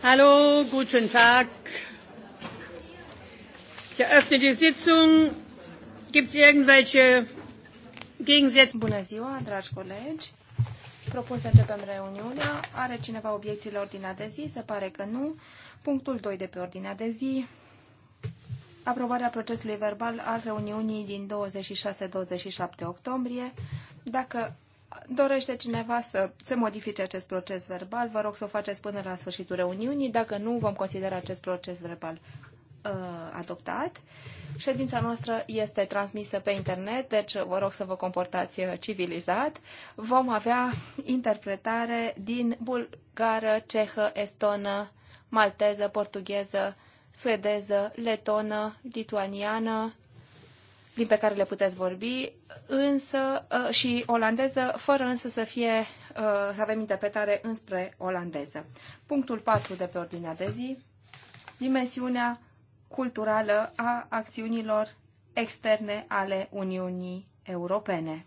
Hallo, guten Tag. Ich eröffne die Sitzung. Gibt es irgendwelche Gegensätze? Bună ziua, dragi colegi. Propun să începem reuniunea. Are cineva obiecții la ordinea de zi? Se pare că nu. Punctul 2 de pe ordinea de zi. Aprobarea procesului verbal al reuniunii din 26-27 octombrie. Dacă Dorește cineva să se modifice acest proces verbal? Vă rog să o faceți până la sfârșitul reuniunii. Dacă nu, vom considera acest proces verbal uh, adoptat. Ședința noastră este transmisă pe internet, deci vă rog să vă comportați uh, civilizat. Vom avea interpretare din bulgară, cehă, estonă, malteză, portugheză, suedeză, letonă, lituaniană, limbi pe care le puteți vorbi, însă uh, și olandeză, fără însă să fie uh, să avem interpretare înspre olandeză. Punctul 4 de pe ordinea de zi, dimensiunea culturală a acțiunilor externe ale Uniunii Europene.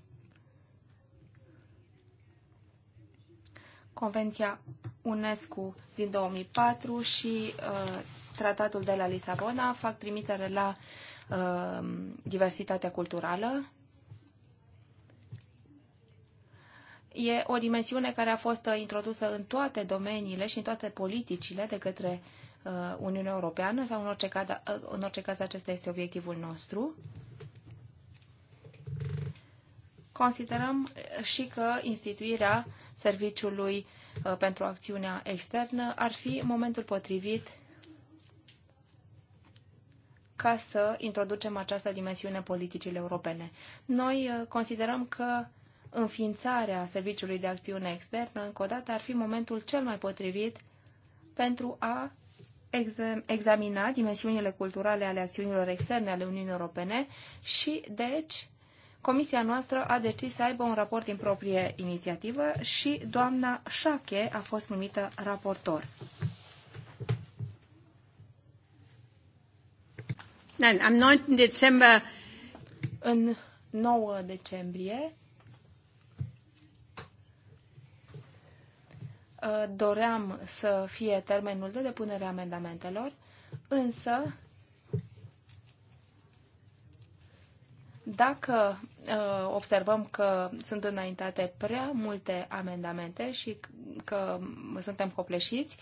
Convenția UNESCO din 2004 și uh, Tratatul de la Lisabona fac trimitere la uh, Um, diversitatea culturală. E o dimensiune care a fost uh, introdusă în toate domeniile și în toate politicile de către uh, Uniunea Europeană sau în orice, caz, uh, în orice caz acesta este obiectivul nostru. Considerăm și că instituirea Serviciului pentru Acțiunea Externă ar fi momentul potrivit ca să introducem această dimensiune politicile europene. Noi uh, considerăm că înființarea Serviciului de Acțiune Externă, încă o dată, ar fi momentul cel mai potrivit pentru a examina dimensiunile culturale ale acțiunilor externe ale Uniunii Europene și, deci, Comisia noastră a decis să aibă un raport din proprie inițiativă și doamna Șache a fost numită raportor. nein, am 9. Dezember. În 9 decembrie uh, doream să fie termenul de depunere a amendamentelor, însă dacă uh, observăm că sunt înaintate prea multe amendamente și că suntem copleșiți,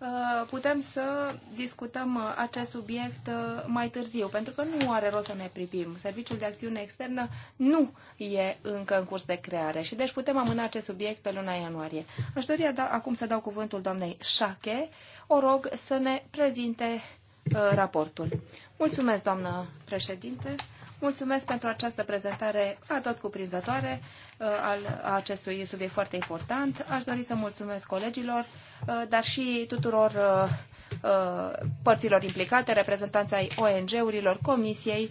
Uh, putem să discutăm uh, acest subiect uh, mai târziu, pentru că nu are rost să ne privim. Serviciul de acțiune externă nu e încă în curs de creare și deci putem amâna acest subiect pe luna ianuarie. Aș dori da, acum să dau cuvântul doamnei Șache. O rog să ne prezinte raportul. Mulțumesc, doamnă președinte. Mulțumesc pentru această prezentare tot cuprinzătoare uh, al a acestui subiect foarte important. Aș dori să mulțumesc colegilor, uh, dar și tuturor uh, părților implicate, reprezentanții ONG-urilor, comisiei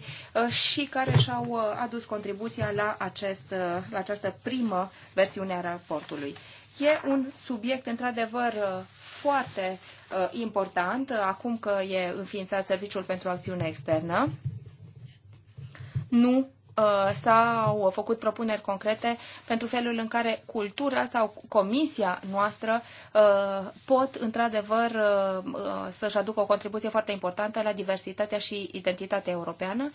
și care și-au adus contribuția la, acest, la această primă versiune a raportului. E un subiect, într-adevăr, foarte important, acum că e înființat Serviciul pentru Acțiune Externă nu uh, s-au făcut propuneri concrete pentru felul în care cultura sau comisia noastră uh, pot într-adevăr uh, să-și aducă o contribuție foarte importantă la diversitatea și identitatea europeană.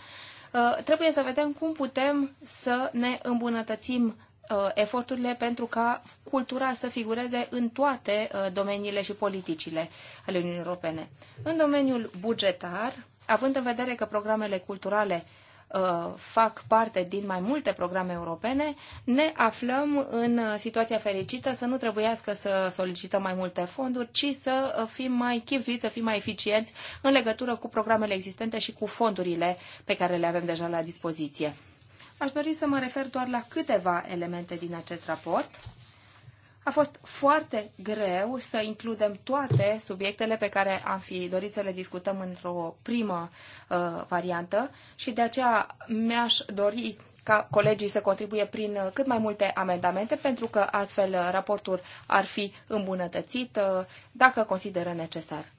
Trebuie să vedem cum putem să ne îmbunătățim eforturile pentru ca cultura să figureze în toate domeniile și politicile ale Uniunii Europene. În domeniul bugetar, având în vedere că programele culturale Uh, fac parte din mai multe programe europene, ne aflăm în uh, situația fericită să nu trebuiască să solicităm mai multe fonduri, ci să uh, fim mai chipzuiți, să fim mai eficienți în legătură cu programele existente și cu fondurile pe care le avem deja la dispoziție. Aș dori să mă refer doar la câteva elemente din acest raport a fost foarte greu să includem toate subiectele pe care am fi dorit să le discutăm într-o primă uh, variantă și de aceea mi-aș dori ca colegii să contribuie prin uh, cât mai multe amendamente, pentru că astfel uh, raportul ar fi îmbunătățit uh, dacă consideră necesar.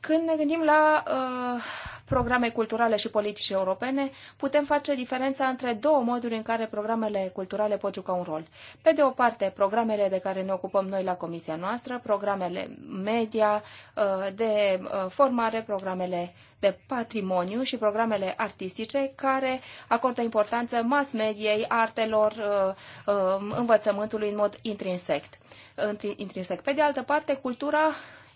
Când ne gândim la uh, programe culturale și politici europene, putem face diferența între două moduri în care programele culturale pot juca un rol. Pe de o parte, programele de care ne ocupăm noi la comisia noastră, programele media, uh, de uh, formare, programele de patrimoniu și programele artistice care acordă importanță mass mediei, artelor, uh, învățământului în mod intrinsect. intrinsec. Pe de altă parte, cultura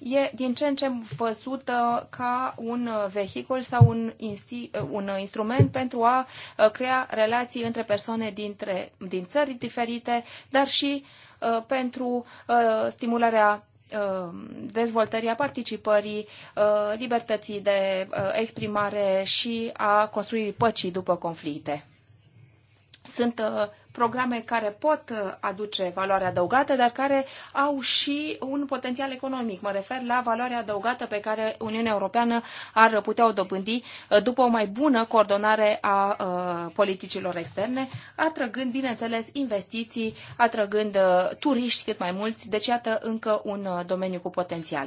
e din ce în ce văzută ca un vehicul sau un, insti- un instrument pentru a crea relații între persoane dintre, din țări diferite, dar și uh, pentru uh, stimularea dezvoltării a participării, libertății de exprimare și a construirii păcii după conflicte. Sunt programe care pot uh, aduce valoare adăugată, dar care au și un potențial economic. Mă refer la valoarea adăugată pe care Uniunea Europeană ar putea o dobândi uh, după o mai bună coordonare a uh, politicilor externe, atrăgând, bineînțeles, investiții, atrăgând turiști cât mai mulți. Deci, iată, încă un domeniu cu potențial.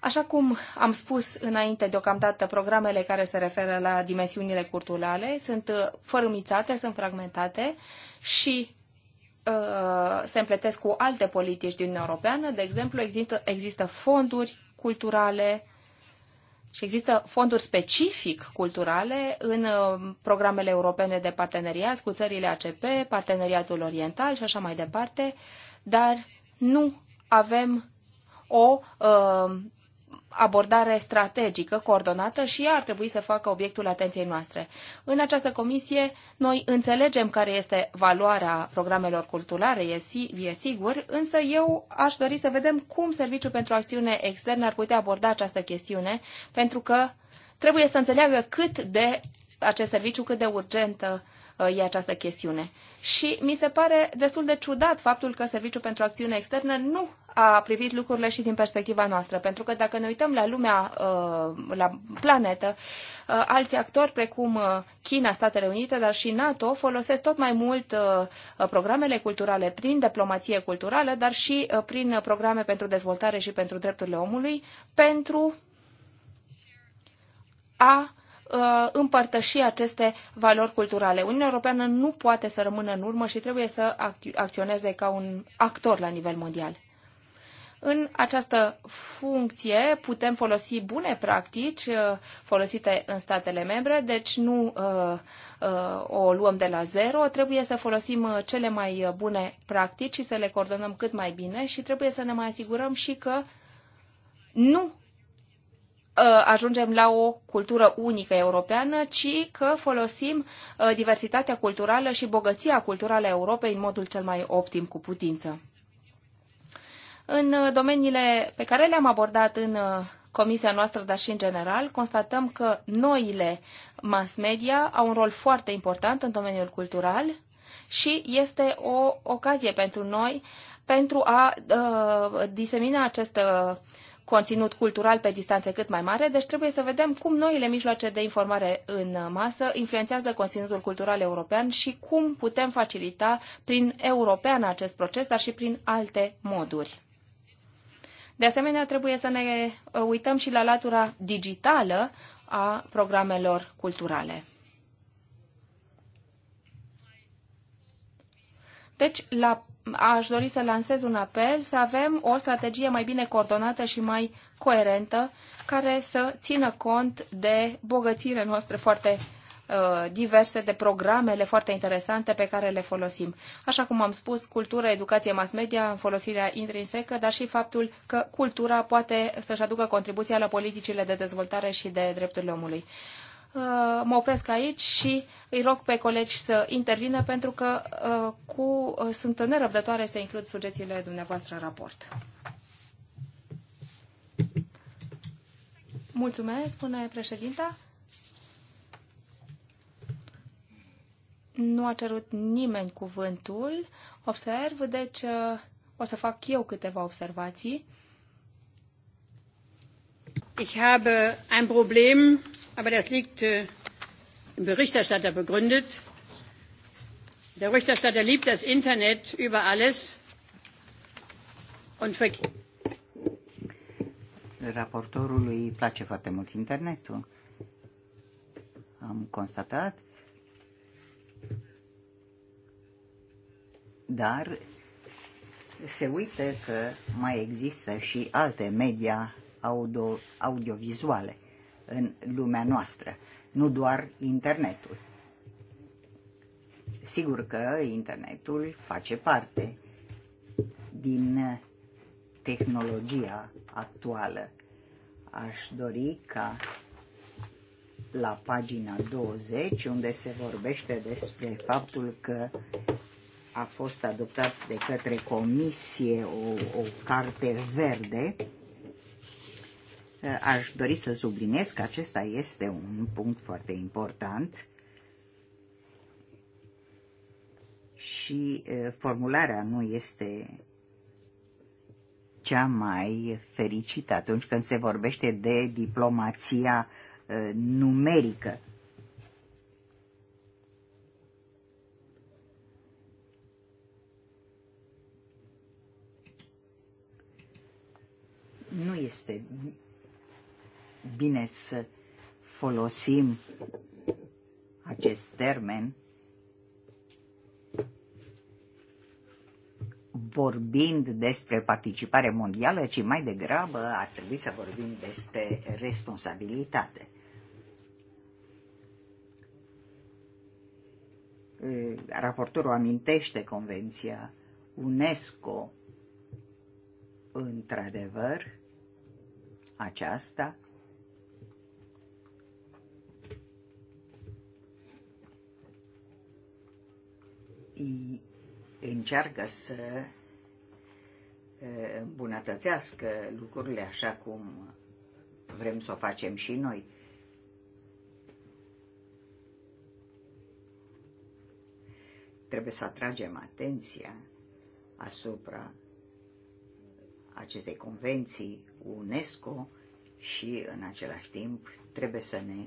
Așa cum am spus înainte, deocamdată programele care se referă la dimensiunile culturale sunt uh, fărâmițate, sunt fragmentate și uh, se împletesc cu alte politici din Uniunea Europeană. De exemplu, există, există fonduri culturale și există fonduri specific culturale în uh, programele europene de parteneriat cu țările ACP, parteneriatul oriental și așa mai departe, dar nu avem o uh, abordare strategică, coordonată și ea ar trebui să facă obiectul atenției noastre. În această comisie, noi înțelegem care este valoarea programelor culturale, e, si, e sigur, însă eu aș dori să vedem cum Serviciul pentru Acțiune Externă ar putea aborda această chestiune, pentru că trebuie să înțeleagă cât de acest serviciu, cât de urgentă uh, Uh, e această chestiune. Și mi se pare destul de ciudat faptul că Serviciul pentru Acțiune Externă nu a privit lucrurile și din perspectiva noastră, pentru că dacă ne uităm la lumea, uh, la planetă, uh, alți actori precum China, Statele Unite, dar și NATO folosesc tot mai mult programele culturale prin diplomație culturală, dar și prin programe pentru dezvoltare și pentru drepturile omului, pentru a Uh, împărtăși aceste valori culturale. Uniunea Europeană nu poate să rămână în urmă și trebuie să acționeze ca un actor la nivel mondial. În această funcție putem folosi bune practici uh, folosite în statele membre, deci nu uh, uh, o luăm de la zero, trebuie să folosim uh, cele mai bune practici și să le coordonăm cât mai bine și trebuie să ne mai asigurăm și că nu Uh, ajungem la o cultură unică europeană, ci că folosim uh, diversitatea culturală și bogăția culturală a Europei în modul cel mai optim cu putință. În uh, domeniile pe care le-am abordat în comisia noastră, dar și în general, constatăm că noile mass media au un rol foarte important în domeniul cultural și este o ocazie pentru noi pentru a uh, disemina această uh, conținut cultural pe distanțe cât mai mare, deci trebuie să vedem cum noile mijloace de informare în masă influențează conținutul cultural european și cum putem facilita prin european acest proces, dar și prin alte moduri. De asemenea, trebuie să ne uh, uităm și la latura digitală a programelor culturale. Deci, la aș dori să lansez un apel să avem o strategie mai bine coordonată și mai coerentă care să țină cont de bogățiile noastre foarte uh, diverse de programele foarte interesante pe care le folosim. Așa cum am spus, cultură, educație, mass media, folosirea intrinsecă, dar și faptul că cultura poate să-și aducă contribuția la politicile de dezvoltare și de drepturile omului. Uh, mă opresc aici și îi rog pe colegi să intervină pentru că uh, cu, uh, sunt nerăbdătoare să includ sugestiile dumneavoastră în raport. Mulțumesc, spune președinta. Nu a cerut nimeni cuvântul, observ, deci o să fac eu câteva observații. Ich habe ein Problem, aber das liegt äh, im Berichterstatter begründet. Der Berichterstatter liebt das Internet über alles und Raportorului îi place foarte mult internetul. Am constatat. Dar se uită că mai există și alte media audio, audiovizuale în lumea noastră, nu doar internetul. Sigur că internetul face parte din tehnologia actuală. Aș dori ca la pagina 20, unde se vorbește despre faptul că a fost adoptat de către comisie o, o carte verde Eh, aș dori să subliniez că acesta este un punct foarte important și eh, formularea nu este cea mai fericită atunci când se vorbește de diplomația eh, numerică. nu este bine să folosim acest termen vorbind despre participare mondială, ci mai degrabă ar trebui să vorbim despre responsabilitate. Raportorul amintește Convenția UNESCO. Într-adevăr, aceasta încearcă să îmbunătățească lucrurile așa cum vrem să o facem și noi. Trebuie să atragem atenția asupra acestei convenții UNESCO și în același timp trebuie să ne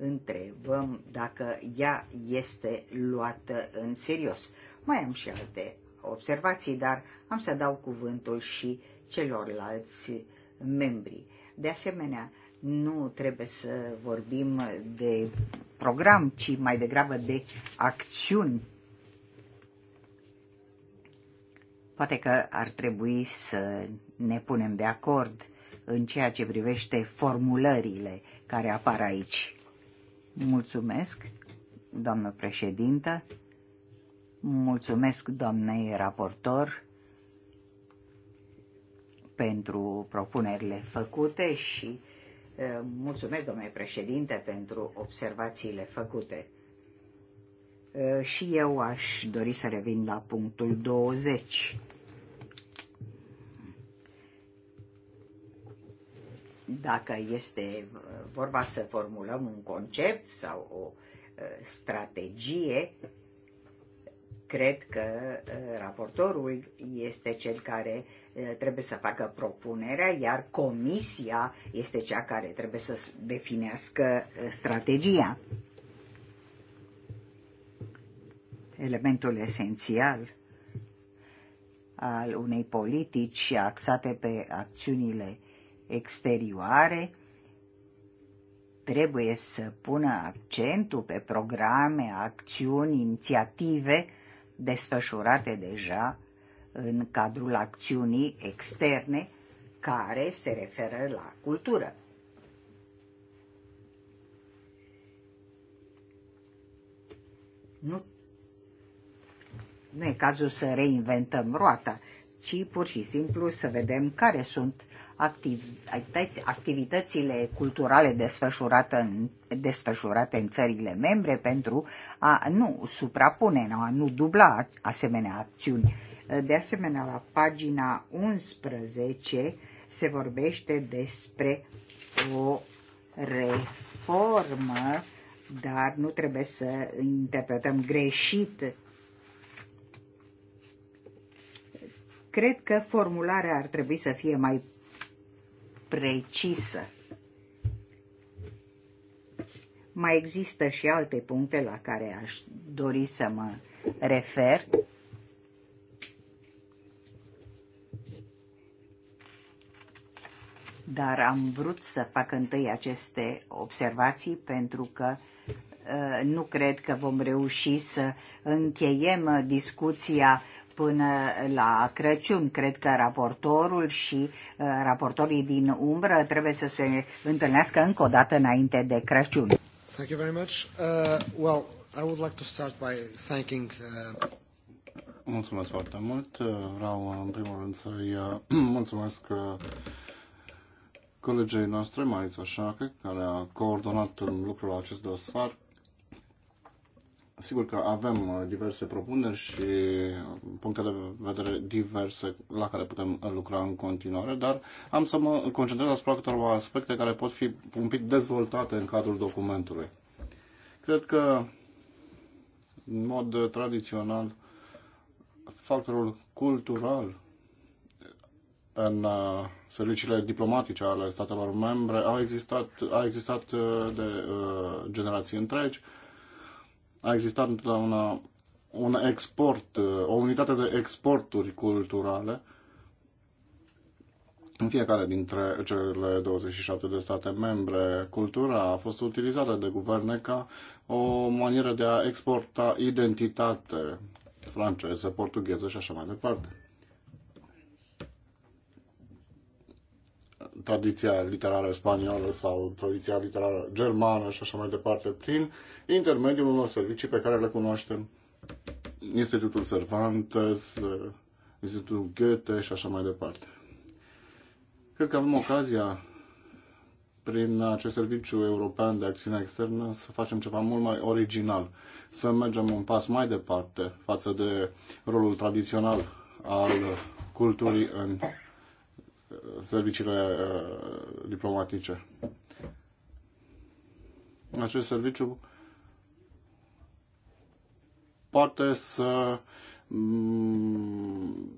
întrebăm dacă ea este luată în serios. Mai am și alte observații, dar am să dau cuvântul și celorlalți membri. De asemenea, nu trebuie să vorbim de program, ci mai degrabă de acțiuni. Poate că ar trebui să ne punem de acord în ceea ce privește formulările care apar aici. Mulțumesc, doamnă președintă. Mulțumesc doamnei raportor pentru propunerile făcute și mulțumesc, domnule președinte, pentru observațiile făcute. și eu aș dori să revin la punctul 20 dacă este uh, vorba să formulăm un concept sau o uh, strategie, cred că uh, raportorul este cel care trebuie să facă propunerea, iar comisia este cea care trebuie să definească strategia. Elementul esențial al unei politici axate pe acțiunile exterioare, trebuie să pună accentul pe programe, acțiuni, inițiative desfășurate deja în cadrul acțiunii externe care se referă la cultură. Nu, nu e cazul să reinventăm roata, ci pur și simplu să vedem care sunt activități, activitățile culturale desfășurate în, desfășurate în țările membre pentru a nu suprapune, a nu dubla asemenea acțiuni. De asemenea, la pagina 11 se vorbește despre o reformă, dar nu trebuie să interpretăm greșit Cred că formularea ar trebui să fie mai precisă. Mai există și alte puncte la care aș dori să mă refer. Dar am vrut să fac întâi aceste observații pentru că uh, nu cred că vom reuși să încheiem uh, discuția până la Crăciun. Cred că raportorul și uh, raportorii din umbră trebuie să se întâlnească încă o dată înainte de Crăciun. Thank you very much. Uh, well, I would like to start by thanking uh... Mulțumesc foarte mult. Uh, vreau uh, în primul rând să-i mulțumesc colegii noastre, Maița Șache, care a coordonat în um, lucrul acest dosar Sigur că avem uh, diverse propuneri și uh, puncte de vedere diverse la care putem uh, lucra în continuare, dar am să mă concentrez asupra câteva aspecte care pot fi un pic dezvoltate în cadrul documentului. Cred că, în mod tradițional, factorul cultural în serviciile diplomatice ale statelor membre au existat, a existat de uh, generații întregi, a existat întotdeauna un export, o unitate de exporturi culturale în fiecare dintre cele 27 de state membre. Cultura a fost utilizată de guverne ca o manieră de a exporta identitate franceză, portugheză și așa mai departe. tradiția literară spaniolă sau tradiția literară germană și așa mai departe, prin intermediul unor servicii pe care le cunoaștem. Institutul Cervantes, Institutul Goethe și așa mai departe. Cred că avem ocazia prin acest serviciu european de acțiune externă să facem ceva mult mai original, să mergem un pas mai departe față de rolul tradițional al culturii în uh, serviciile uh, diplomatice. Acest serviciu poate să mm,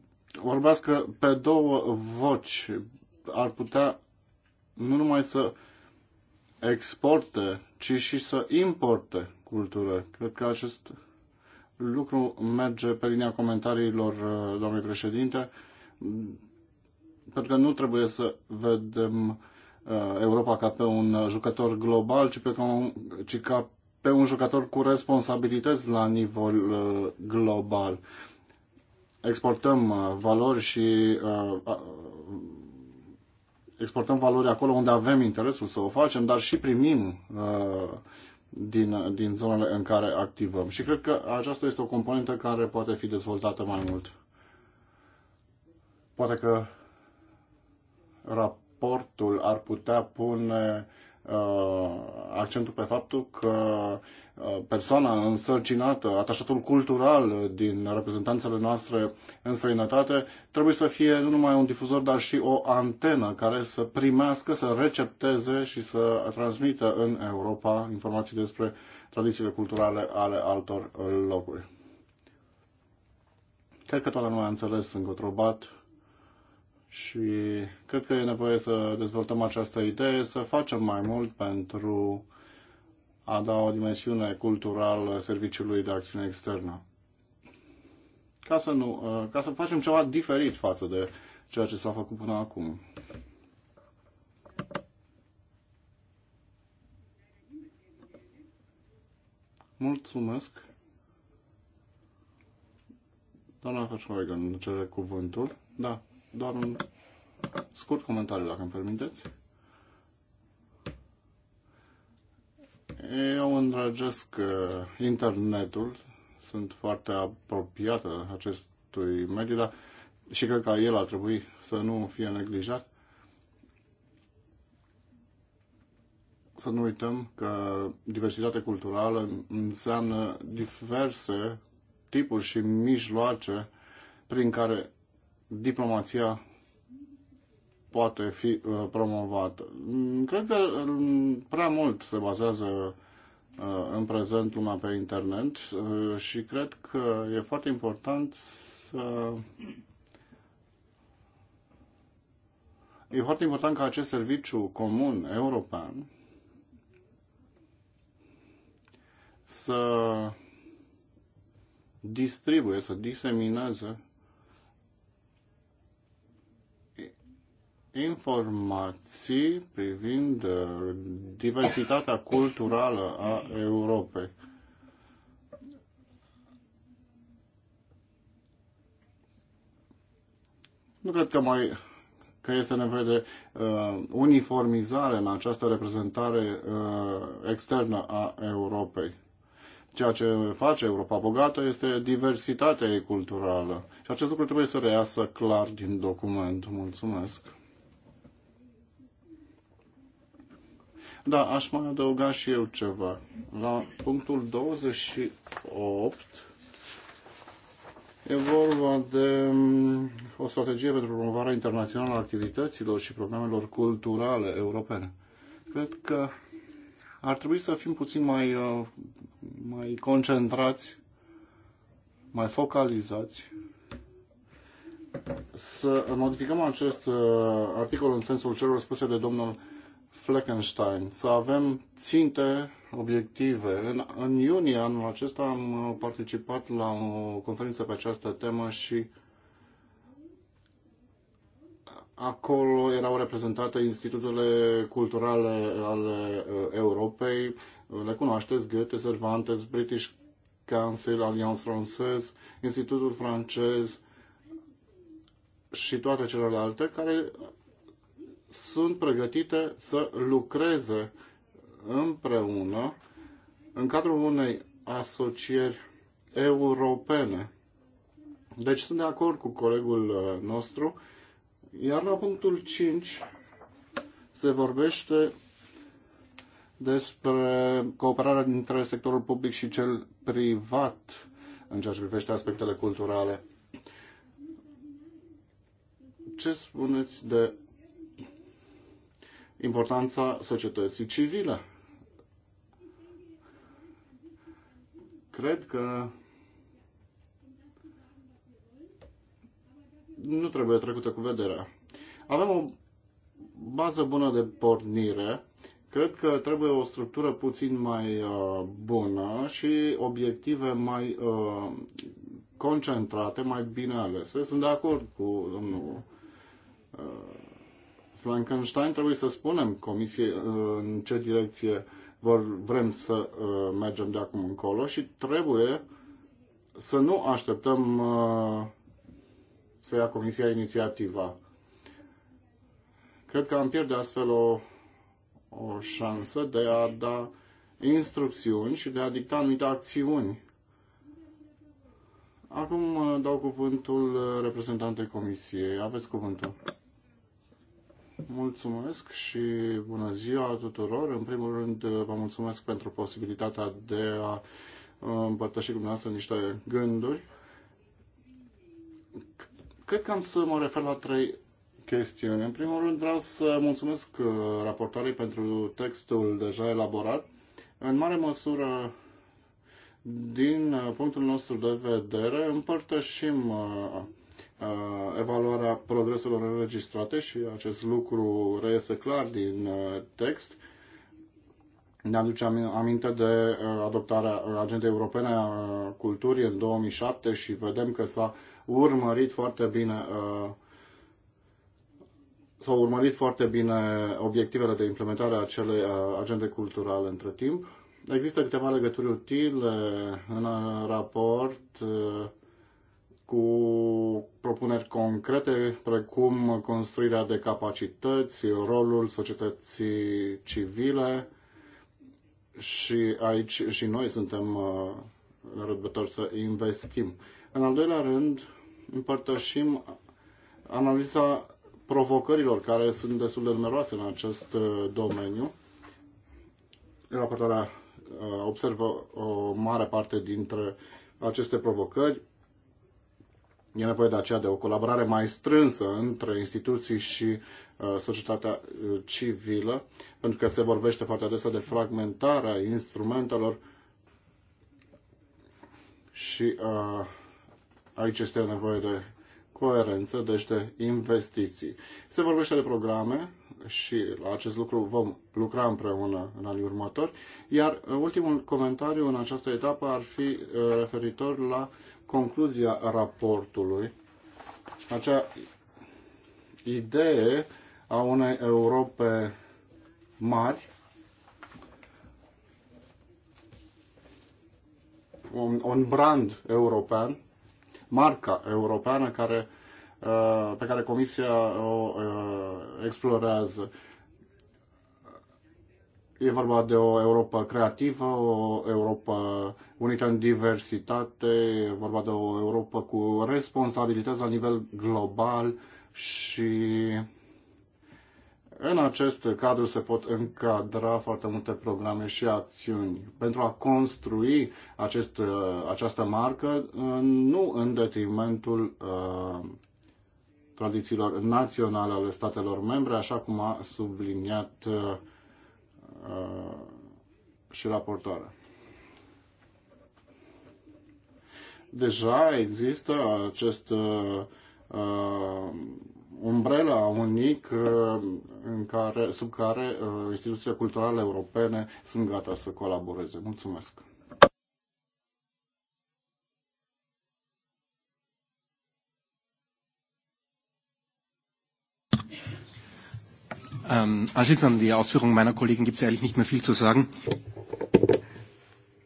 vorbească pe două voci. Ar putea nu numai să exporte, ci și să importe cultură. Cred că acest lucru merge pe linia comentariilor uh, doamnei președinte, pentru că nu trebuie să vedem uh, Europa ca pe un jucător global, ci, pe ca, un, ci ca pe un jucător cu responsabilități la nivel uh, global. Exportăm uh, valori și uh, exportăm valori acolo unde avem interesul să o facem, dar și primim din, din zonele în care activăm. Și cred că aceasta este o componentă care poate fi dezvoltată mai mult. Poate că raportul ar putea pune uh, Uh, accentul pe faptul că uh, persoana însărcinată, atașatul cultural din reprezentanțele noastre în străinătate, trebuie să fie nu numai un difuzor, dar și o antenă care să primească, să recepteze și să transmită în Europa informații despre tradițiile culturale ale altor locuri. Cred că toată lumea a înțeles încotro și cred că e nevoie să dezvoltăm această idee, să facem mai mult pentru a da o dimensiune culturală serviciului de acțiune externă. Ca să, nu, uh, ca să facem ceva diferit față de ceea ce s-a făcut până acum. Mulțumesc. Doamna Verhoeven cere cuvântul. Da, doar un scurt comentariu, dacă îmi permiteți. Eu îndrăgesc uh, internetul, sunt foarte apropiată acestui mediu, dar și cred că el ar trebui să nu fie neglijat. Să nu uităm că diversitate culturală înseamnă diverse tipuri și mijloace prin care diplomația poate fi uh, promovată. Mm, cred că mm, prea mult se bazează uh, în prezent lumea pe internet uh, și cred că e foarte important să E foarte important ca acest serviciu comun european să distribuie, să disemineze informații privind uh, diversitatea culturală a Europei. Nu cred că mai că este nevoie de uh, uniformizare în această reprezentare uh, externă a Europei. Ceea ce face Europa bogată este diversitatea ei culturală. Și acest lucru trebuie să reiasă clar din document. Mulțumesc! Da, aș mai adăuga și eu ceva. La punctul 28 e vorba de mm, o strategie pentru promovarea internațională a activităților și programelor culturale europene. Cred că ar trebui să fim puțin mai, uh, mai concentrați, mai focalizați, să modificăm acest uh, articol în sensul celor spuse de domnul Fleckenstein, să avem ținte obiective. În, în iunie anul acesta am participat la o conferință pe această temă și acolo erau reprezentate institutele culturale ale uh, Europei. Le cunoașteți Goethe, Cervantes, British Council, Alliance Française, Institutul francez și toate celelalte care sunt pregătite să lucreze împreună în cadrul unei asocieri europene. Deci sunt de acord cu colegul uh, nostru. Iar la punctul 5 se vorbește despre cooperarea dintre sectorul public și cel privat în ceea ce privește aspectele culturale. Ce spuneți de importanța societății civile. Cred că nu trebuie trecută cu vederea. Avem o bază bună de pornire. Cred că trebuie o structură puțin mai uh, bună și obiective mai uh, concentrate, mai bine alese. Sunt de acord cu domnul uh, Frankenstein, trebuie să spunem Comisie uh, în ce direcție vor, vrem să uh, mergem de acum încolo și trebuie să nu așteptăm uh, să ia comisia inițiativa. Cred că am pierde astfel o, o șansă de a da instrucțiuni și de a dicta anumite acțiuni. Acum dau cuvântul reprezentantei Comisiei. Aveți cuvântul. Mulțumesc și bună ziua tuturor. În primul rând, vă mulțumesc pentru posibilitatea de a uh, împărtăși cu dumneavoastră niște gânduri. Cred că am să mă refer la trei chestiuni. În primul rând, vreau să mulțumesc uh, raportoarei pentru textul deja elaborat. În mare măsură, din uh, punctul nostru de vedere, împărtășim evaluarea progreselor înregistrate și acest lucru reiese clar din text. Ne aduce aminte de adoptarea agendei europene a culturii în 2007 și vedem că s-a urmărit foarte bine s-au urmărit foarte bine obiectivele de implementare a acelei agende culturale între timp. Există câteva legături utile în raport cu propuneri concrete, precum construirea de capacități, rolul societății civile și aici și noi suntem uh, răbdători să investim. În al doilea rând, împărtășim analiza provocărilor care sunt destul de numeroase în acest uh, domeniu. Raportarea uh, observă o mare parte dintre aceste provocări, E nevoie de aceea de o colaborare mai strânsă între instituții și uh, societatea uh, civilă, pentru că se vorbește foarte adesea de fragmentarea instrumentelor și uh, aici este nevoie de coerență, deci de investiții. Se vorbește de programe și la acest lucru vom lucra împreună în anii următori. Iar ultimul comentariu în această etapă ar fi referitor la concluzia raportului, acea idee a unei Europe mari, un, un brand european, marca europeană care, uh, pe care Comisia o uh, explorează. E vorba de o Europa creativă, o Europa unită în diversitate, e vorba de o Europa cu responsabilități la nivel global și în acest cadru se pot încadra foarte multe programe și acțiuni. Pentru a construi acest, această marcă, nu în detrimentul uh, tradițiilor naționale ale statelor membre, așa cum a subliniat uh, Uh, și raportoare. Deja există acest uh, uh umbrela unic uh, în care, sub care instituțiile culturale europene sunt gata să colaboreze. Mulțumesc! Ähm, anschließend an die Ausführungen meiner Kollegen gibt es eigentlich nicht mehr viel zu sagen.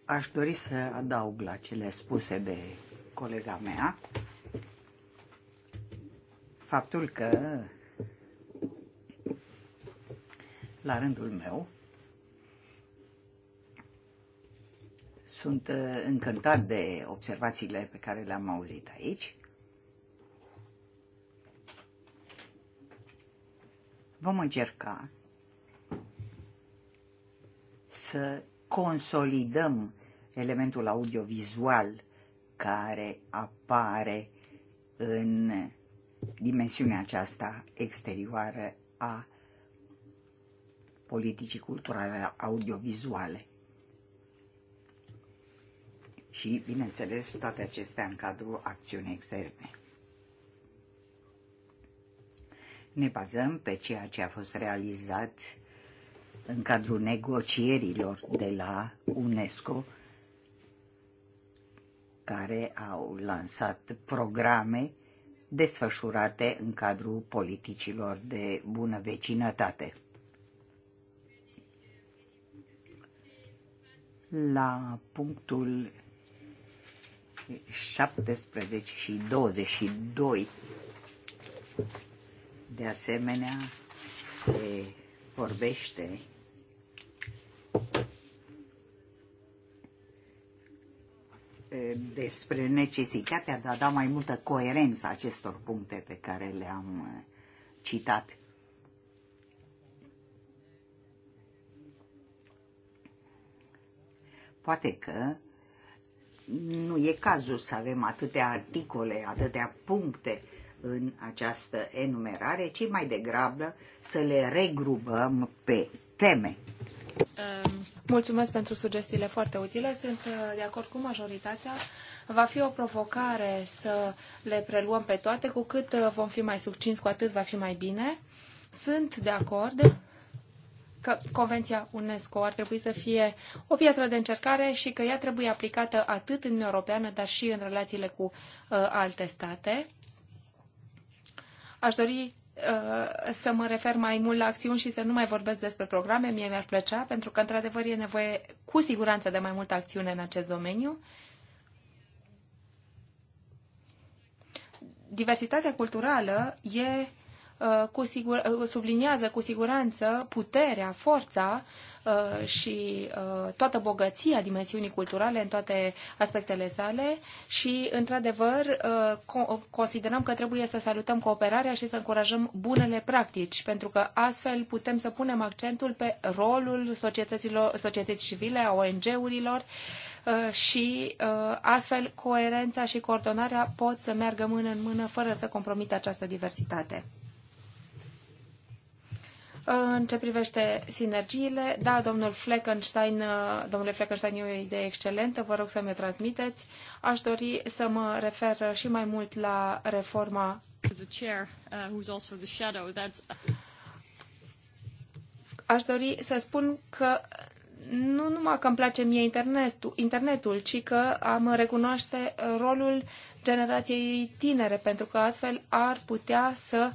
Aș dori să adaug la cele spuse de colega mea faptul că la rândul meu sunt uh, încântat de observațiile pe care le-am auzit aici vom încerca să consolidăm elementul audiovizual care apare în dimensiunea aceasta exterioară a politicii culturale audiovizuale. Și, bineînțeles, toate acestea în cadrul acțiunii externe. Ne bazăm pe ceea ce a fost realizat în cadrul negocierilor de la UNESCO, care au lansat programe desfășurate în cadrul politicilor de bună vecinătate. La punctul 17 și 22 de asemenea, se vorbește despre necesitatea de a da mai multă coerență acestor puncte pe care le-am uh, citat. Poate că nu e cazul să avem atâtea articole, atâtea puncte în această enumerare, ci mai degrabă să le regrupăm pe teme. Ehm, mulțumesc pentru sugestiile foarte utile. Sunt uh, de acord cu majoritatea. Va fi o provocare să le preluăm pe toate. Cu cât uh, vom fi mai succinți, cu atât va fi mai bine. Sunt de acord că Convenția UNESCO ar trebui să fie o piatră de încercare și că ea trebuie aplicată atât în Uniunea Europeană, dar și în relațiile cu uh, alte state. Aș dori uh, să mă refer mai mult la acțiuni și să nu mai vorbesc despre programe, mie mi-ar plăcea, pentru că, într-adevăr, e nevoie cu siguranță de mai multă acțiune în acest domeniu. Diversitatea culturală e Uh, cu sigur, uh, subliniază cu siguranță puterea, forța uh, și toată bogăția dimensiunii culturale în toate aspectele sale și, într-adevăr, considerăm că trebuie să salutăm cooperarea și să încurajăm bunele practici, pentru că astfel putem să punem accentul pe rolul societăților, societății civile, a ONG-urilor, și astfel coerența și coordonarea pot să meargă mână în mână fără să compromită această diversitate. În ce privește sinergiile, da, domnul Fleckenstein, domnule Fleckenstein, e o idee excelentă, vă rog să mi-o transmiteți. Aș dori să mă refer și mai mult la reforma uh, Aș dori să spun că nu numai că îmi place mie internetul, internetul, ci că am recunoaște rolul generației tinere, pentru că astfel ar putea să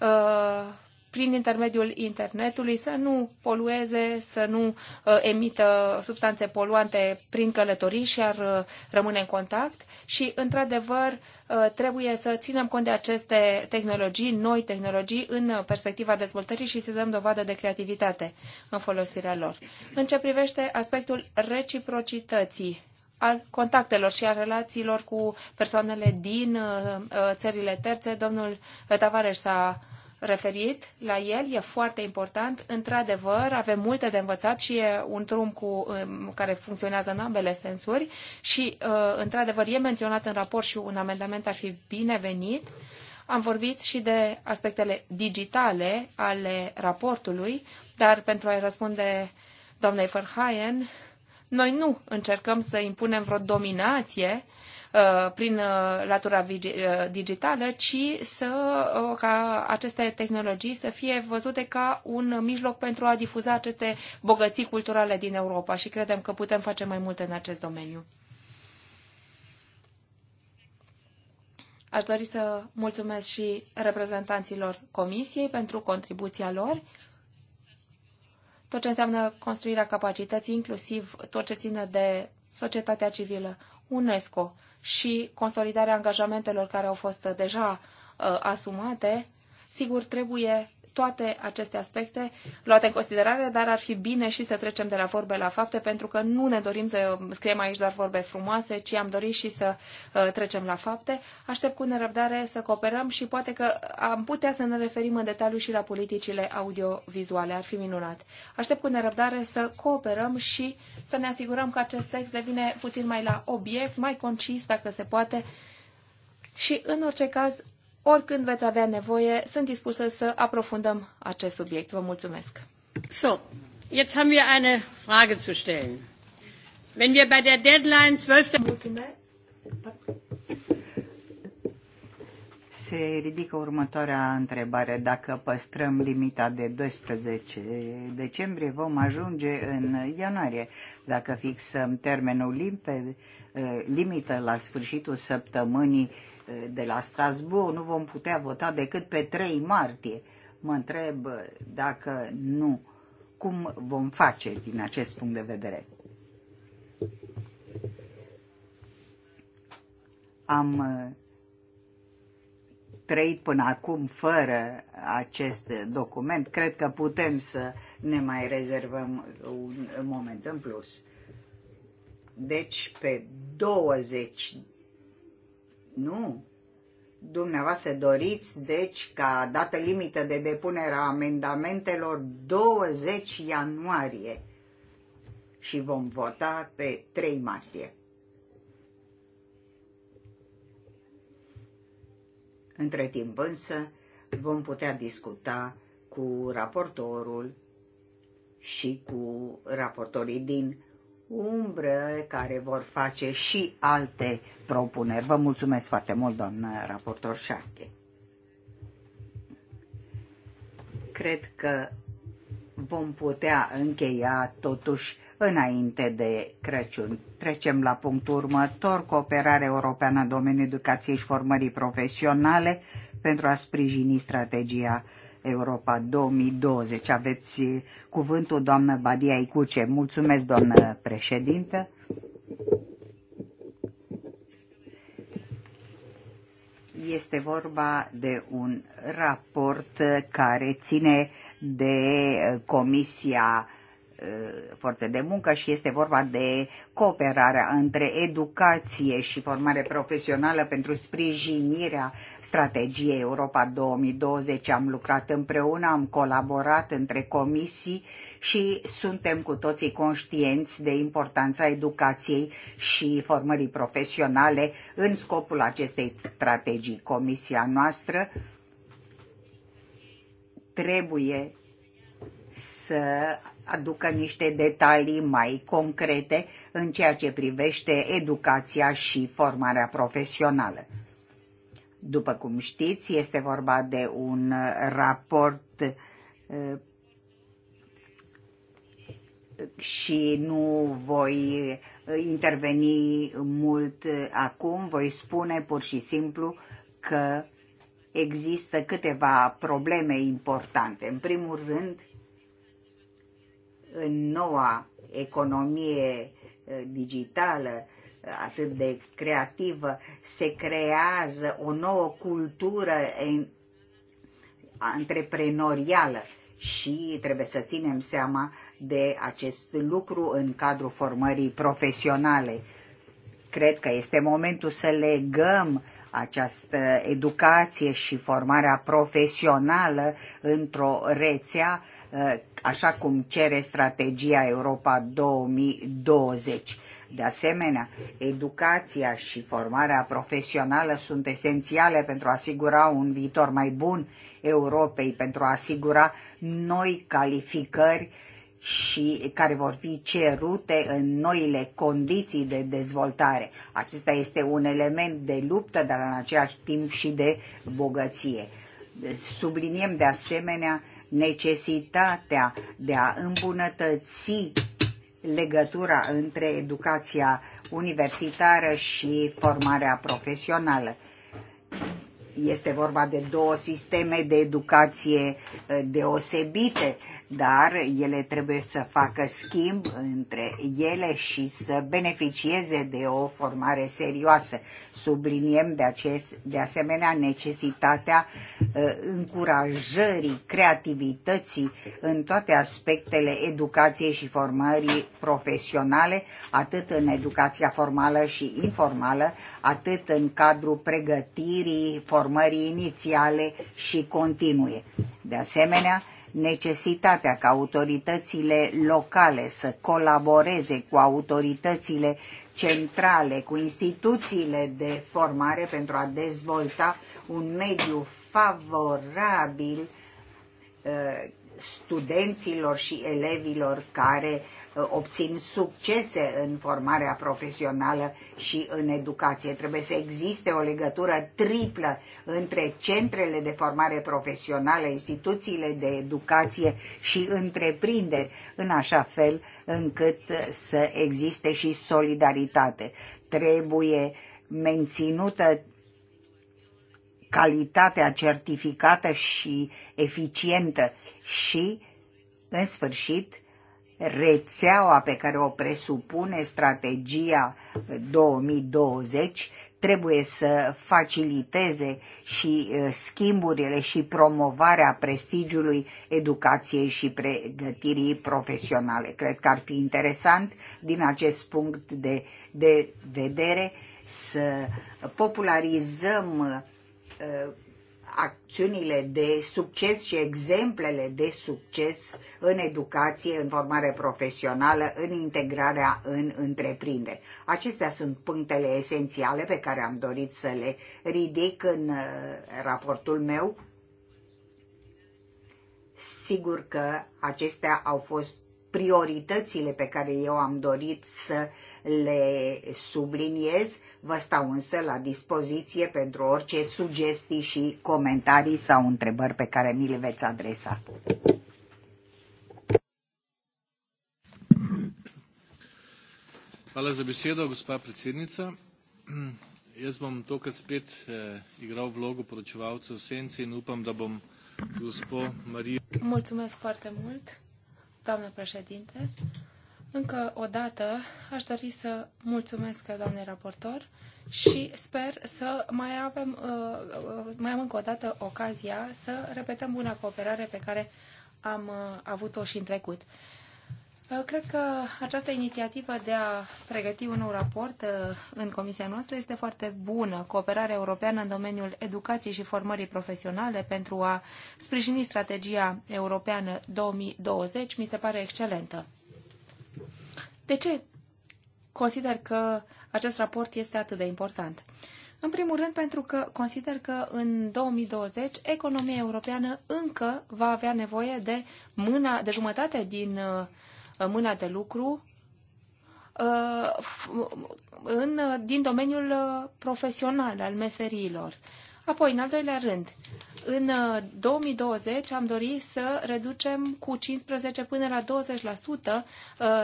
uh, prin intermediul internetului să nu polueze, să nu uh, emită substanțe poluante prin călătorii și ar uh, rămâne în contact și, într-adevăr, uh, trebuie să ținem cont de aceste tehnologii, noi tehnologii, în perspectiva dezvoltării și să dăm dovadă de creativitate în folosirea lor. În ce privește aspectul reciprocității, al contactelor și a relațiilor cu persoanele din țările terțe. Domnul Tavares a referit la el, e foarte important. Într-adevăr, avem multe de învățat și e un drum cu, um, care funcționează în ambele sensuri și, uh, într-adevăr, e menționat în raport și un amendament ar fi binevenit. Am vorbit și de aspectele digitale ale raportului, dar pentru a-i răspunde doamnei Verhaien, noi nu încercăm să impunem vreo dominație Uh, prin uh, latura uh, digitală, ci să, ca aceste tehnologii să fie văzute ca un mijloc pentru a difuza aceste bogății culturale din Europa și credem că putem face mai multe în acest domeniu. Aș dori să mulțumesc și reprezentanților Comisiei pentru contribuția lor tot ce înseamnă construirea capacității, inclusiv tot ce ține de societatea civilă, UNESCO, și consolidarea angajamentelor care au fost deja uh, asumate, sigur trebuie toate aceste aspecte luate în considerare, dar ar fi bine și să trecem de la vorbe la fapte, pentru că nu ne dorim să scriem aici doar vorbe frumoase, ci am dorit și să uh, trecem la fapte. Aștept cu nerăbdare să cooperăm și poate că am putea să ne referim în detaliu și la politicile audiovizuale. Ar fi minunat. Aștept cu nerăbdare să cooperăm și să ne asigurăm că acest text devine puțin mai la obiect, mai concis, dacă se poate, și, în orice caz, oricând veți avea nevoie, sunt dispusă să aprofundăm acest subiect. Vă mulțumesc. So, jetzt haben wir eine Frage zu stellen. Wenn wir bei der Deadline 12. Mulțumesc. Se ridică următoarea întrebare. Dacă păstrăm limita de 12 decembrie, vom ajunge în ianuarie. Dacă fixăm termenul limpede, eh, limită la sfârșitul săptămânii de la Strasbourg nu vom putea vota decât pe 3 martie. Mă întreb dacă nu, cum vom face din acest punct de vedere. Am uh, trăit până acum fără acest document, cred că putem să ne mai rezervăm un moment în plus. Deci, pe 20 nu. Dumneavoastră doriți, deci, ca dată limită de depunere a amendamentelor 20 ianuarie și vom vota pe 3 martie. Între timp însă vom putea discuta cu raportorul și cu raportorii din umbră care vor face și alte propuneri. Vă mulțumesc foarte mult, doamnă raportor Șache. Cred că vom putea încheia totuși înainte de Crăciun. Trecem la punctul următor, cooperare europeană în domeniul educației și formării profesionale pentru a sprijini strategia Europa 2020. Aveți cuvântul, doamnă Badia Icuce. Mulțumesc, doamnă președintă. Este vorba de un raport care ține de Comisia Eh, forță de muncă și este vorba de cooperarea între educație și formare profesională pentru sprijinirea strategiei Europa 2020. Am lucrat împreună, am colaborat între comisii și suntem cu toții conștienți de importanța educației și formării profesionale în scopul acestei strategii. Comisia noastră trebuie să aducă niște detalii mai concrete în ceea ce privește educația și formarea profesională. După cum știți, este vorba de un raport uh, și nu voi uh, interveni mult uh, acum, voi spune pur și simplu că există câteva probleme importante. În primul rând, în noua economie eh, digitală, eh, atât de creativă, se creează o nouă cultură antreprenorială și trebuie să ținem seama de acest lucru în cadrul formării profesionale. Cred că este momentul să legăm această educație și formarea profesională într-o rețea eh, așa cum cere strategia Europa 2020. De asemenea, educația și formarea profesională sunt esențiale pentru a asigura un viitor mai bun Europei, pentru a asigura noi calificări și care vor fi cerute în noile condiții de dezvoltare. Acesta este un element de luptă, dar în același timp și de bogăție. Subliniem de asemenea necesitatea de a îmbunătăți legătura între educația universitară și formarea profesională. Este vorba de două sisteme de educație eh, deosebite, dar ele trebuie să facă schimb între ele și să beneficieze de o formare serioasă. Subliniem de, acest, de asemenea necesitatea uh, încurajării creativității în toate aspectele educației și formării profesionale, atât în educația formală și informală, atât în cadrul pregătirii, formării inițiale și continue. De asemenea, necesitatea ca autoritățile locale să colaboreze cu autoritățile centrale, cu instituțiile de formare pentru a dezvolta un mediu favorabil uh, studenților și elevilor care Uh, obțin succese în formarea profesională și în educație. Trebuie să existe o legătură triplă între centrele de formare profesională, instituțiile de educație și întreprinderi, în așa fel încât să existe și solidaritate. Trebuie menținută calitatea certificată și eficientă și, în sfârșit, rețeaua pe care o presupune strategia 2020 trebuie să faciliteze și schimburile și promovarea prestigiului educației și pregătirii profesionale. Cred că ar fi interesant din acest punct de, de vedere să popularizăm acțiunile de succes și exemplele de succes în educație, în formare profesională, în integrarea în întreprinderi. Acestea sunt punctele esențiale pe care am dorit să le ridic în uh, raportul meu. Sigur că acestea au fost prioritățile pe care eu am dorit să le subliniez. Vă stau însă la dispoziție pentru orice sugestii și comentarii sau întrebări pe care mi le veți adresa. Hvala za besedo, gospa predsednica. Jaz bom tokrat spet eh, igral vlogo poročevalca v senci in upam, da bom gospo Marijo. Mulțumesc foarte mult, doamna președinte. Încă o dată aș dori să mulțumesc doamnei raportor și sper să mai avem, uh, uh, mai am încă o dată ocazia să repetăm buna cooperare pe care am uh, avut-o și în trecut. Cred că această inițiativă de a pregăti un nou raport în comisia noastră este foarte bună. Cooperarea europeană în domeniul educației și formării profesionale pentru a sprijini strategia europeană 2020 mi se pare excelentă. De ce consider că acest raport este atât de important? În primul rând pentru că consider că în 2020 economia europeană încă va avea nevoie de mâna de jumătate din uh, mâna de lucru uh, în, uh, din domeniul profesional al meseriilor. Apoi, în al doilea rând, în 2020 uh, am dorit să reducem cu 15 până la 20% uh,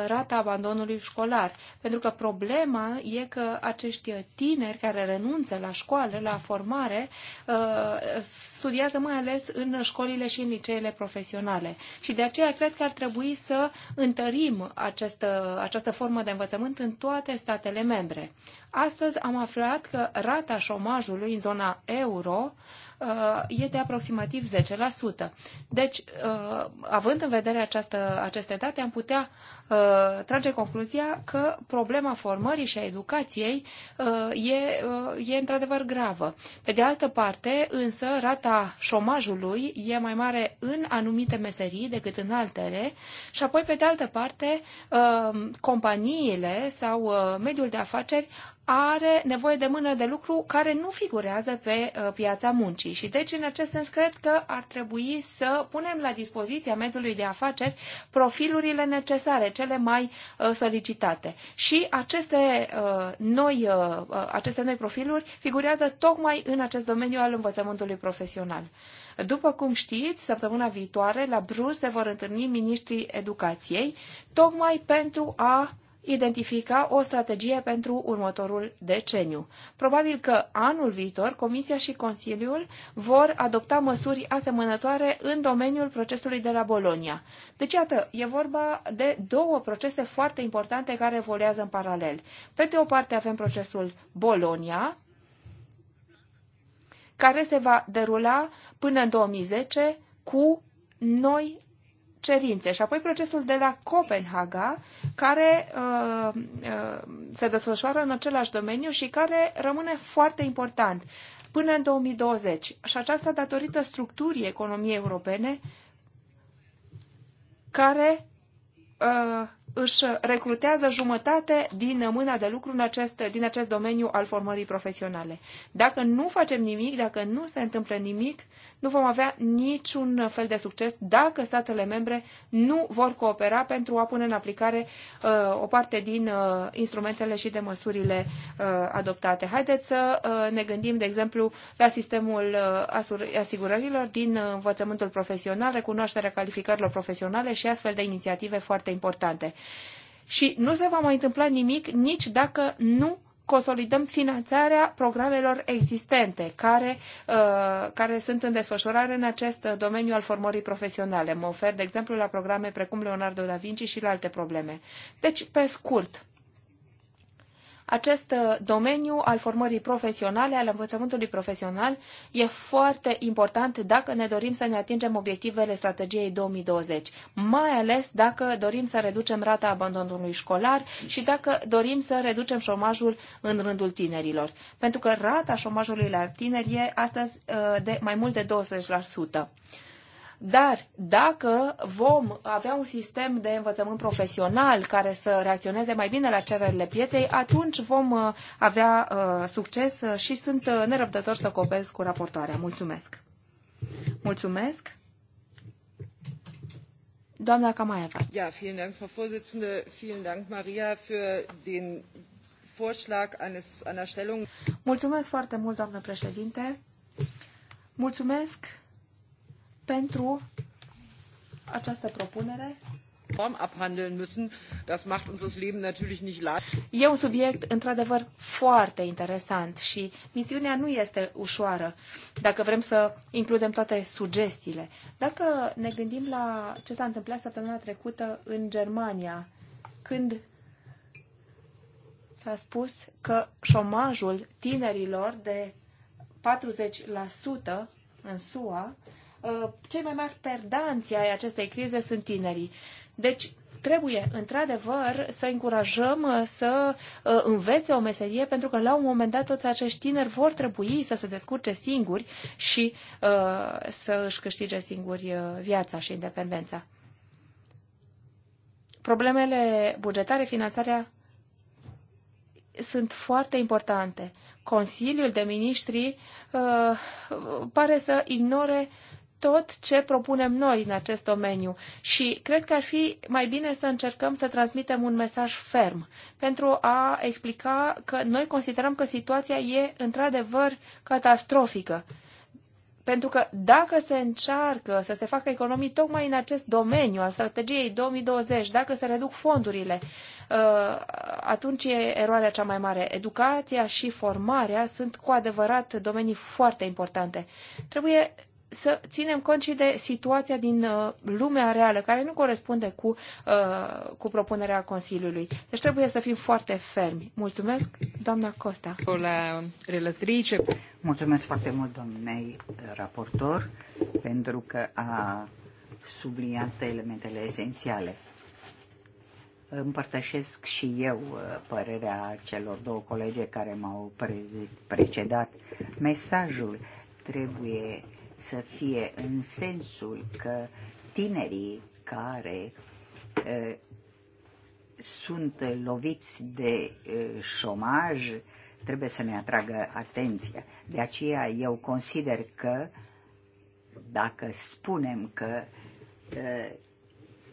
rata abandonului școlar, pentru că problema e că acești tineri care renunță la școală, la formare, uh, studiază mai ales în școlile și în liceele profesionale. Și de aceea cred că ar trebui să întărim această, această formă de învățământ în toate statele membre. Astăzi am aflat că rata șomajului în zona euro Uh, e de aproximativ 10%. Deci, uh, având în vedere această, aceste date, am putea uh, trage concluzia că problema formării și a educației e, e într-adevăr gravă. Pe de altă parte, însă, rata șomajului e mai mare în anumite meserii decât în altele și apoi, pe de altă parte, companiile sau mediul de afaceri are nevoie de mână de lucru care nu figurează pe uh, piața muncii. Și deci, în acest sens, cred că ar trebui să punem la dispoziția mediului de afaceri profilurile necesare, cele mai uh, solicitate. Și aceste uh, noi, aceste noi profiluri figurează tocmai în acest domeniu al învățământului profesional. După cum știți, săptămâna viitoare la Bruges se vor întâlni ministrii educației, tocmai pentru a identifica o strategie pentru următorul deceniu. Probabil că anul viitor Comisia și Consiliul vor adopta măsuri asemănătoare în domeniul procesului de la Bolonia. Deci, iată, e vorba de două procese foarte importante care evoluează în paralel. Pe de o parte avem procesul Bolonia, care se va derula până în 2010 cu noi cerințe și apoi procesul de la Copenhaga, care uh, uh, se desfășoară în același domeniu și care rămâne foarte important până în 2020. Și aceasta datorită structurii economiei europene care uh, își recrutează jumătate din mâna de lucru în acest, din acest domeniu al formării profesionale. Dacă nu facem nimic, dacă nu se întâmplă nimic, nu vom avea niciun fel de succes dacă statele membre nu vor coopera pentru a pune în aplicare uh, o parte din uh, instrumentele și de măsurile uh, adoptate. Haideți să uh, ne gândim, de exemplu, la sistemul uh, asigurărilor din uh, învățământul profesional, recunoașterea calificărilor profesionale și astfel de inițiative foarte importante. Și nu se va mai întâmpla nimic nici dacă nu consolidăm finanțarea programelor existente care, uh, care sunt în desfășurare în acest uh, domeniu al formării profesionale. Mă ofer, de exemplu, la programe precum Leonardo da Vinci și la alte probleme. Deci, pe scurt, acest uh, domeniu al formării profesionale, al învățământului profesional, e foarte important dacă ne dorim să ne atingem obiectivele strategiei 2020, mai ales dacă dorim să reducem rata abandonului școlar și dacă dorim să reducem șomajul în rândul tinerilor. Pentru că rata șomajului la tineri e astăzi uh, de mai mult de 20%. Dar dacă vom avea un sistem de învățământ profesional care să reacționeze mai bine la cererile pieței, atunci vom uh, avea uh, succes și sunt uh, nerăbdător să copez cu raportoarea. Mulțumesc! Mulțumesc! Doamna Kamaeva. Ja, vielen Dank, Frau Vorsitzende. Vielen Dank, Maria, für den Vorschlag eines, einer Stellung. Mulțumesc foarte mult, doamnă președinte. Mulțumesc pentru această propunere. Form abhandeln müssen. Das macht uns das Leben natürlich nicht leicht. E un subiect într-adevăr foarte interesant și misiunea nu este ușoară dacă vrem să includem toate sugestiile. Dacă ne gândim la ce s-a întâmplat săptămâna trecută în Germania, când s-a spus că șomajul tinerilor de 40% în SUA Uh, cei mai mari perdanți ai acestei crize sunt tinerii. Deci, trebuie, într-adevăr, să încurajăm uh, să uh, învețe o meserie, pentru că la un moment dat toți acești tineri vor trebui să se descurce singuri și să își câștige singuri viața și independența. Problemele bugetare, finanțarea sunt foarte importante. Consiliul de Ministri uh, pare să ignore uh, tot ce propunem noi în acest domeniu și cred că ar fi mai bine să încercăm să transmitem un mesaj ferm pentru a explica că noi considerăm că situația e într-adevăr catastrofică. Pentru că dacă se încearcă să se facă economii tocmai în acest domeniu al strategiei 2020, dacă se reduc fondurile, uh, atunci e eroarea cea mai mare. Educația și formarea sunt cu adevărat domenii foarte importante. Trebuie să ținem cont și de situația din uh, lumea reală, care nu corespunde cu, uh, cu propunerea Consiliului. Deci trebuie să fim foarte fermi. Mulțumesc, doamna Costa. La relatrice. Mulțumesc foarte mult, domnei raportor, pentru că a subliniat elementele esențiale. Împărtășesc și eu uh, părerea celor două colege care m-au precedat. Mesajul trebuie să fie în sensul că tinerii care sunt loviți de șomaj trebuie să ne atragă atenția. De aceea eu consider că dacă spunem că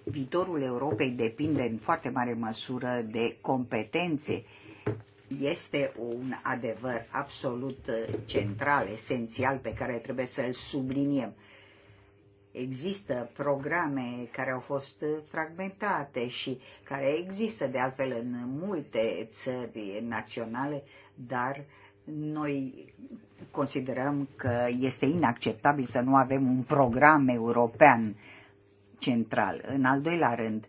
viitorul Europei depinde în foarte mare măsură de competențe este un adevăr absolut uh, central, esențial, pe care trebuie să-l subliniem. Există programe care au fost uh, fragmentate și care există de altfel în multe țări naționale, dar noi considerăm că este inacceptabil să nu avem un program european central. În al doilea rând,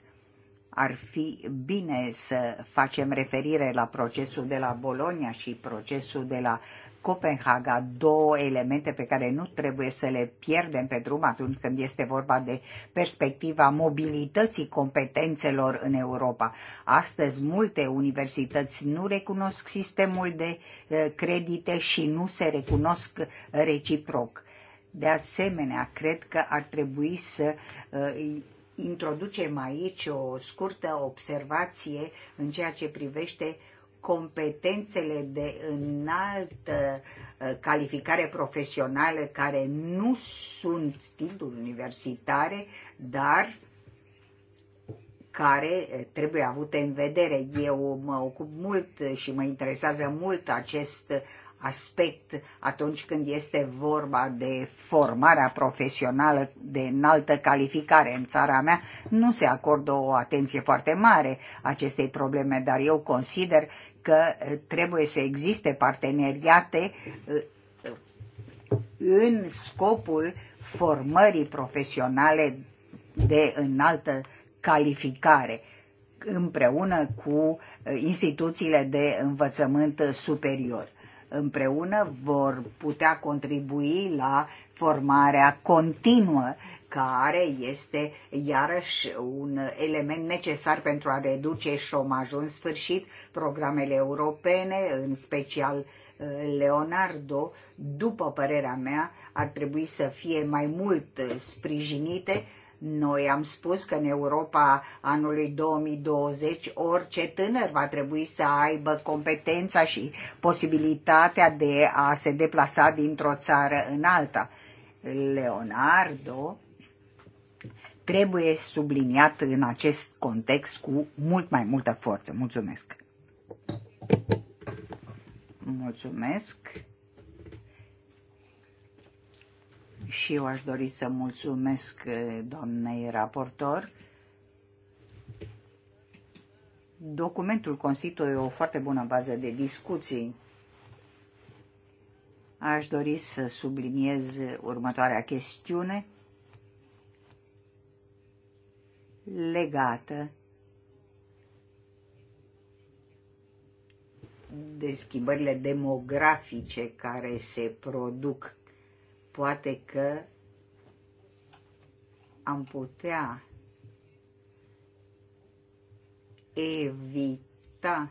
ar fi bine să facem referire la procesul de la Bologna și procesul de la Copenhaga, două elemente pe care nu trebuie să le pierdem pe drum atunci când este vorba de perspectiva mobilității competențelor în Europa. Astăzi multe universități nu recunosc sistemul de eh, credite și nu se recunosc reciproc. De asemenea, cred că ar trebui să eh, introducem aici o scurtă observație în ceea ce privește competențele de înaltă uh, calificare profesională care nu sunt titluri universitare, dar care uh, trebuie avute în vedere. Eu mă ocup mult și mă interesează mult acest aspect atunci când este vorba de formarea profesională de înaltă calificare în țara mea, nu se acordă o atenție foarte mare acestei probleme, dar eu consider că uh, trebuie să existe parteneriate uh, în scopul formării profesionale de înaltă calificare împreună cu uh, instituțiile de învățământ superior împreună vor putea contribui la formarea continuă care este iarăși un element necesar pentru a reduce șomajul. În sfârșit, programele europene, în special uh, Leonardo, după părerea mea, ar trebui să fie mai mult sprijinite noi am spus că în Europa anului 2020 orice tânăr va trebui să aibă competența și posibilitatea de a se deplasa dintr-o țară în alta. Leonardo trebuie subliniat în acest context cu mult mai multă forță. Mulțumesc! Mulțumesc! Și eu aș dori să mulțumesc eh, doamnei raportor. Documentul constituie o foarte bună bază de discuții. Aș dori să subliniez următoarea chestiune legată de schimbările demografice care se produc Poate că am putea evita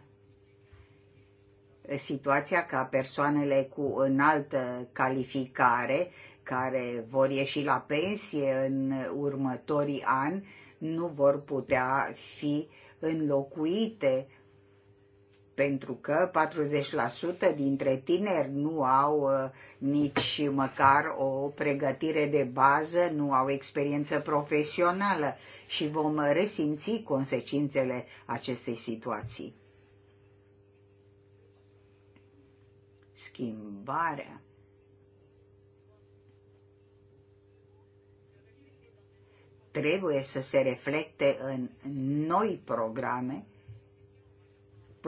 situația ca persoanele cu înaltă calificare care vor ieși la pensie în următorii ani nu vor putea fi înlocuite pentru că 40% dintre tineri nu au uh, nici măcar o pregătire de bază, nu au experiență profesională și vom resimți consecințele acestei situații. Schimbarea trebuie să se reflecte în noi programe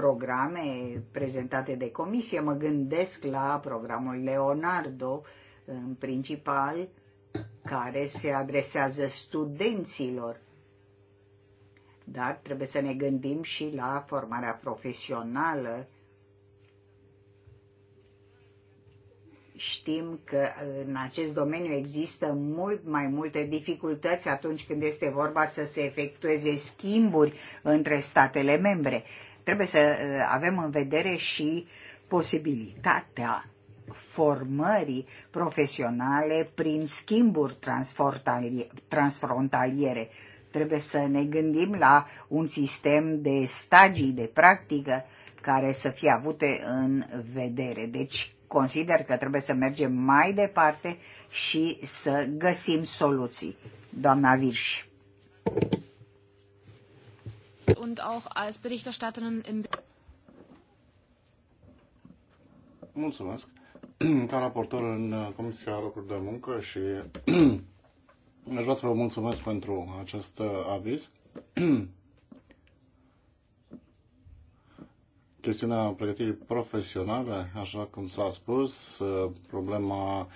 programe prezentate de comisie. Mă gândesc la programul Leonardo, în principal, care se adresează studenților. Dar trebuie să ne gândim și la formarea profesională. Știm că în acest domeniu există mult mai multe dificultăți atunci când este vorba să se efectueze schimburi între statele membre trebuie să uh, avem în vedere și posibilitatea formării profesionale prin schimburi transfrontaliere. Trebuie să ne gândim la un sistem de stagii de practică care să fie avute în vedere. Deci consider că trebuie să mergem mai departe și să găsim soluții. Doamna Virș und auch als Berichterstatterin im Mulțumesc. Ca raportor în uh, Comisia Locuri de Muncă și aș vrea să vă mulțumesc pentru acest uh, aviz. Chestiunea pregătirii profesionale, așa cum s-a spus, uh, problema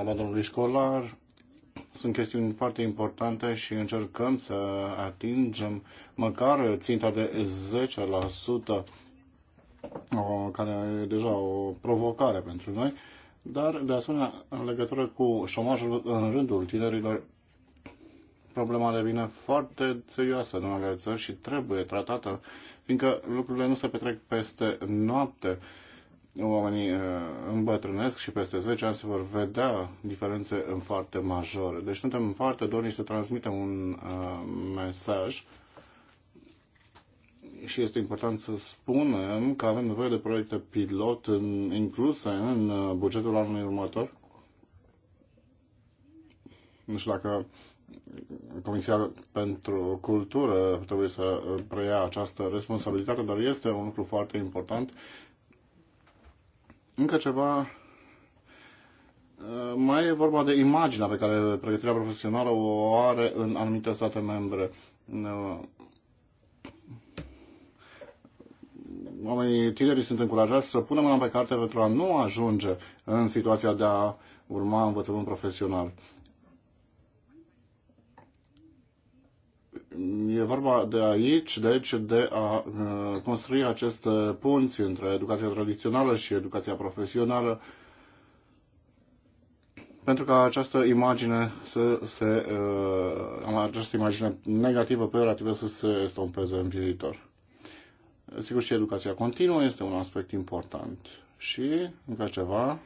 abandonului școlar, sunt chestiuni foarte importante și încercăm să atingem măcar ținta de 10%, care e deja o provocare pentru noi, dar de asemenea în legătură cu șomajul în rândul tinerilor, problema devine foarte serioasă în unele țări și trebuie tratată, fiindcă lucrurile nu se petrec peste noapte oamenii uh, îmbătrânesc și peste 10 ani se vor vedea diferențe în foarte majore. Deci suntem foarte dorni să transmitem un uh, mesaj și este important să spunem că avem nevoie de proiecte pilot în, incluse în uh, bugetul anului următor. Nu știu dacă Comisia pentru Cultură trebuie să preia această responsabilitate, dar este un lucru foarte important încă ceva. Uh, mai e vorba de imaginea pe care pregătirea profesională o are în anumite state membre. Uh, oamenii tinerii sunt încurajați să punem mâna pe carte pentru a nu ajunge în situația de a urma învățământ profesional. E vorba de aici, deci, de a uh, construi aceste punți între educația tradițională și educația profesională, pentru ca această imagine să se, uh, această imagine negativă, peorativă să se estompeze în viitor. Sigur și educația continuă este un aspect important. Și, încă ceva,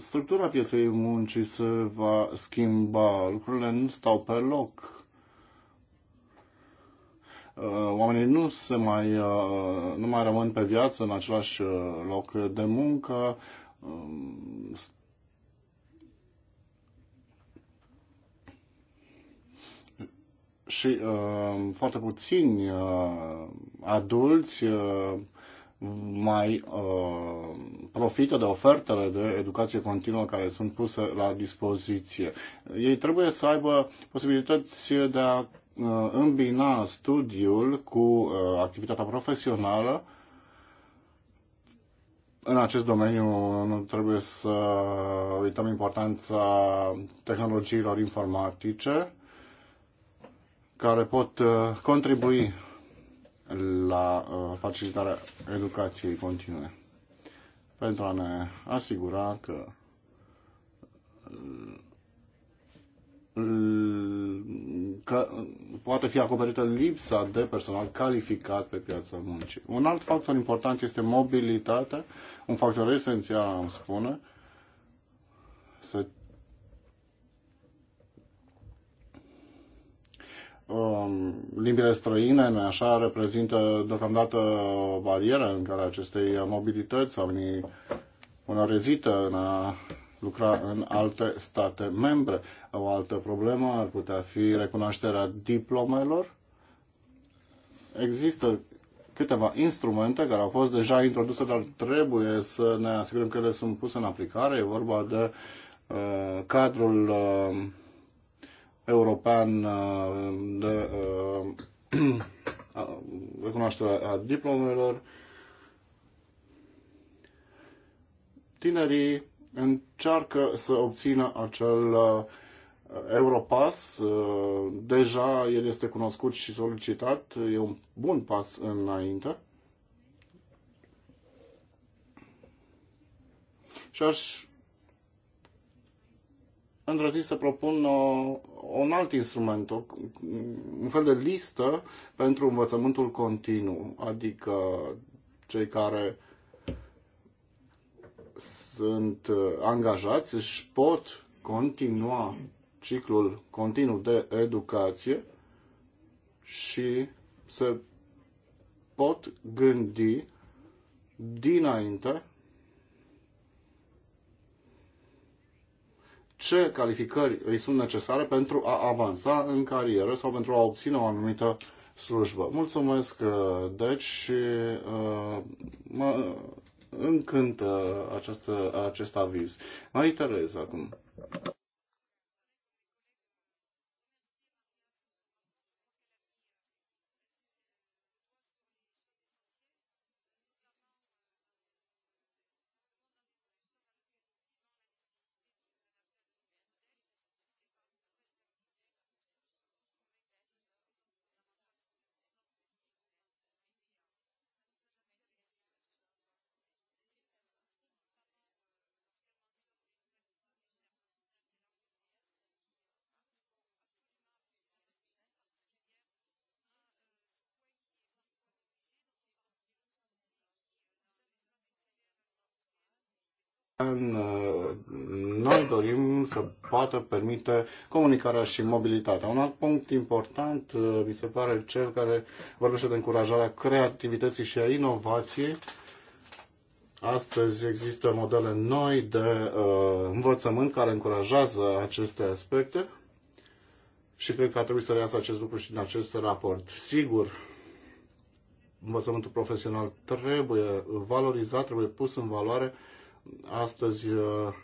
structura pieței muncii se va schimba, lucrurile nu stau pe loc. Uh, oamenii nu se mai, uh, nu mai rămân pe viață în același uh, loc de muncă. Um, și foarte puțini adulți mai uh, profită de ofertele de educație continuă care sunt puse la dispoziție. Ei trebuie să aibă posibilități de a uh, îmbina studiul cu uh, activitatea profesională. În acest domeniu nu trebuie să uităm importanța tehnologiilor informatice care pot uh, contribui la uh, facilitarea educației continue pentru a ne asigura că uh, că poate fi acoperită lipsa de personal calificat pe piața muncii. Un alt factor important este mobilitatea, un factor esențial, am spune, să Um, limbile străine, nu așa, reprezintă deocamdată o barieră în care acestei mobilități oamenii una rezită în a lucra în alte state membre. O altă problemă ar putea fi recunoașterea diplomelor. Există câteva instrumente care au fost deja introduse, dar trebuie să ne asigurăm că ele sunt puse în aplicare. E vorba de uh, cadrul uh, european uh, de uh, recunoașterea a diplomelor. Tinerii încearcă să obțină acel uh, Europass. Deja el este cunoscut și solicitat. E un bun pas înainte. Și aș într-o zi să propun o, uh, un alt instrument, o, un fel de listă pentru învățământul continuu, adică cei care sunt uh, angajați își pot continua ciclul continuu de educație și se pot gândi dinainte ce calificări îi sunt necesare pentru a avansa în carieră sau pentru a obține o anumită slujbă. Mulțumesc, uh, deci, și uh, mă încântă acest, acest aviz. Marie Tereza, acum. European, uh, noi dorim să poată permite comunicarea și mobilitatea. Un alt punct important uh, mi se pare cel care vorbește de încurajarea creativității și a inovației. Astăzi există modele noi de uh, învățământ care încurajează aceste aspecte și cred că ar trebui să reiasă acest lucru și din acest raport. Sigur, învățământul profesional trebuie valorizat, trebuie pus în valoare astăzi uh,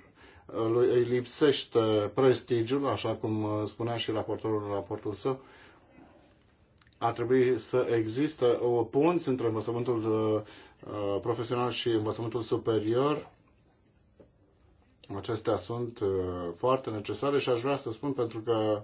lui îi lipsește prestigiul, așa cum uh, spunea și raportorul în raportul său, ar trebui să existe o punț între învățământul uh, profesional și învățământul superior. Acestea sunt foarte necesare și aș vrea să spun pentru că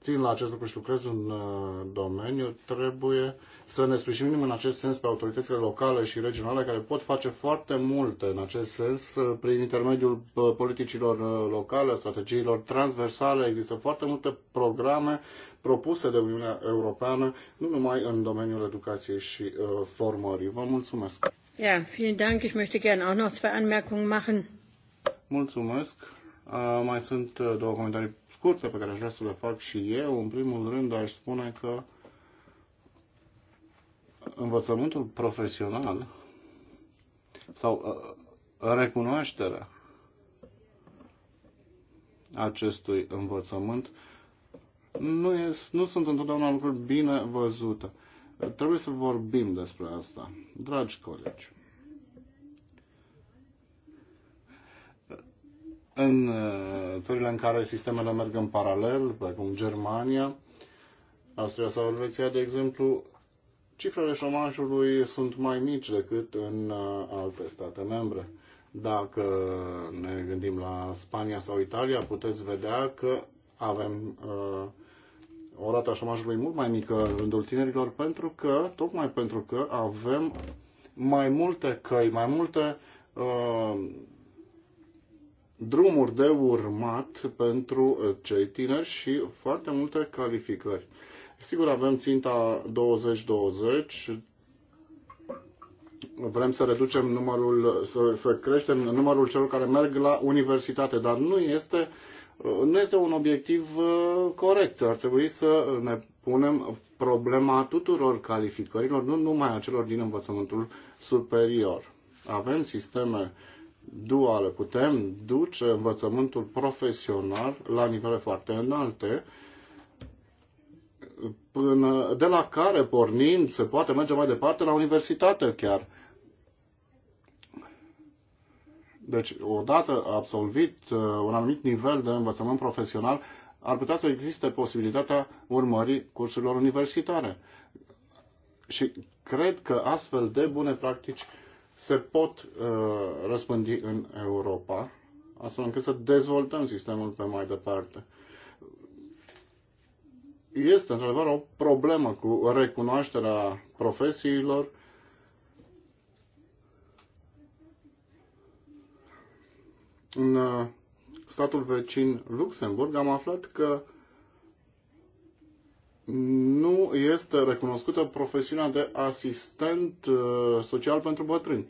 țin la acest lucru și lucrez în uh, domeniu, trebuie să ne sprijinim în acest sens pe autoritățile locale și regionale care pot face foarte multe în acest sens uh, prin intermediul uh, politicilor locale, strategiilor transversale. Există foarte multe programe propuse de Uniunea Europeană, nu numai în domeniul educației și formării. Vă mulțumesc! Ja, vielen Dank. Ich möchte gerne auch noch zwei Anmerkungen machen. Mulțumesc. Mai sunt uh, două comentarii scurte pe care aș vrea să le fac și eu. În primul rând aș spune că învățământul profesional sau uh, recunoașterea acestui învățământ nu, e, nu sunt întotdeauna lucruri bine văzute. Trebuie să vorbim despre asta, dragi colegi. în uh, țările în care sistemele merg în paralel, precum Germania, Austria sau Elveția, de exemplu, cifrele șomajului sunt mai mici decât în uh, alte state membre. Dacă ne gândim la Spania sau Italia, puteți vedea că avem uh, o rată a șomajului mult mai mică în rândul tinerilor, pentru că, tocmai pentru că avem mai multe căi, mai multe uh, drumuri de urmat pentru uh, cei tineri și foarte multe calificări. Sigur, avem ținta 20-20, vrem să reducem numărul, să, să creștem numărul celor care merg la universitate, dar nu este, uh, nu este un obiectiv uh, corect. Ar trebui să ne punem problema tuturor calificărilor, nu numai a celor din învățământul superior. Avem sisteme uh, duale. Putem duce învățământul profesional la nivele foarte înalte, până, de la care, pornind, se poate merge mai departe la universitate chiar. Deci, odată absolvit uh, un anumit nivel de învățământ profesional, ar putea să existe posibilitatea urmării cursurilor universitare. Și cred că astfel de bune practici se pot uh, răspândi în Europa, astfel încât să dezvoltăm sistemul pe mai departe. Este, într-adevăr, o problemă cu recunoașterea profesiilor. În uh, statul vecin Luxemburg am aflat că nu este recunoscută profesiunea de asistent uh, social pentru bătrâni.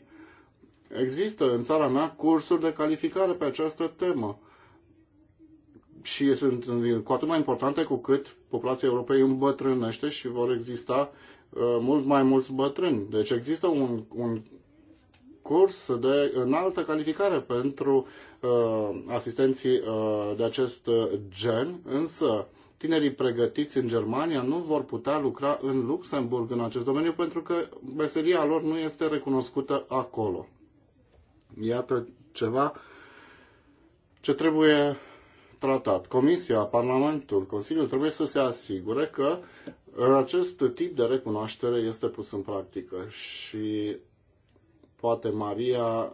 Există în țara mea cursuri de calificare pe această temă și sunt cu atât mai importante cu cât populația Europei îmbătrânește și vor exista uh, mult mai mulți bătrâni. Deci există un, un curs de înaltă calificare pentru uh, asistenții uh, de acest gen, însă tinerii pregătiți în Germania nu vor putea lucra în Luxemburg în acest domeniu pentru că meseria lor nu este recunoscută acolo. Iată ceva ce trebuie tratat. Comisia, Parlamentul, Consiliul trebuie să se asigure că acest tip de recunoaștere este pus în practică și poate Maria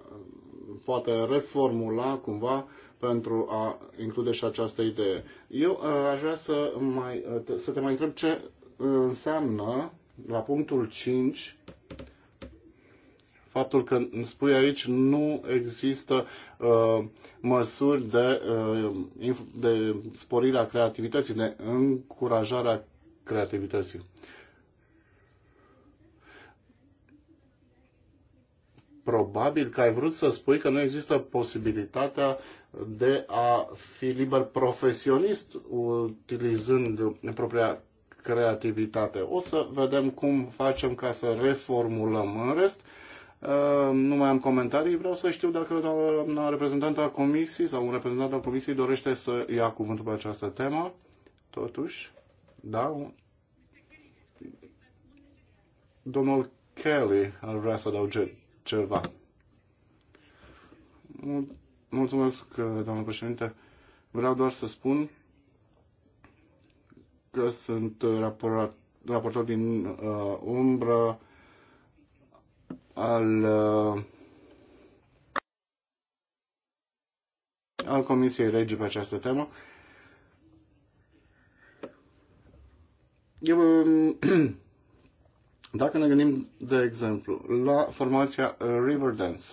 poate reformula cumva pentru a include și această idee. Eu uh, aș vrea să, mai, uh, să te mai întreb ce uh, înseamnă la punctul 5 faptul că spui aici nu există uh, măsuri de, uh, de sporirea creativității, de încurajarea creativității. Probabil că ai vrut să spui că nu există posibilitatea de a fi liber profesionist utilizând propria creativitate. O să vedem cum facem ca să reformulăm. În rest, uh, nu mai am comentarii. Vreau să știu dacă doamna reprezentantă a comisiei sau un reprezentant al comisiei dorește să ia cuvântul pe această temă. Totuși, da. Domnul Kelly ar vrea să adauge ceva. Mulțumesc, doamnă președinte. Vreau doar să spun că sunt raportor, raportor din uh, umbră al, uh, al Comisiei Regi pe această temă. Eu, um, dacă ne gândim, de exemplu, la formația Riverdance,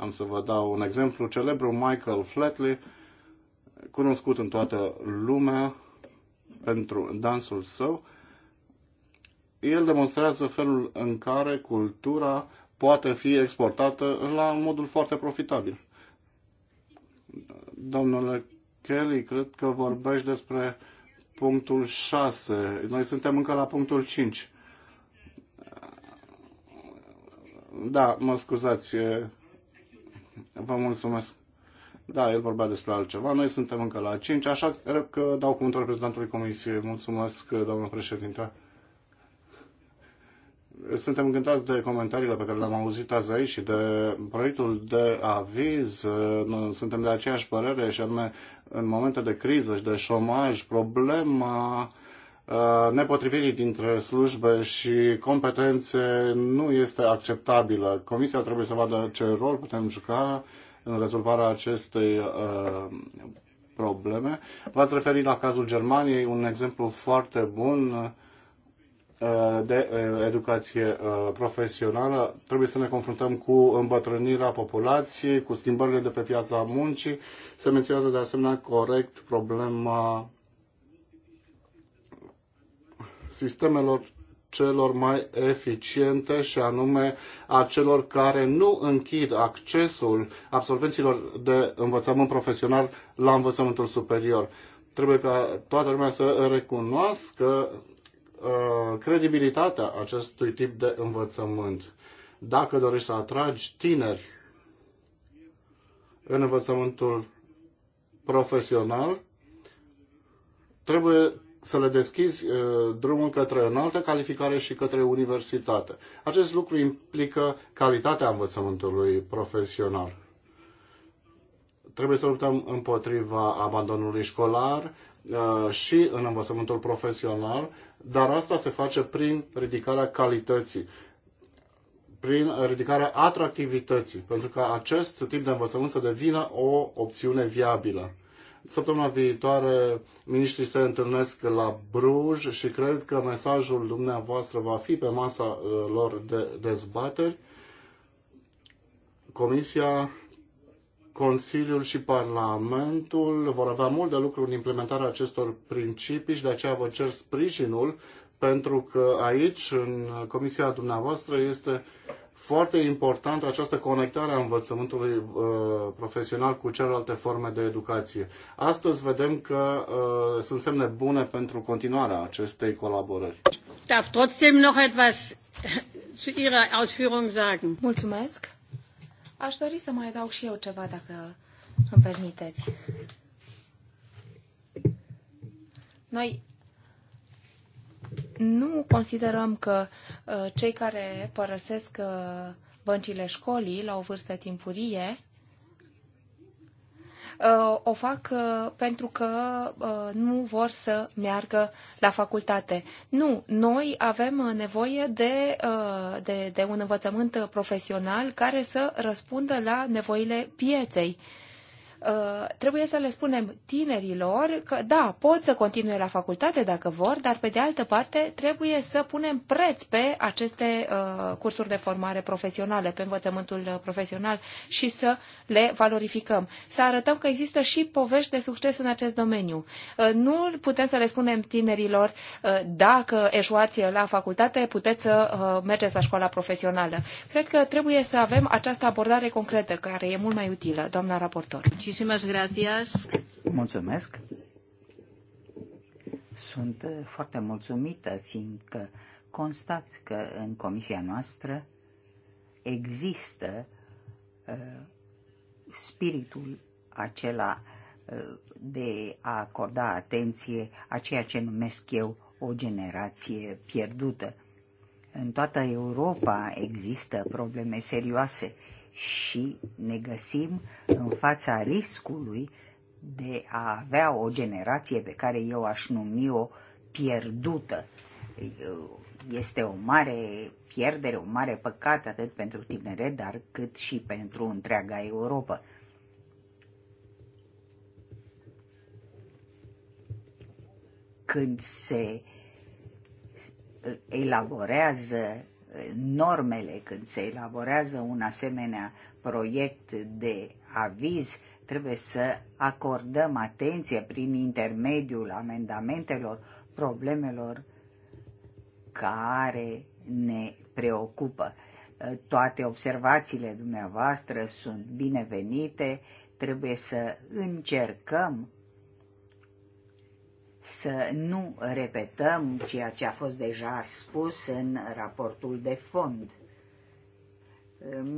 am să vă dau un exemplu. Celebrul Michael Flatley, cunoscut în toată lumea pentru dansul său, el demonstrează felul în care cultura poate fi exportată la un modul foarte profitabil. Domnule Kelly, cred că vorbești despre punctul 6. Noi suntem încă la punctul 5. Da, mă scuzați, Vă mulțumesc. Da, el vorbea despre altceva. Noi suntem încă la 5, așa că dau cuvântul reprezentantului Comisiei. Mulțumesc, doamnă președinte. Suntem încântați de comentariile pe care le-am auzit azi aici și de proiectul de aviz. Suntem de aceeași părere și anume, în momente de criză și de șomaj, problema Uh, nepotrivirii dintre slujbe și competențe nu este acceptabilă. Comisia trebuie să vadă ce rol putem juca în rezolvarea acestei uh, probleme. V-ați referit la cazul Germaniei, un exemplu foarte bun uh, de uh, educație profesională. Trebuie să ne confruntăm cu îmbătrânirea populației, cu schimbările de pe piața muncii. Se menționează de asemenea corect problema sistemelor celor mai eficiente și anume a celor care nu închid accesul absolvenților de învățământ profesional la învățământul superior. Trebuie ca toată lumea să recunoască uh, credibilitatea acestui tip de învățământ. Dacă dorești să atragi tineri în învățământul profesional, trebuie să le deschizi uh, drumul către înaltă calificare și către universitate. Acest lucru implică calitatea învățământului profesional. Trebuie să luptăm împotriva abandonului școlar uh, și în învățământul profesional, dar asta se face prin ridicarea calității prin ridicarea atractivității, pentru ca acest tip de învățământ să devină o opțiune viabilă. Săptămâna viitoare miniștrii se întâlnesc la Bruj și cred că mesajul dumneavoastră va fi pe masa uh, lor de dezbateri. Comisia, Consiliul și Parlamentul vor avea mult de lucru în implementarea acestor principii și de aceea vă cer sprijinul pentru că aici, în comisia dumneavoastră, este foarte importantă această conectare a învățământului uh, profesional cu celelalte forme de educație. Astăzi vedem că uh, sunt semne bune pentru continuarea acestei colaborări. Darf trotzdem noch etwas zu Ihrer Ausführung sagen. Mulțumesc. Aș dori să mai adaug și eu ceva, dacă îmi permiteți. Noi nu considerăm că uh, cei care părăsesc uh, băncile școlii la o vârstă timpurie uh, o fac pentru că nu vor să meargă la facultate. Nu, noi avem nevoie de, de, de un învățământ profesional care să răspundă la nevoile pieței Uh, trebuie să le spunem tinerilor că, da, pot să continue la facultate dacă vor, dar, pe de altă parte, trebuie să punem preț pe aceste uh, cursuri de formare profesională, pe învățământul uh, profesional și să le valorificăm. Să arătăm că există și povești de succes în acest domeniu. Nu putem să le spunem tinerilor, dacă eșuați la facultate, puteți să mergeți la școala profesională. Cred că trebuie să avem această abordare concretă, care e mult mai utilă, doamna raportor. Muchísimas gracias. Mulțumesc. Sunt eh, foarte mulțumită, fiindcă constat că în comisia noastră există uh, spiritul acela uh, de a acorda atenție a ceea ce numesc eu o generație pierdută. În toată Europa există probleme serioase și ne găsim în fața riscului de a avea o generație pe care eu aș numi-o pierdută. Este o mare pierdere, o mare păcat atât pentru tinere, dar cât și pentru întreaga Europa. Când se elaborează normele când se elaborează un asemenea proiect de aviz, trebuie să acordăm atenție prin intermediul amendamentelor problemelor care ne preocupă. Toate observațiile dumneavoastră sunt binevenite, trebuie să încercăm să nu repetăm ceea ce a fost deja spus în raportul de fond.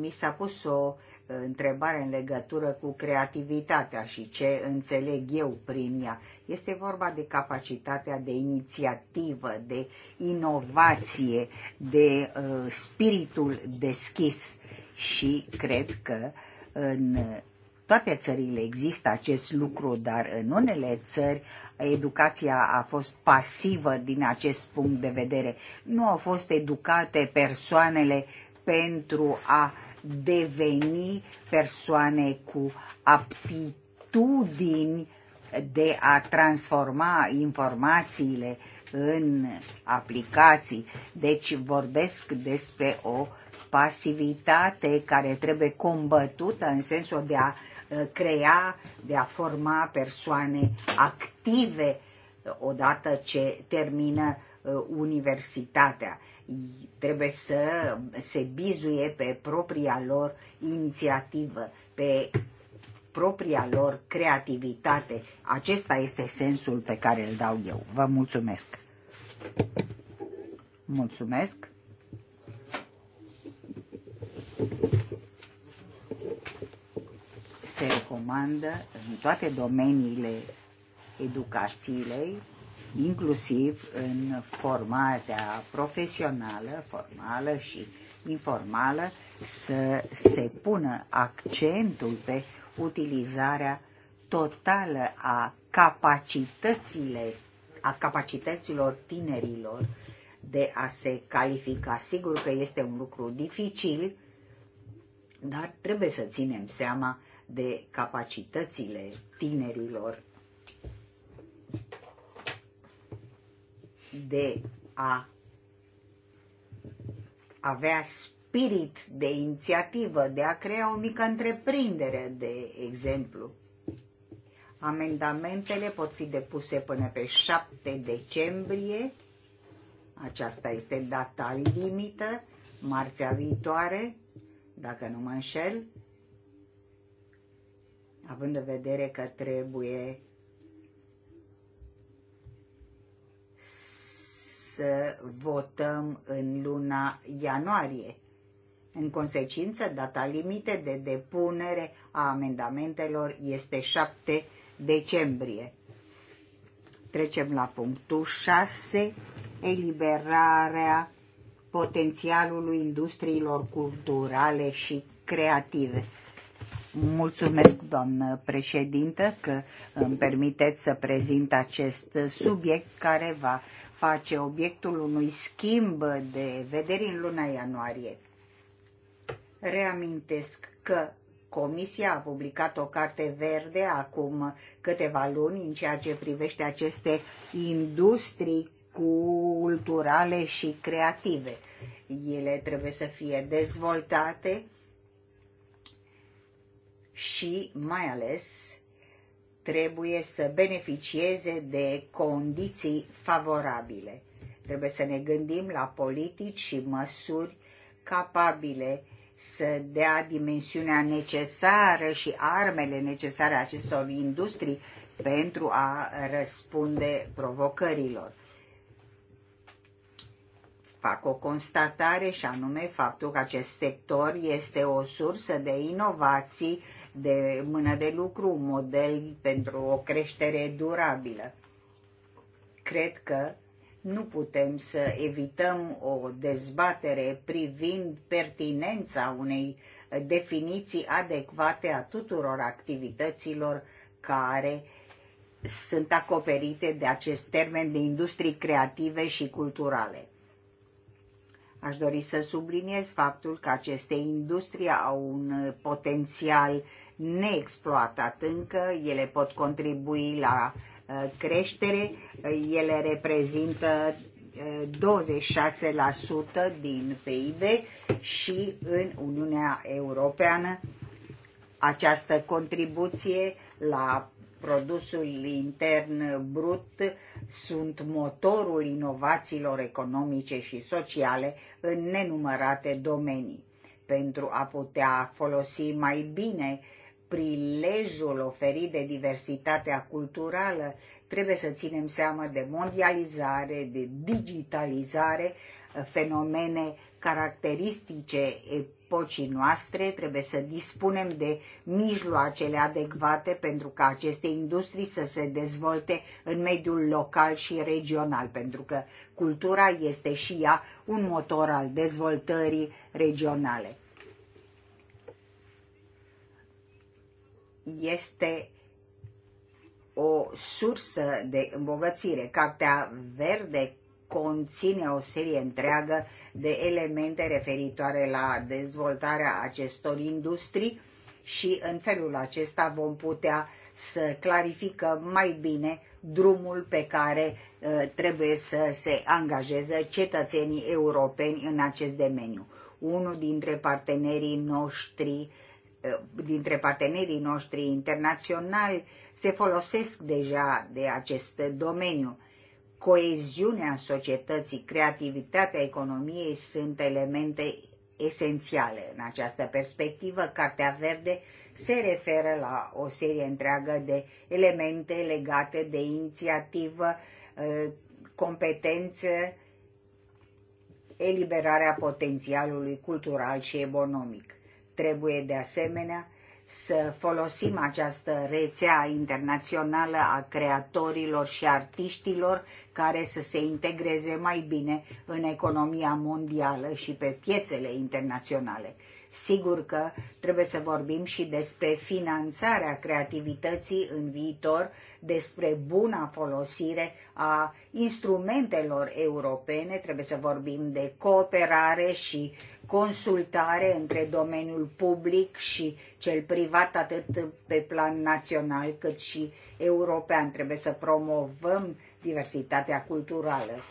Mi s-a pus o uh, întrebare în legătură cu creativitatea și ce înțeleg eu prin ea. Este vorba de capacitatea de inițiativă, de inovație, de uh, spiritul deschis și cred că în toate țările există acest lucru, dar în unele țări educația a fost pasivă din acest punct de vedere. Nu au fost educate persoanele pentru a deveni persoane cu aptitudini de a transforma informațiile în aplicații. Deci vorbesc despre o pasivitate care trebuie combătută în sensul de a Eh, crea, de a forma persoane active odată ce termină eh, universitatea. Trebuie să se bizuie pe propria lor inițiativă, pe propria lor creativitate. Acesta este sensul pe care îl dau eu. Vă mulțumesc! Mulțumesc! se recomandă în toate domeniile educației, inclusiv în formarea profesională, formală și informală, să se pună accentul pe utilizarea totală a capacitățile, a capacităților tinerilor de a se califica. Sigur că este un lucru dificil, dar trebuie să ținem seama de capacitățile tinerilor de a avea spirit de inițiativă, de a crea o mică întreprindere, de exemplu. Amendamentele pot fi depuse până pe 7 decembrie. Aceasta este data limită, marțea viitoare, dacă nu mă înșel având în vedere că trebuie să votăm în luna ianuarie. În consecință, data limite de depunere a amendamentelor este 7 decembrie. Trecem la punctul 6, eliberarea potențialului industriilor culturale și creative. Mulțumesc, doamnă președintă, că îmi permiteți să prezint acest subiect care va face obiectul unui schimb de vederi în luna ianuarie. Reamintesc că Comisia a publicat o carte verde acum câteva luni în ceea ce privește aceste industrii culturale și creative. Ele trebuie să fie dezvoltate și mai ales trebuie să beneficieze de condiții favorabile. Trebuie să ne gândim la politici și măsuri capabile să dea dimensiunea necesară și armele necesare acestor industrii pentru a răspunde provocărilor. Fac o constatare și anume faptul că acest sector este o sursă de inovații de mână de lucru, un model pentru o creștere durabilă. Cred că nu putem să evităm o dezbatere privind pertinența unei definiții adecvate a tuturor activităților care sunt acoperite de acest termen de industrii creative și culturale. Aș dori să subliniez faptul că aceste industrii au un potențial neexploatat încă, ele pot contribui la uh, creștere, ele reprezintă 26% uh, din PIB și în Uniunea Europeană această contribuție la produsul intern brut sunt motorul inovațiilor economice și sociale în nenumărate domenii. Pentru a putea folosi mai bine prilejul oferit de diversitatea culturală, trebuie să ținem seama de mondializare, de digitalizare, fenomene caracteristice pocii noastre, trebuie să dispunem de mijloacele adecvate pentru ca aceste industrii să se dezvolte în mediul local și regional, pentru că cultura este și ea un motor al dezvoltării regionale. Este o sursă de îmbogățire. Cartea verde, conține o serie întreagă de elemente referitoare la dezvoltarea acestor industrii și în felul acesta vom putea să clarificăm mai bine drumul pe care uh, trebuie să se angajeze cetățenii europeni în acest domeniu. Unul dintre partenerii noștri uh, dintre partenerii noștri internaționali se folosesc deja de acest domeniu coeziunea societății, creativitatea economiei sunt elemente esențiale. În această perspectivă, Cartea Verde se referă la o serie întreagă de elemente legate de inițiativă, ă, competență, eliberarea potențialului cultural și economic. Trebuie de asemenea să folosim această rețea internațională a creatorilor și artiștilor care să se integreze mai bine în economia mondială și pe piețele internaționale. Sigur că trebuie să vorbim și despre finanțarea creativității în viitor, despre buna folosire a instrumentelor europene, trebuie să vorbim de cooperare și consultare între domeniul public și cel privat, atât pe plan național cât și european. Trebuie să promovăm diversitatea culturală.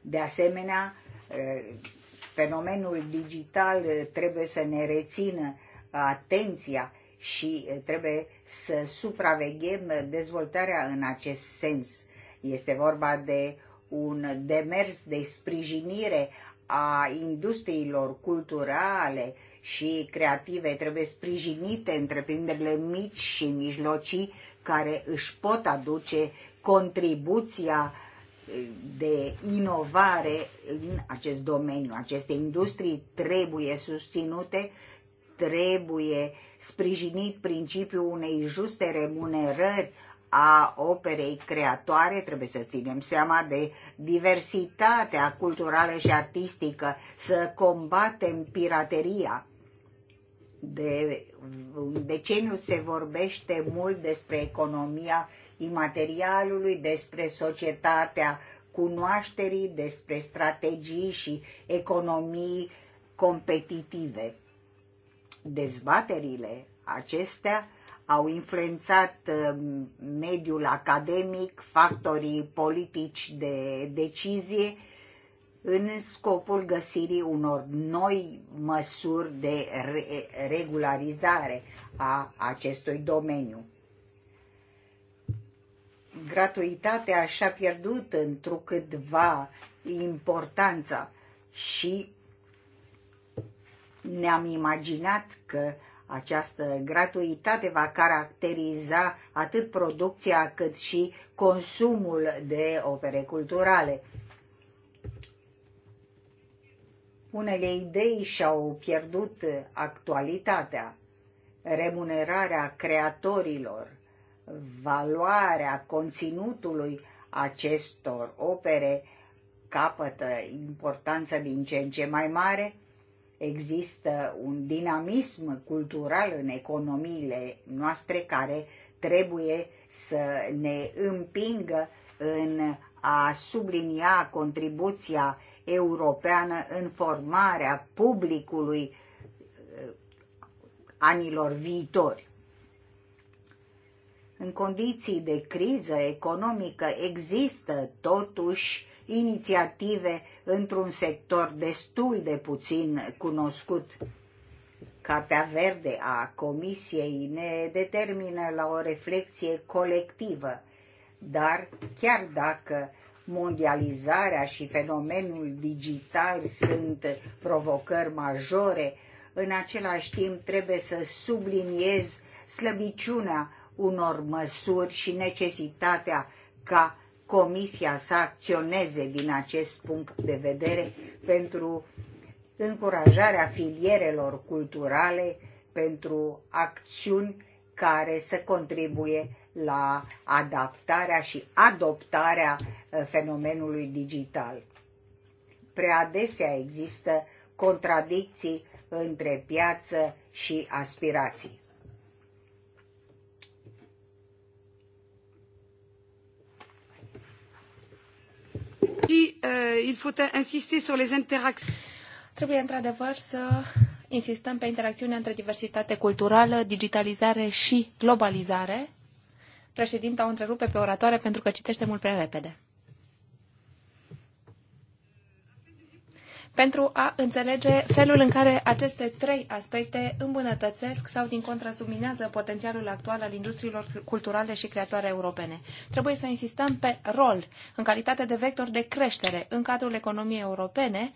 De asemenea, fenomenul digital trebuie să ne rețină atenția și trebuie să supraveghem dezvoltarea în acest sens. Este vorba de un demers de sprijinire a industriilor culturale și creative. Trebuie sprijinite întreprinderile mici și mijlocii care își pot aduce contribuția eh, de inovare în acest domeniu. Aceste industrii trebuie susținute, trebuie sprijinit principiul unei juste remunerări a operei creatoare, trebuie să ținem seama de diversitatea culturală și artistică, să combatem pirateria. De un deceniu se vorbește mult despre economia imaterialului, despre societatea cunoașterii, despre strategii și economii competitive. Dezbaterile acestea au influențat uh, mediul academic, factorii politici de decizie, în scopul găsirii unor noi măsuri de regularizare a acestui domeniu gratuitatea și-a pierdut întrucâtva importanța și ne-am imaginat că această gratuitate va caracteriza atât producția cât și consumul de opere culturale. Unele idei și-au pierdut actualitatea, remunerarea creatorilor, valoarea conținutului acestor opere capătă importanță din ce în ce mai mare, există un dinamism cultural în economiile noastre care trebuie să ne împingă în a sublinia contribuția europeană în formarea publicului uh, anilor viitori în condiții de criză economică există totuși inițiative într-un sector destul de puțin cunoscut. Cartea verde a Comisiei ne determină la o reflexie colectivă, dar chiar dacă mondializarea și fenomenul digital sunt provocări majore, în același timp trebuie să subliniez slăbiciunea unor măsuri și necesitatea ca Comisia să acționeze din acest punct de vedere pentru încurajarea filierelor culturale, pentru acțiuni care să contribuie la adaptarea și adoptarea uh, fenomenului digital. Prea adesea există contradicții între piață și aspirații. Euh, Trebuie într-adevăr să insistăm pe interacțiunea între diversitate culturală, digitalizare și globalizare. Președinta o întrerupe pe oratoare pentru că citește mult prea repede. pentru a înțelege felul în care aceste trei aspecte îmbunătățesc sau, din contră, subminează potențialul actual al industriilor culturale și creatoare europene. Trebuie să insistăm pe rol, în calitate de vector de creștere în cadrul economiei europene,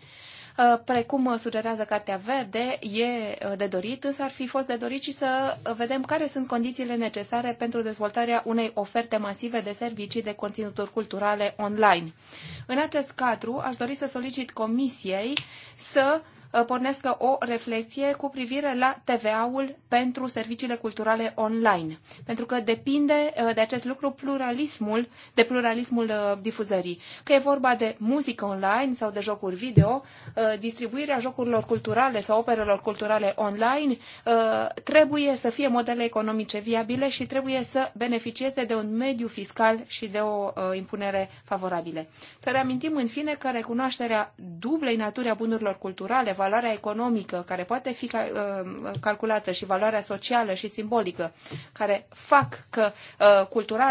Uh, precum sugerează Cartea Verde, e uh, de dorit, însă ar fi fost de dorit și să uh, vedem care sunt condițiile necesare pentru dezvoltarea unei oferte masive de servicii de conținuturi culturale online. În acest cadru, aș dori să solicit Comisiei să uh, Uh, pornească o reflexie cu privire la TVA-ul pentru serviciile culturale online. Pentru că depinde uh, de acest lucru pluralismul, de pluralismul uh, difuzării. Că e vorba de muzică online sau de jocuri video, distribuirea jocurilor culturale sau operelor culturale online trebuie să fie modele economice viabile și trebuie să beneficieze de un mediu fiscal și de o impunere favorabile. Să reamintim în fine că recunoașterea dublei naturi a bunurilor culturale, valoarea economică care poate fi uh, calculată și valoarea socială și simbolică care fac că uh, cultura,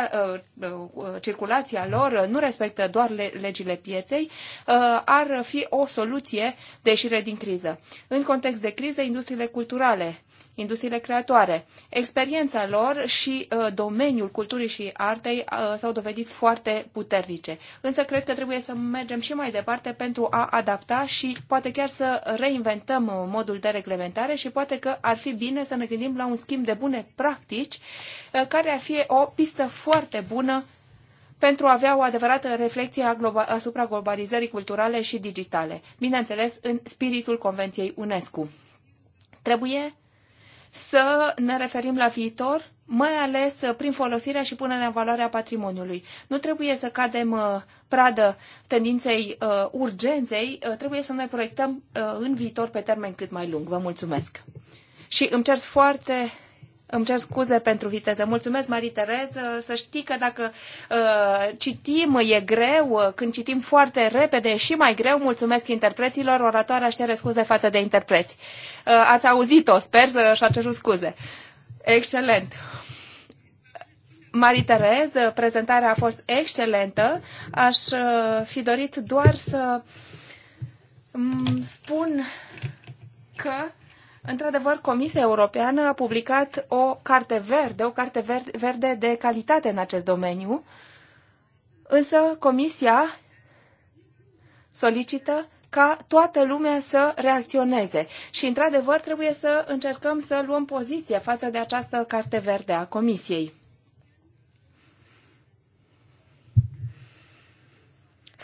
uh, circulația lor nu respectă doar legile pieței, ar fi o soluție de ieșire din criză. În context de criză, industriile culturale industriile creatoare. Experiența lor și uh, domeniul culturii și artei uh, s-au dovedit foarte puternice. Însă cred că trebuie să mergem și mai departe pentru a adapta și poate chiar să reinventăm uh, modul de reglementare și poate că ar fi bine să ne gândim la un schimb de bune practici uh, care ar fi o pistă foarte bună pentru a avea o adevărată reflexie asupra globalizării culturale și digitale, bineînțeles în spiritul Convenției UNESCO. Trebuie să ne referim la viitor, mai ales prin folosirea și punerea în valoare a patrimoniului. Nu trebuie să cadem uh, pradă tendinței uh, urgenței, uh, trebuie să ne proiectăm în viitor pe termen cât mai lung. Vă mulțumesc! Și îmi cer foarte îmi cer scuze pentru viteză. Mulțumesc, Marie Terez. Să știi că dacă uh, citim e greu, când citim foarte repede e și mai greu, mulțumesc interpreților. Oratoarea își cere scuze față de interpreți. Uh, ați auzit-o, sper, să și-a cerut scuze. Excelent. Marie Terez, prezentarea a fost excelentă. Aș uh, fi dorit doar să mm, spun că Într-adevăr, Comisia Europeană a publicat o carte verde, o carte verde de calitate în acest domeniu, însă Comisia solicită ca toată lumea să reacționeze. Și, într-adevăr, trebuie să încercăm să luăm poziție față de această carte verde a Comisiei.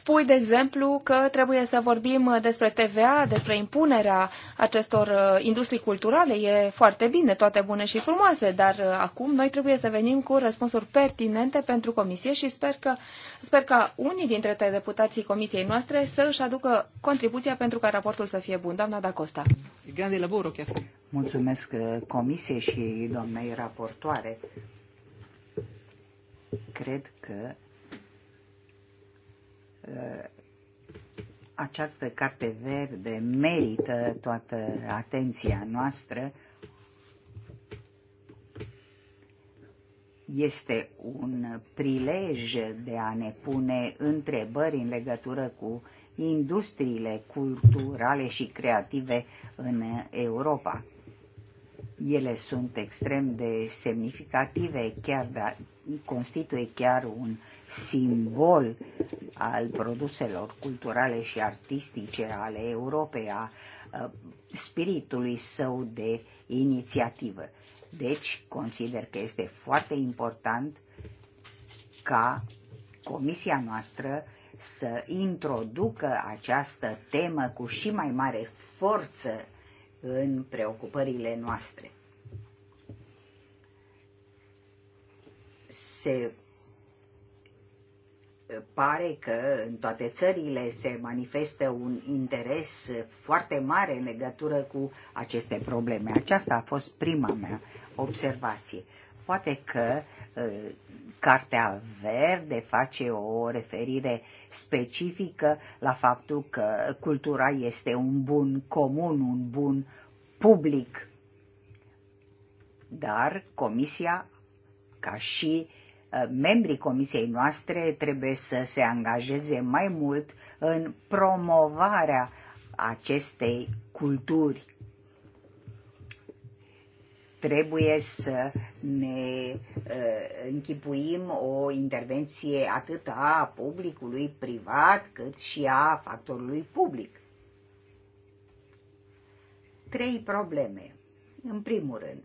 spui, de exemplu, că trebuie să vorbim despre TVA, despre impunerea acestor uh, industrii culturale. E foarte bine, toate bune și frumoase, dar uh, acum noi trebuie să venim cu răspunsuri pertinente pentru comisie și sper că sper ca unii dintre deputații comisiei noastre să își aducă contribuția pentru ca raportul să fie bun. Doamna Dacosta. Mulțumesc uh, comisiei și doamnei raportoare. Cred că Uh, această carte verde merită toată atenția noastră. Este un prilej de a ne pune întrebări în legătură cu industriile culturale și creative în Europa. Ele sunt extrem de semnificative, chiar da- constituie chiar un simbol al produselor culturale și artistice ale Europei, a, spiritului său de inițiativă. Deci, consider că este foarte important ca comisia noastră să introducă această temă cu și mai mare forță în preocupările noastre. se pare că în toate țările se manifestă un interes foarte mare în legătură cu aceste probleme. Aceasta a fost prima mea observație. Poate că Cartea Verde face o referire specifică la faptul că cultura este un bun comun, un bun public. Dar Comisia, ca și uh, Uh, membrii comisiei noastre trebuie să se angajeze mai mult în promovarea acestei culturi. Trebuie să ne uh, închipuim o intervenție atât a publicului privat cât și a factorului public. Trei probleme. În primul rând,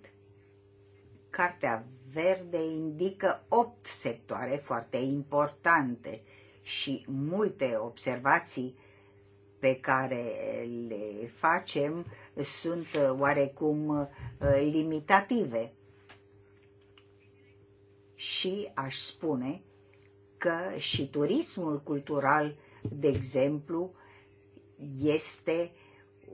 cartea verde indică opt sectoare foarte importante și multe observații pe care le facem sunt oarecum uh, limitative. Și aș spune că și turismul cultural, de exemplu, este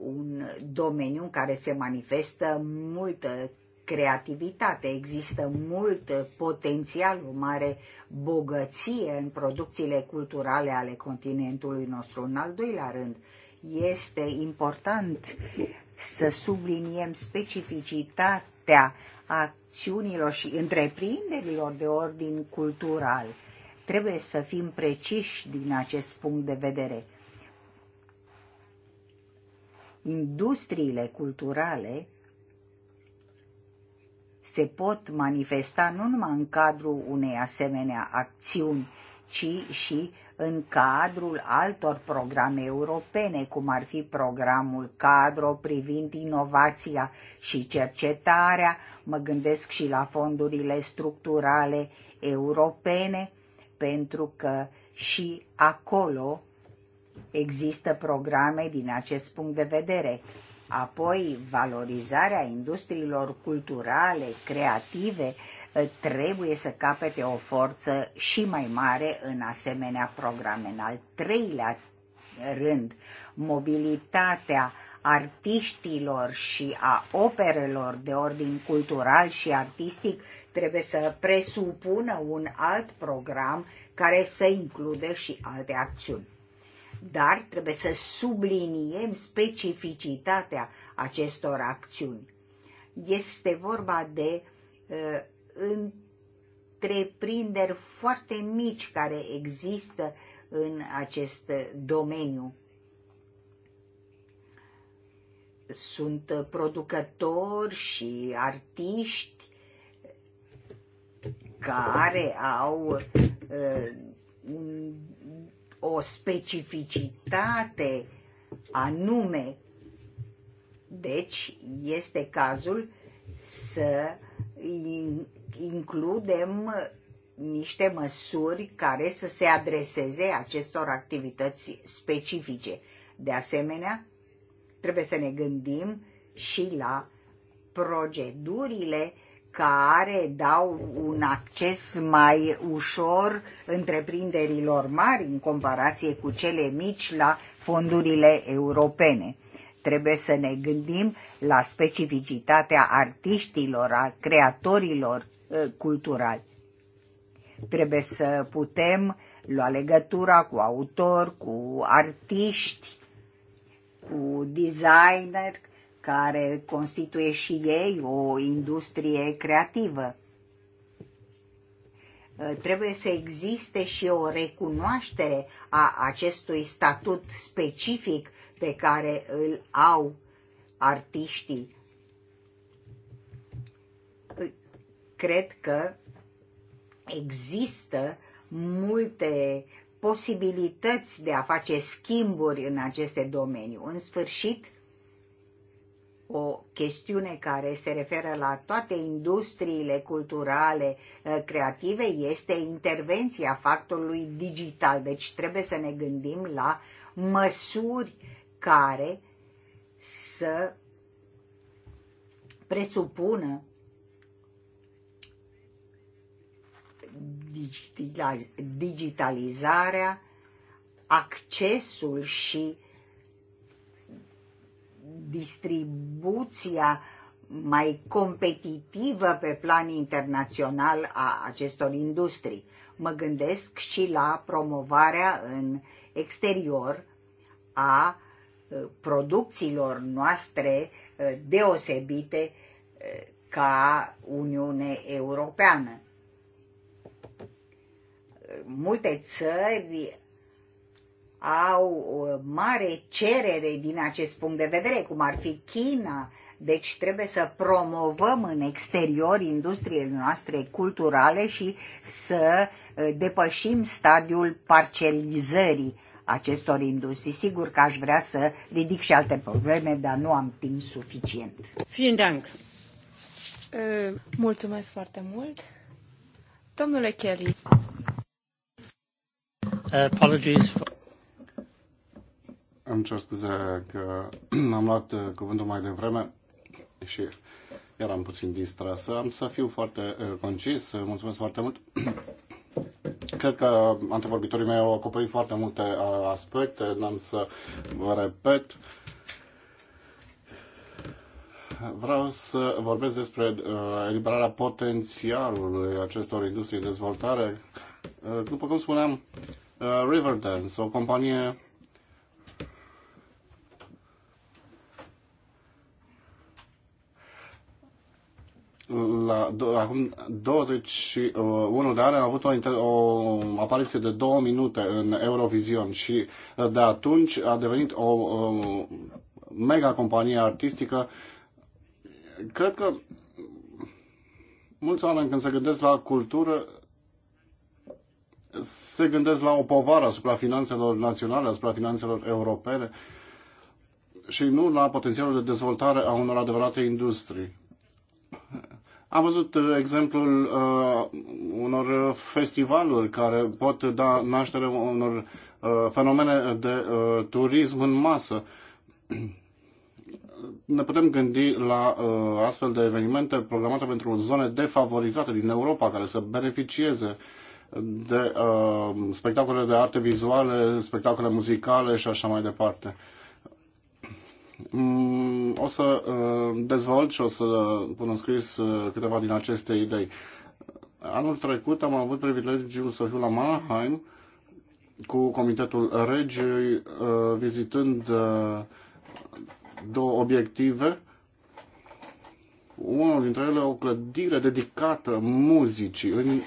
un domeniu în care se manifestă multă creativitate. Există mult potențial, o mare bogăție în producțiile culturale ale continentului nostru. În al doilea rând, este important să subliniem specificitatea acțiunilor și întreprinderilor de ordin cultural. Trebuie să fim preciși din acest punct de vedere. Industriile culturale se pot manifesta nu numai în cadrul unei asemenea acțiuni, ci și în cadrul altor programe europene, cum ar fi programul Cadro privind inovația și cercetarea, mă gândesc și la fondurile structurale europene, pentru că și acolo există programe din acest punct de vedere. Apoi, valorizarea industriilor culturale, creative, ă, trebuie să capete o forță și mai mare în asemenea programe. În al treilea rând, mobilitatea artiștilor și a operelor de ordin cultural și artistic trebuie să presupună un alt program care să includă și alte acțiuni dar trebuie să subliniem specificitatea acestor acțiuni. Este vorba de uh, întreprinderi foarte mici care există în acest domeniu. Sunt producători și artiști care au uh, un o specificitate anume. Deci este cazul să includem niște măsuri care să se adreseze acestor activități specifice. De asemenea, trebuie să ne gândim și la procedurile care dau un acces mai ușor întreprinderilor mari în comparație cu cele mici la fondurile europene. Trebuie să ne gândim la specificitatea artiștilor, a creatorilor ă, culturali. Trebuie să putem lua legătura cu autori, cu artiști, cu designer care constituie și ei o industrie creativă. Uh, trebuie să existe și o recunoaștere a acestui statut specific pe care îl au artiștii. Uh, cred că există multe posibilități de a face schimburi în aceste domenii. În sfârșit, o chestiune care se referă la toate industriile culturale uh, creative este intervenția factorului digital. Deci trebuie să ne gândim la măsuri care să presupună digitalizarea, accesul și distribuția mai competitivă pe plan internațional a acestor industrii. Mă gândesc și la promovarea în exterior a uh, producțiilor noastre uh, deosebite uh, ca Uniune Europeană. Multe țări au o mare cerere din acest punct de vedere, cum ar fi China. Deci trebuie să promovăm în exterior industriile noastre culturale și să depășim stadiul parcelizării acestor industrii. Sigur că aș vrea să ridic și alte probleme, dar nu am timp suficient. Vielen Dank. Mulțumesc foarte mult. Domnule Kelly. Apologies for... Îmi cer scuze că am luat uh, cuvântul mai devreme și eram puțin distrasă. Am să fiu foarte uh, concis. Uh, mulțumesc foarte mult. Cred că antevorbitorii mei au acoperit foarte multe aspecte, n-am să vă repet. Vreau să vorbesc despre eliberarea potențialului acestor industrii de dezvoltare. După cum spuneam, Riverdance, o companie la, do, acum 21 uh, de ani a avut o, o apariție de două minute în Eurovision și uh, de atunci a devenit o, o um, mega companie artistică. Cred că mulți oameni când se gândesc la cultură se gândesc la o povară asupra finanțelor naționale, asupra finanțelor europene și nu la potențialul de dezvoltare a unor adevărate industrii am văzut uh, exemplul uh, unor uh, festivaluri care pot da naștere unor uh, fenomene de uh, turism în masă. Ne putem gândi la uh, astfel de evenimente programate pentru zone defavorizate din Europa care să beneficieze de uh, spectacole de arte vizuale, spectacole muzicale și așa mai departe. Uh, Mm, o să uh, dezvolt și o să pun în scris uh, câteva din aceste idei. Anul trecut am avut privilegiul să fiu la Mannheim cu Comitetul Regiei, uh, vizitând două obiective. Unul dintre ele o clădire dedicată muzicii în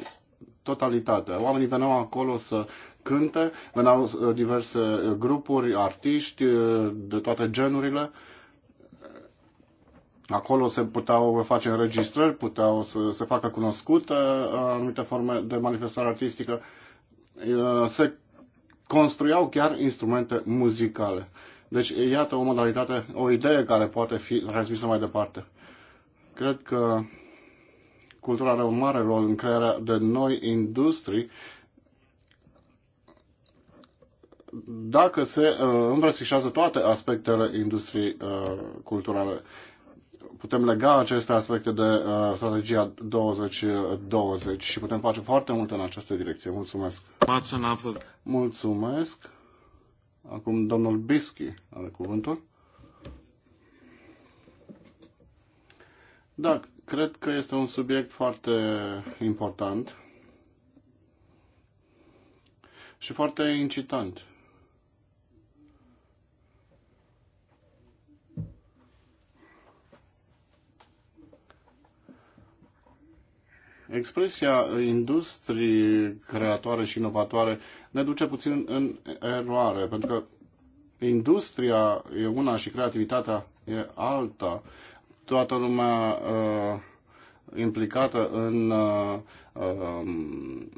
totalitate. Oamenii veneau acolo să cânte, veneau uh, diverse uh, grupuri, artiști uh, de toate genurile. Acolo se puteau face înregistrări, puteau să se facă cunoscute anumite forme de manifestare artistică. Se construiau chiar instrumente muzicale. Deci, iată o modalitate, o idee care poate fi transmisă mai departe. Cred că cultura are un mare rol în crearea de noi industrii dacă se uh, îmbrățișează toate aspectele industriei uh, culturale. Putem lega aceste aspecte de uh, strategia 2020 și putem face foarte multe în această direcție. Mulțumesc! Mulțumesc! Acum domnul Bischi are cuvântul. Da, cred că este un subiect foarte important și foarte incitant. Expresia industrie creatoare și inovatoare ne duce puțin în eroare, pentru că industria e una și creativitatea e alta. Toată lumea uh, implicată în uh, um,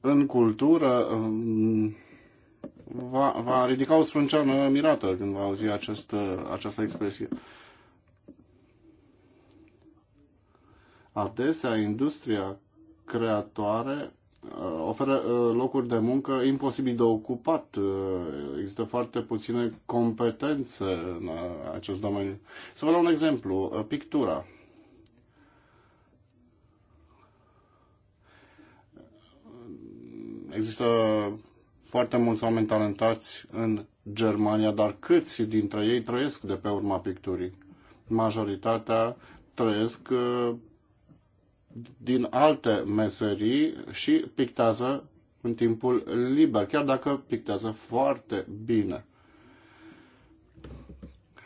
în cultură um, va, va ridica o sprânceană mirată când va auzi acest, uh, această expresie. Adesea, industria creatoare uh, oferă uh, locuri de muncă imposibil de ocupat. Uh, există foarte puține competențe în acest domeniu. Să vă dau un exemplu. Pictura. Există foarte mulți oameni talentați în Germania, dar câți dintre ei trăiesc de pe urma picturii? Majoritatea trăiesc din alte meserii și pictează în timpul liber, chiar dacă pictează foarte bine.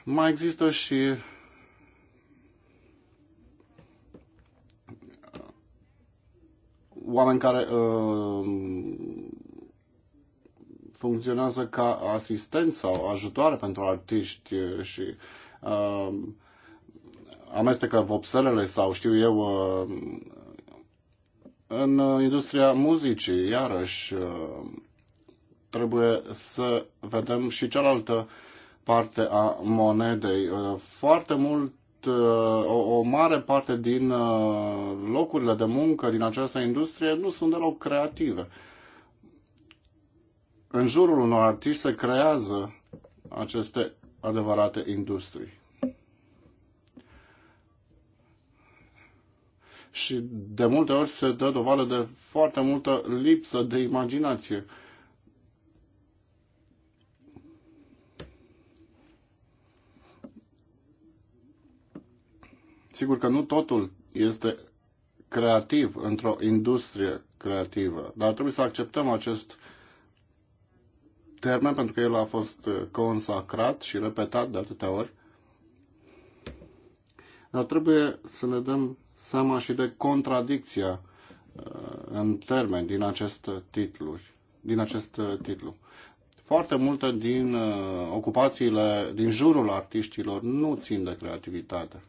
Mai există și uh, oameni care uh, funcționează ca asistenți sau ajutoare pentru artiști și uh, amestecă vopselele sau știu eu uh, în industria muzicii, iarăși uh, trebuie să vedem și cealaltă parte a monedei. Uh, foarte mult, o, o mare parte din locurile de muncă din această industrie nu sunt deloc creative. În jurul unor artiști se creează aceste adevărate industrii. și de multe ori se dă dovadă de foarte multă lipsă de imaginație. Sigur că nu totul este creativ într-o industrie creativă, dar trebuie să acceptăm acest termen pentru că el a fost uh, consacrat și repetat de atâtea ori. Dar trebuie să ne dăm seama și de contradicția uh, în termen din acest titlu. Din acest uh, titlu. Foarte multe din uh, ocupațiile din jurul artiștilor nu țin de creativitate.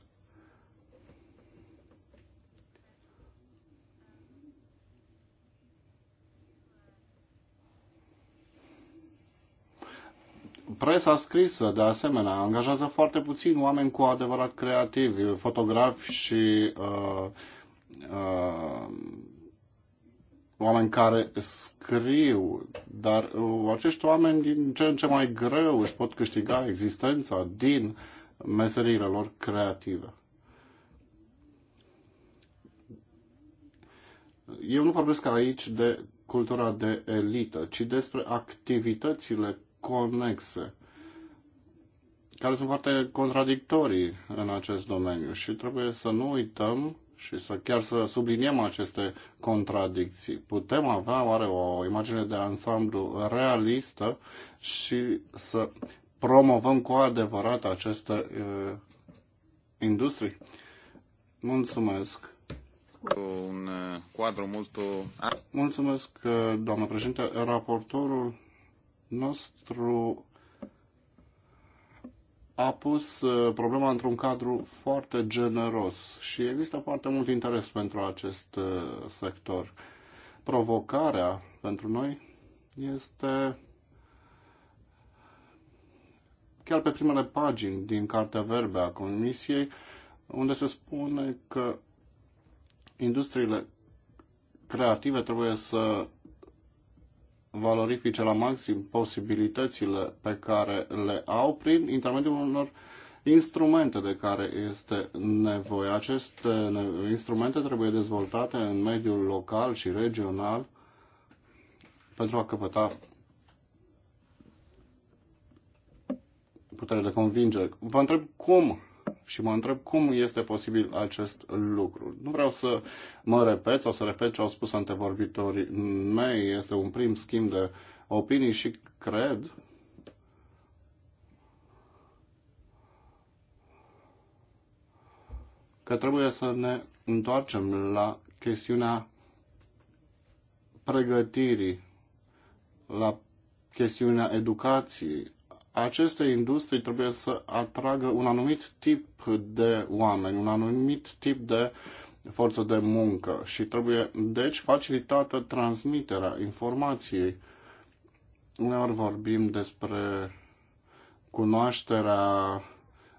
Presa scrisă, de asemenea, angajează foarte puțin oameni cu adevărat creativi, fotografi și uh, uh, oameni care scriu, dar uh, acești oameni din ce în ce mai greu își pot câștiga existența din meseriile lor creative. Eu nu vorbesc aici de cultura de elită, ci despre activitățile conexe, care sunt foarte contradictorii în acest domeniu și trebuie să nu uităm și să chiar să subliniem aceste contradicții. Putem avea oare o imagine de ansamblu realistă și să promovăm cu adevărat aceste uh, industrie. Mulțumesc! Un uh, quadro mult. Uh, Mulțumesc, uh, doamnă președinte. Raportorul nostru a pus uh, problema într-un cadru foarte generos și există foarte mult interes pentru acest uh, sector. Provocarea pentru noi este chiar pe primele pagini din Cartea Verbe a Comisiei, unde se spune că industriile creative trebuie să valorifice la maxim posibilitățile pe care le au prin intermediul unor instrumente de care este nevoie. Aceste instrumente trebuie dezvoltate în mediul local și regional pentru a căpăta putere de convingere. Vă întreb cum și mă întreb cum este posibil acest lucru. Nu vreau să mă repet sau să repet ce au spus antevorbitorii mei. Este un prim schimb de opinii și cred că trebuie să ne întoarcem la chestiunea pregătirii, la chestiunea educației, aceste industrii trebuie să atragă un anumit tip de oameni, un anumit tip de forță de muncă și trebuie, deci, facilitată transmiterea informației. Uneori vorbim despre cunoașterea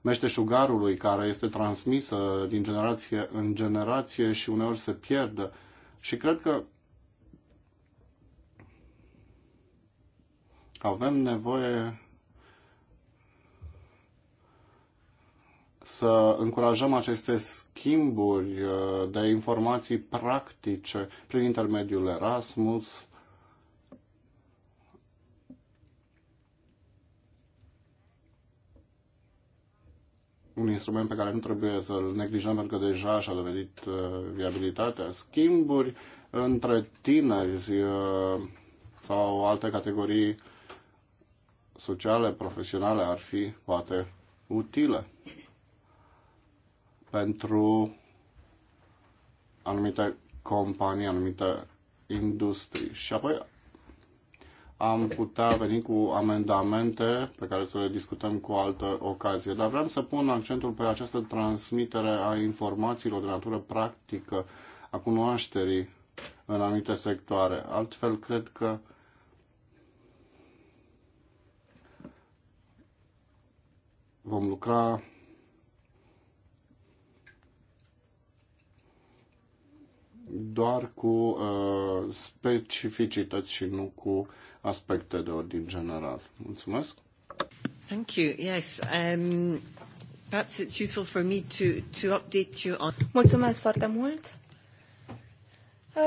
meșteșugarului care este transmisă din generație în generație și uneori se pierde. Și cred că avem nevoie să încurajăm aceste schimburi uh, de informații practice prin intermediul Erasmus. un instrument pe care nu trebuie să-l neglijăm pentru că deja și-a dovedit uh, viabilitatea. Schimburi între tineri uh, sau alte categorii sociale, profesionale ar fi poate utile pentru anumite companii, anumite industrii. Și apoi am putea veni cu amendamente pe care să le discutăm cu altă ocazie. Dar vreau să pun accentul pe această transmitere a informațiilor de natură practică, a cunoașterii în anumite sectoare. Altfel, cred că vom lucra doar cu uh, specificități și nu cu aspecte de ordin general. Mulțumesc. Thank you. Yes. Um, perhaps it's useful for me to, to update you on... Mulțumesc foarte mult. Uh,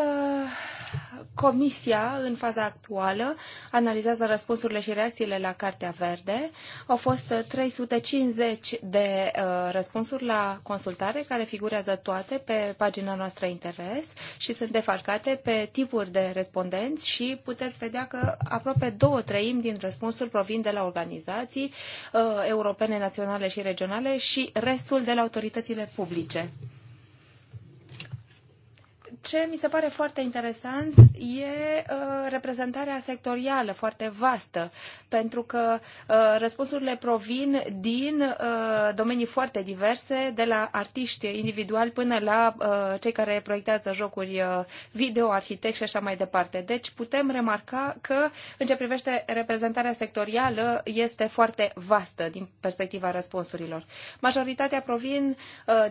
comisia, în faza actuală, analizează răspunsurile și reacțiile la Cartea Verde. Au fost 350 de uh, răspunsuri la consultare, care figurează toate pe pagina noastră interes și sunt defalcate pe tipuri de respondenți și puteți vedea că aproape două treimi din răspunsuri provin de la organizații uh, europene, naționale și regionale și restul de la autoritățile publice ce mi se pare foarte interesant e uh, reprezentarea sectorială foarte vastă, pentru că uh, răspunsurile provin din uh, domenii foarte diverse, de la artiști individuali până la cei care proiectează jocuri video, arhitect și așa mai departe. Deci putem remarca că, în ce privește reprezentarea sectorială, este foarte vastă din perspectiva răspunsurilor. Majoritatea provin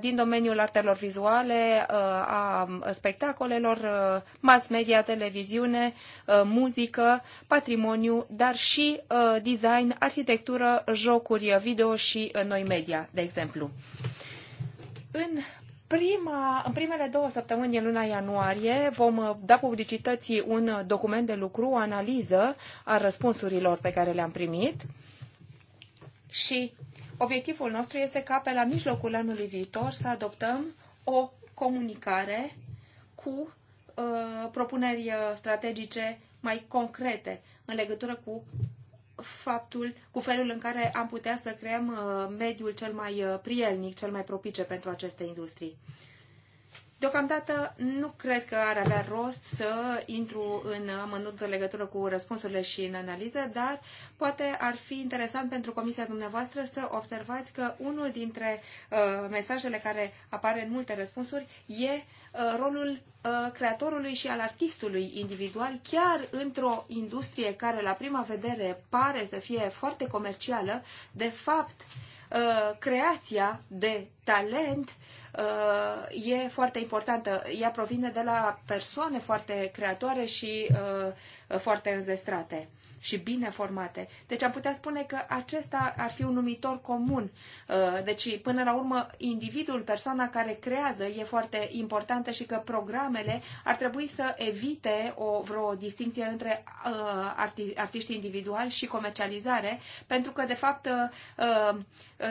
din domeniul artelor vizuale, a spectacolului, spectacolelor, uh, mass media, televiziune, uh, muzică, patrimoniu, dar și uh, design, arhitectură, jocuri video și noi media, de exemplu. În prima, în primele două săptămâni din luna ianuarie vom da publicității un document de lucru, o analiză a răspunsurilor pe care le-am primit și obiectivul nostru este ca pe la mijlocul anului viitor să adoptăm o comunicare cu uh, propuneri uh, strategice mai concrete în legătură cu faptul, cu felul în care am putea să creăm uh, mediul cel mai prielnic, cel mai propice pentru aceste industrii. Deocamdată nu cred că ar avea rost să intru în amănunt în legătură cu răspunsurile și în analiză, dar poate ar fi interesant pentru comisia dumneavoastră să observați că unul dintre uh, mesajele care apare în multe răspunsuri e uh, rolul uh, creatorului și al artistului individual, chiar într-o industrie care la prima vedere pare să fie foarte comercială, de fapt uh, creația de talent uh, e foarte importantă. Ea provine de la persoane foarte creatoare și uh, foarte înzestrate și bine formate. Deci am putea spune că acesta ar fi un numitor comun. Uh, deci, până la urmă, individul, persoana care creează e foarte importantă și că programele ar trebui să evite o, vreo distinție între arti, artiști individuali și comercializare, pentru că, de fapt,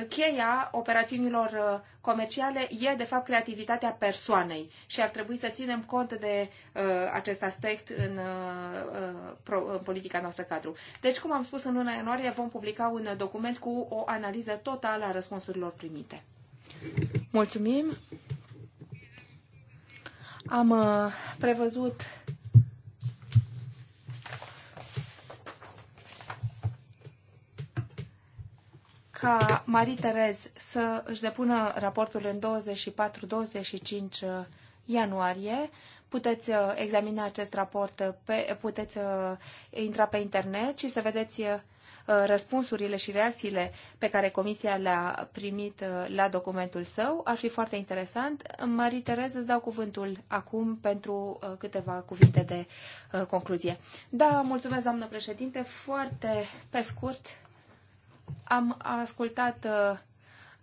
cheia operațiunilor comerciale e, de fapt, creativitatea persoanei și ar trebui să ținem cont de uh, acest aspect în, uh, uh, pro, în politica noastră cadru. Deci, cum am spus, în luna ianuarie vom publica un document cu o analiză totală a răspunsurilor primite. Mulțumim! Am uh, prevăzut ca Marie Terez să își depună raportul în 24-25 uh, ianuarie. Puteți uh, examina acest raport, pe, puteți uh, intra pe internet și să vedeți răspunsurile și reacțiile pe care Comisia le-a primit la documentul său. Ar fi foarte interesant. Marie Terez, îți dau cuvântul acum pentru câteva cuvinte de concluzie. Da, mulțumesc, doamnă președinte. Foarte pe scurt, am ascultat uh,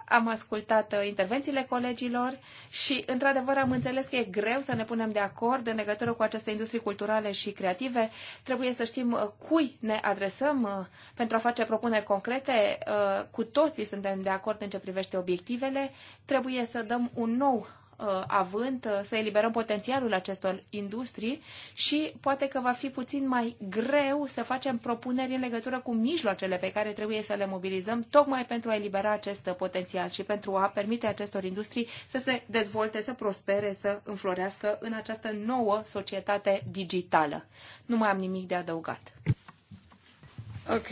am ascultat uh, intervențiile colegilor și, într-adevăr, am înțeles că e greu să ne punem de acord în legătură cu aceste industrii culturale și creative. Trebuie să știm uh, cui ne adresăm pentru a face propuneri concrete. Cu toții suntem de acord în ce privește obiectivele. Trebuie să dăm un nou Uh, având, uh, să eliberăm potențialul acestor industrii și poate că va fi puțin mai greu să facem propuneri în legătură cu mijloacele pe care trebuie să le mobilizăm tocmai pentru a elibera acest potențial și pentru a permite acestor industrii să se dezvolte, să prospere, să înflorească în această nouă societate digitală. Nu mai am nimic de adăugat. Ok.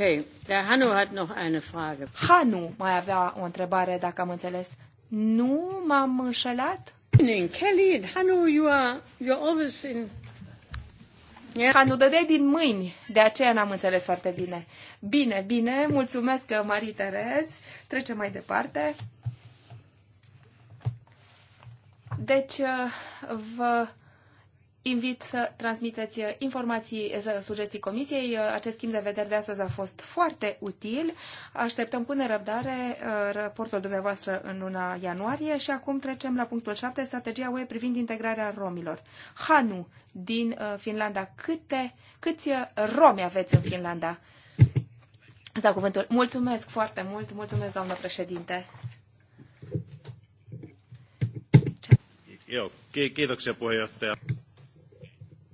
Der Hanu hat noch eine Frage. Hanu mai avea o întrebare, dacă am înțeles. Nu m-am înșelat? Kelly and Hanu, you are, Hanu, dădeai din mâini, de aceea n-am înțeles foarte bine. Bine, bine, mulțumesc, Marie Terez. Trecem mai departe. Deci, uh, vă invit să transmiteți uh, informații, uh, să sugestii comisiei. Uh, acest schimb de vedere de astăzi a fost foarte util. Așteptăm cu nerăbdare raportul dumneavoastră în luna ianuarie și acum trecem la punctul 7, strategia UE privind integrarea romilor. Hanu, din Finlanda, câte, câți romi aveți în Finlanda? Da, cuvântul. Mulțumesc foarte mult, mulțumesc, doamnă președinte. Joo, kiitoksia puheenjohtaja.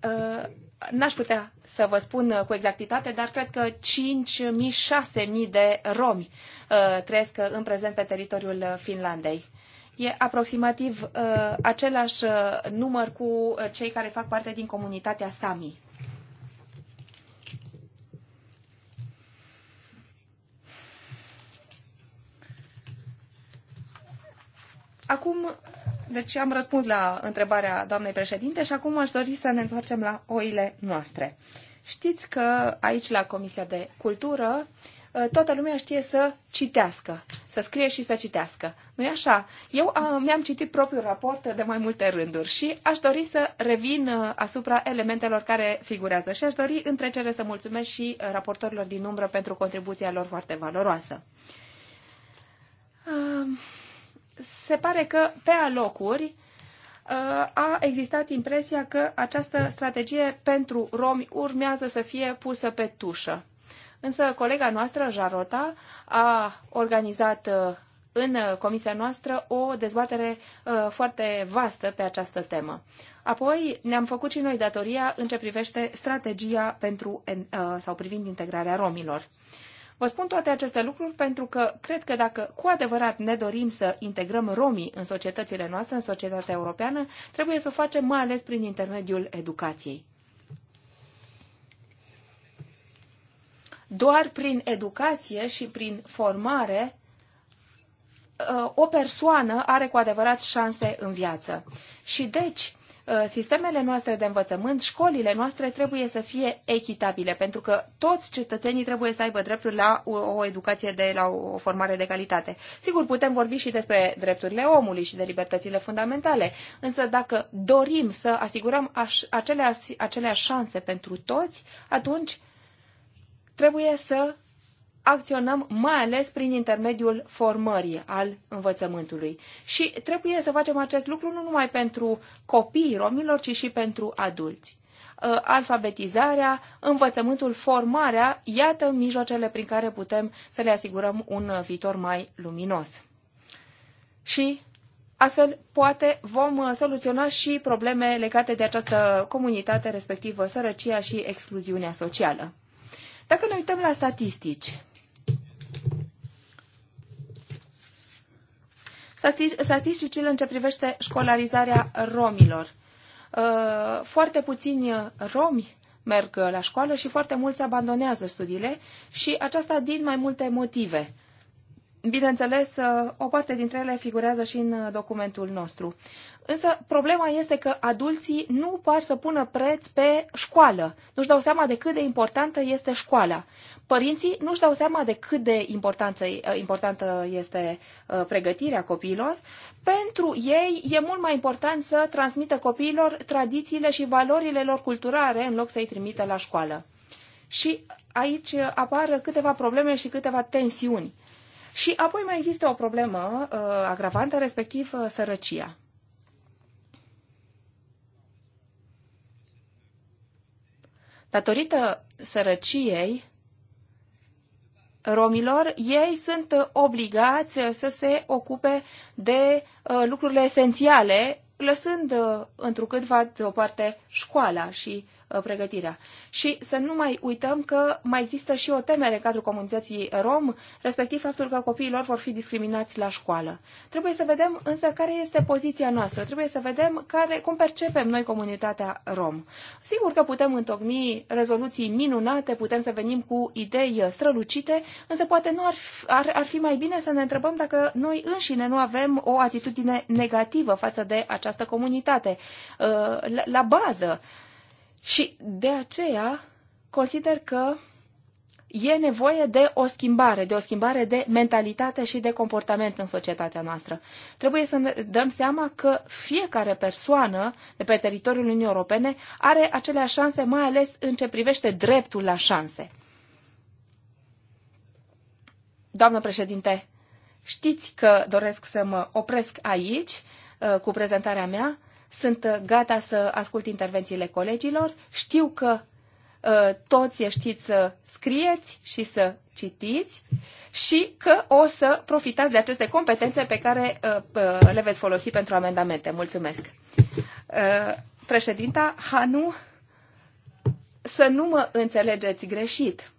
Uh, n-aș putea să vă spun uh, cu exactitate, dar cred că 5.000-6.000 de romi uh, trăiesc în prezent pe teritoriul Finlandei. E aproximativ același număr cu cei care fac parte din comunitatea Sami. Acum deci am răspuns la întrebarea doamnei președinte și acum aș dori să ne întoarcem la oile noastre. Știți că aici, la Comisia de Cultură, ă, toată lumea știe să citească, să scrie și să citească. nu e așa? Eu mi-am citit propriul raport de mai multe rânduri și aș dori să revin ă, asupra elementelor care figurează și aș dori între cele să mulțumesc și ă, raportorilor din umbră pentru contribuția lor foarte valoroasă se pare că pe alocuri uh, a existat impresia că această strategie pentru romi urmează să fie pusă pe tușă. Însă colega noastră, Jarota, a organizat uh, în comisia noastră o dezbatere uh, foarte vastă pe această temă. Apoi ne-am făcut și noi datoria în ce privește strategia pentru, sau privind integrarea romilor. Vă spun toate aceste lucruri pentru că cred că dacă cu adevărat ne dorim să integrăm romii în societățile noastre, în societatea europeană, trebuie să o facem mai ales prin intermediul educației. Doar prin educație și prin formare ă, o persoană are cu adevărat șanse în viață. Și deci, Uh, sistemele noastre de învățământ, școlile noastre trebuie să fie echitabile, pentru că toți cetățenii trebuie să aibă dreptul la o educație, de, la o formare de calitate. Sigur, putem vorbi și despre drepturile omului și de libertățile fundamentale, însă dacă dorim să asigurăm aș, aceleași, acelea șanse pentru toți, atunci trebuie să acționăm mai ales prin intermediul formării al învățământului. Și trebuie să facem acest lucru nu numai pentru copiii romilor, ci și pentru adulți. Uh, alfabetizarea, învățământul, formarea, iată mijloacele prin care putem să le asigurăm un viitor mai luminos. Și Astfel, poate vom uh, soluționa și probleme legate de această comunitate, respectivă sărăcia și excluziunea socială. Dacă ne uităm la statistici, statisticile în ce privește școlarizarea romilor. Uh, foarte puțini romi merg la școală și foarte mulți abandonează studiile și aceasta din mai multe motive Bineînțeles, uh, o parte dintre ele figurează și în uh, documentul nostru. Însă problema este că adulții nu par să pună preț pe școală. Nu-și dau seama de cât de importantă este școala. Părinții nu-și dau seama de cât de uh, importantă este pregătirea copiilor. Pentru ei e mult mai important să transmită copiilor tradițiile și valorile lor culturale în loc să-i trimită la școală. Și aici apar câteva probleme și câteva tensiuni și apoi mai există o problemă uh, agravantă, respectiv uh, sărăcia. Datorită sărăciei, romilor, ei sunt uh, obligați uh, să se ocupe de uh, lucrurile esențiale, lăsând uh, întrucâtva deoparte școala și Uh, pregătirea. Și să nu mai uităm că mai există și o temere în cadrul comunității rom, respectiv faptul că copiii lor vor fi discriminați la școală. Trebuie să vedem însă care este poziția noastră, trebuie să vedem care, cum percepem noi comunitatea rom. Sigur că putem întocmi rezoluții minunate, putem să venim cu idei strălucite, însă poate nu ar, fi, ar, ar fi mai bine să ne întrebăm dacă noi înșine nu avem o atitudine negativă față de această comunitate. Uh, la bază, și de aceea consider că e nevoie de o schimbare, de o schimbare de mentalitate și de comportament în societatea noastră. Trebuie să ne dăm seama că fiecare persoană de pe teritoriul Uniunii Europene are aceleași șanse, mai ales în ce privește dreptul la șanse. Doamnă președinte, știți că doresc să mă opresc aici uh, cu prezentarea mea. Sunt uh, gata să ascult intervențiile colegilor. Știu că uh, toți știți să uh, scrieți și să citiți și că o să profitați de aceste competențe pe care le veți folosi pentru amendamente. Mulțumesc. Președinta Hanu, să nu mă înțelegeți greșit.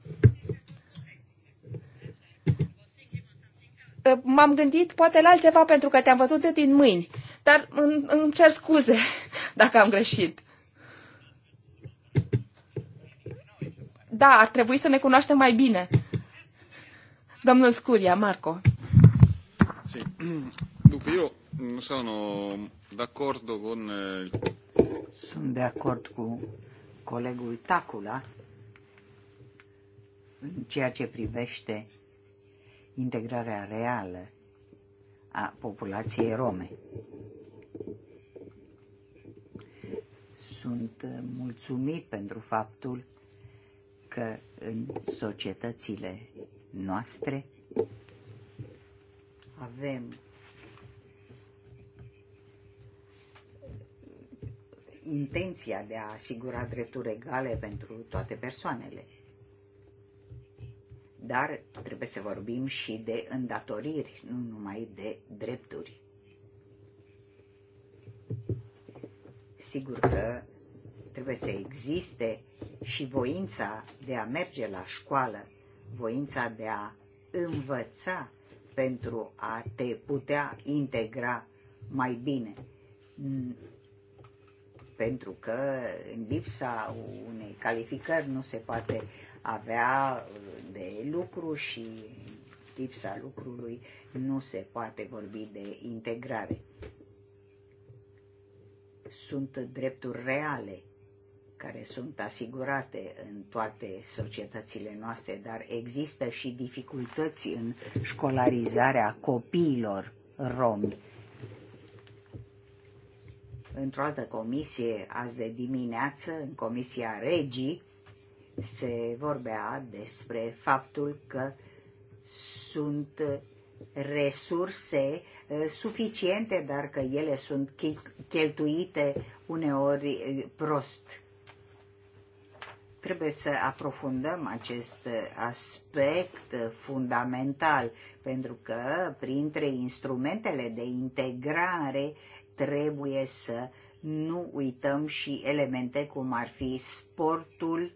m-am gândit poate la altceva pentru că te-am văzut de din mâini, dar îmi, îmi cer scuze dacă am greșit. Da, ar trebui să ne cunoaștem mai bine. Domnul Scuria, Marco. Sì. Dunque io sono d'accordo con... Eh, Sunt de acord cu colegul Tacula în ceea ce privește integrarea reală a populației rome. Sunt uh, mulțumit pentru faptul că în societățile noastre avem uh, intenția de a asigura drepturi egale pentru toate persoanele. Dar trebuie să vorbim și de îndatoriri, nu numai de drepturi. Sigur că trebuie să existe și voința de a merge la școală, voința de a învăța pentru a te putea integra mai bine. Pentru că în lipsa unei calificări nu se poate avea de lucru și lipsa lucrului nu se poate vorbi de integrare. Sunt drepturi reale care sunt asigurate în toate societățile noastre, dar există și dificultăți în școlarizarea copiilor romi. Într-o altă comisie, azi de dimineață, în comisia regii, se vorbea despre faptul că sunt resurse eh, suficiente, dar că ele sunt cheltuite uneori eh, prost. Trebuie să aprofundăm acest eh, aspect fundamental, pentru că printre instrumentele de integrare trebuie să nu uităm și elemente cum ar fi sportul,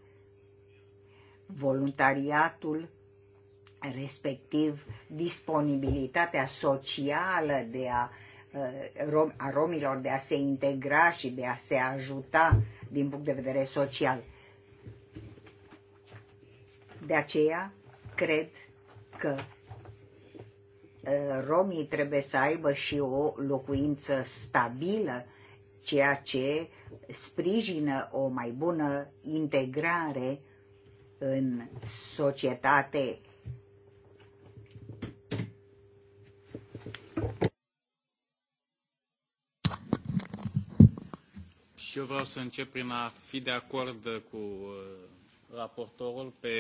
voluntariatul respectiv disponibilitatea socială de a, eh, a romilor de a se integra și de a se ajuta din punct de vedere social. De aceea, cred că eh, romii trebuie să aibă și o locuință stabilă, ceea ce sprijină o mai bună integrare în societate Și eu vreau să încep prin a fi de acord cu uh, raportorul pe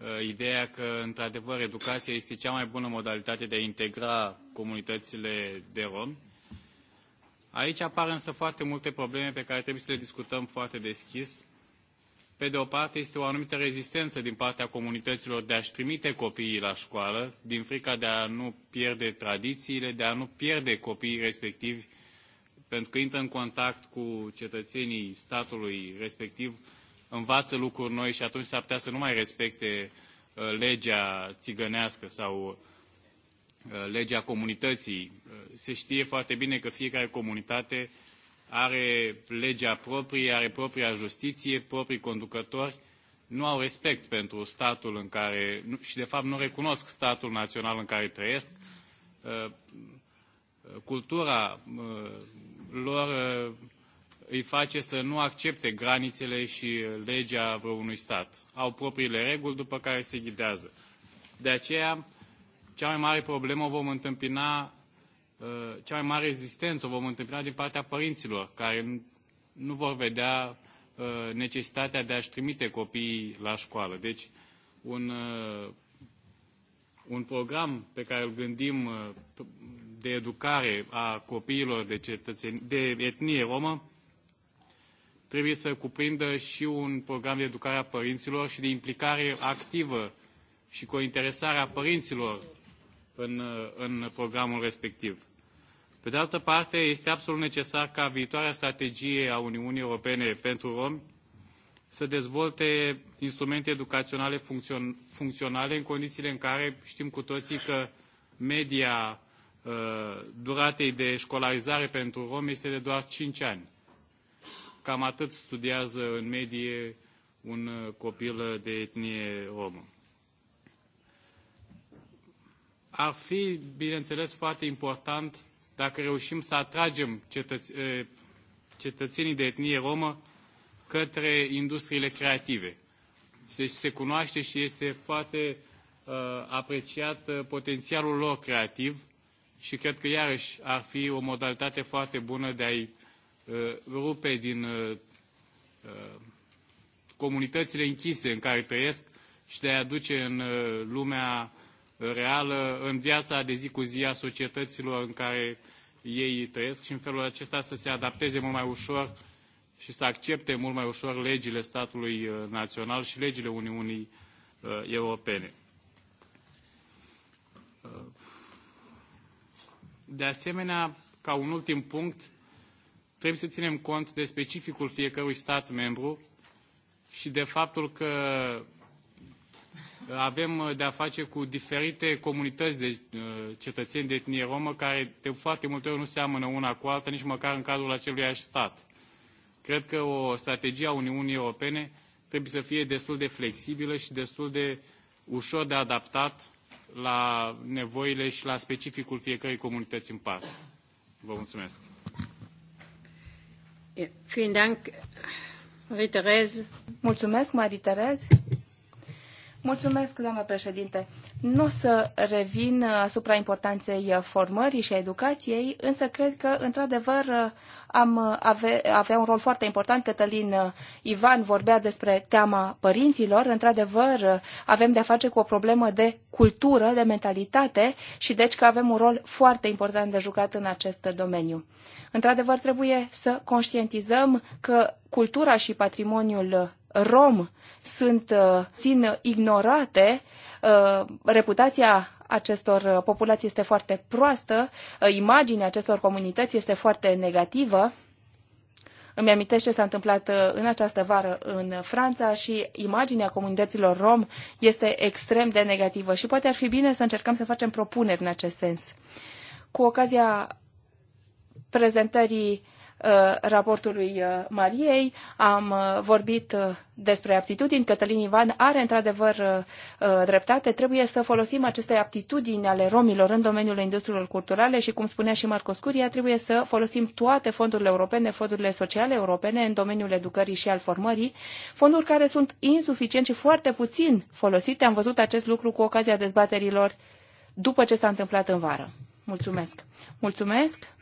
uh, ideea că, într-adevăr, educația este cea mai bună modalitate de a integra comunitățile de rom. Aici apar însă foarte multe probleme pe care trebuie să le discutăm foarte deschis pe de o parte, este o anumită rezistență din partea comunităților de a-și trimite copiii la școală, din frica de a nu pierde tradițiile, de a nu pierde copiii respectivi, pentru că intră în contact cu cetățenii statului respectiv, învață lucruri noi și atunci s-ar putea să nu mai respecte uh, legea țigănească sau uh, legea comunității. Uh, se știe foarte bine că fiecare comunitate are legea proprie, are propria justiție, proprii conducători, nu au respect pentru statul în care, și de fapt nu recunosc statul național în care trăiesc, uh, cultura uh, lor uh, îi face să nu accepte granițele și legea vreunui stat. Au propriile reguli după care se ghidează. De aceea, cea mai mare problemă o vom întâmpina Uh, cea mai mare rezistență o vom întâmpina din partea părinților, care nu vor vedea uh, necesitatea de a-și trimite copiii la școală. Deci, un, uh, un program pe care îl gândim de educare a copiilor de, cetățeni, de etnie romă trebuie să cuprindă și un program de educare a părinților și de implicare activă și cu interesarea părinților în, în programul respectiv. Pe de altă parte, este absolut necesar ca viitoarea strategie a Uniunii Europene pentru romi să dezvolte instrumente educaționale funcțion funcționale în condițiile în care știm cu toții că media uh, duratei de școlarizare pentru romi este de doar 5 ani. Cam atât studiază în medie un uh, copil de etnie romă ar fi, bineînțeles, foarte important dacă reușim să atragem cetăț cetățenii de etnie romă către industriile creative. Se, se cunoaște și este foarte uh, apreciat uh, potențialul lor creativ și cred că iarăși ar fi o modalitate foarte bună de a-i uh, rupe din uh, comunitățile închise în care trăiesc și de a-i aduce în uh, lumea reală în viața de zi cu zi a societăților în care ei trăiesc și în felul acesta să se adapteze mult mai ușor și să accepte mult mai ușor legile statului uh, național și legile Uniunii uh, Europene. Uh, de asemenea, ca un ultim punct, trebuie să ținem cont de specificul fiecărui stat membru și de faptul că avem uh, de-a face cu diferite comunități de uh, cetățeni de etnie romă care de foarte multe ori nu seamănă una cu alta, nici măcar în cadrul aceluiași stat. Cred că o strategie a Uniunii Europene trebuie să fie destul de flexibilă și destul de ușor de adaptat la nevoile și la specificul fiecărei comunități în parte. Vă mulțumesc. Mulțumesc, Marie-Therese. Mulțumesc, doamnă președinte. Nu o să revin asupra importanței formării și a educației, însă cred că, într-adevăr, am ave, avea un rol foarte important. Cătălin Ivan vorbea despre teama părinților. Într-adevăr, avem de-a face cu o problemă de cultură, de mentalitate și deci că avem un rol foarte important de jucat în acest domeniu. Într-adevăr, trebuie să conștientizăm că cultura și patrimoniul rom sunt uh, țin ignorate, uh, reputația acestor uh, populații este foarte proastă, imaginea acestor comunități este foarte negativă. Îmi amintesc ce s-a întâmplat în această vară în Franța și imaginea comunităților rom este extrem de negativă și poate ar fi bine să încercăm să facem propuneri în acest sens. Cu ocazia prezentării Uh, raportului uh, Mariei, am uh, vorbit despre aptitudini. Cătălin Ivan are într-adevăr dreptate. Trebuie să folosim aceste aptitudini ale romilor în domeniul industriilor culturale și, cum spunea și Marcos Curia, trebuie să folosim toate fondurile europene, fondurile sociale europene în domeniul educării și al formării, fonduri care sunt insuficient și foarte puțin folosite. Am văzut acest lucru cu ocazia dezbaterilor după ce s-a întâmplat în vară. Mulțumesc! Mulțumesc!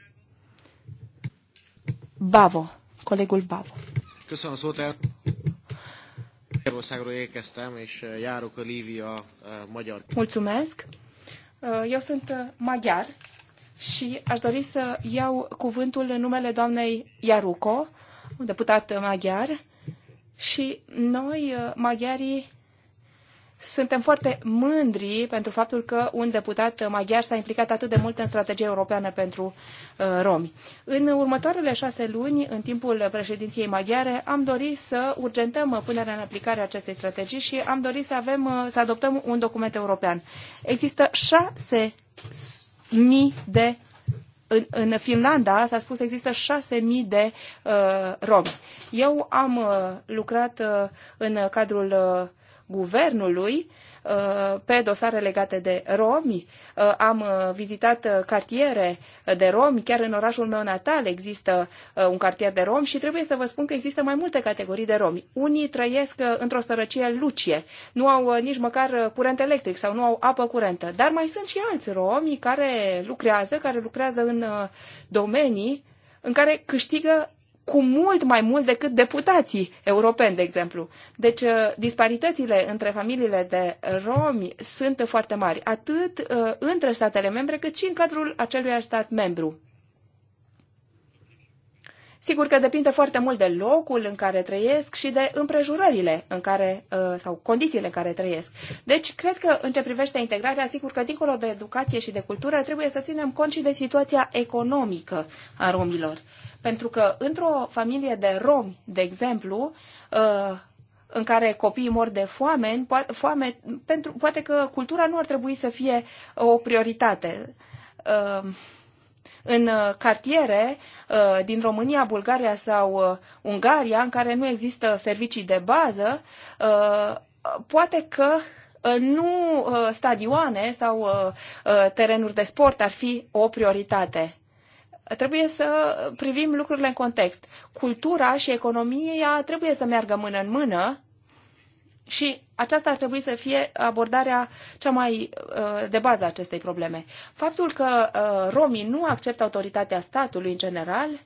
Bavo, colegul Bavo. Köszönöm a szót, Magyarországról érkeztem, és eh, járok a Lívia eh, magyar. Mulțumesc! Eh, eu sunt maghiar și aș dori să iau cuvântul în numele doamnei Iaruco, un deputat maghiar, și noi, maghiarii, suntem foarte mândri pentru faptul că un deputat maghiar s-a implicat atât de mult în strategia europeană pentru uh, romi. În următoarele șase luni, în timpul președinției maghiare, am dorit să urgentăm punerea în aplicare a acestei strategii și am dorit să, avem, uh, să adoptăm un document european. Există șase mii de în, în Finlanda, s-a spus, există 6.000 de uh, romi. Eu am uh, lucrat uh, în cadrul uh, guvernului uh, pe dosare legate de romi. Uh, am uh, vizitat cartiere de romi, chiar în orașul meu natal există un cartier de romi și trebuie să vă spun că există mai multe categorii de romi. Unii trăiesc într-o sărăcie lucie, nu au nici măcar curent electric sau nu au apă curentă, dar mai sunt și alți romi care lucrează, care lucrează în domenii în care câștigă cu mult mai mult decât deputații europeni, de exemplu. Deci, uh, disparitățile între familiile de romi sunt foarte mari, atât uh, între statele membre, cât și în cadrul acelui stat membru. Sigur că depinde foarte mult de locul în care trăiesc și de împrejurările în care, uh, sau condițiile în care trăiesc. Deci, cred că în ce privește integrarea, sigur că dincolo de educație și de cultură, trebuie să ținem cont și de situația economică a romilor. Pentru că într-o familie de romi, de exemplu, uh, în care copiii mor de foame, foame pentru, poate că cultura nu ar trebui să fie uh, o prioritate. Uh, în cartiere din România, Bulgaria sau Ungaria, în care nu există servicii de bază, poate că nu stadioane sau terenuri de sport ar fi o prioritate trebuie să privim lucrurile în context. Cultura și economia trebuie să meargă mână în mână și aceasta ar trebui să fie abordarea cea mai uh, de bază a acestei probleme. Faptul că uh, romii nu acceptă autoritatea statului în general uh,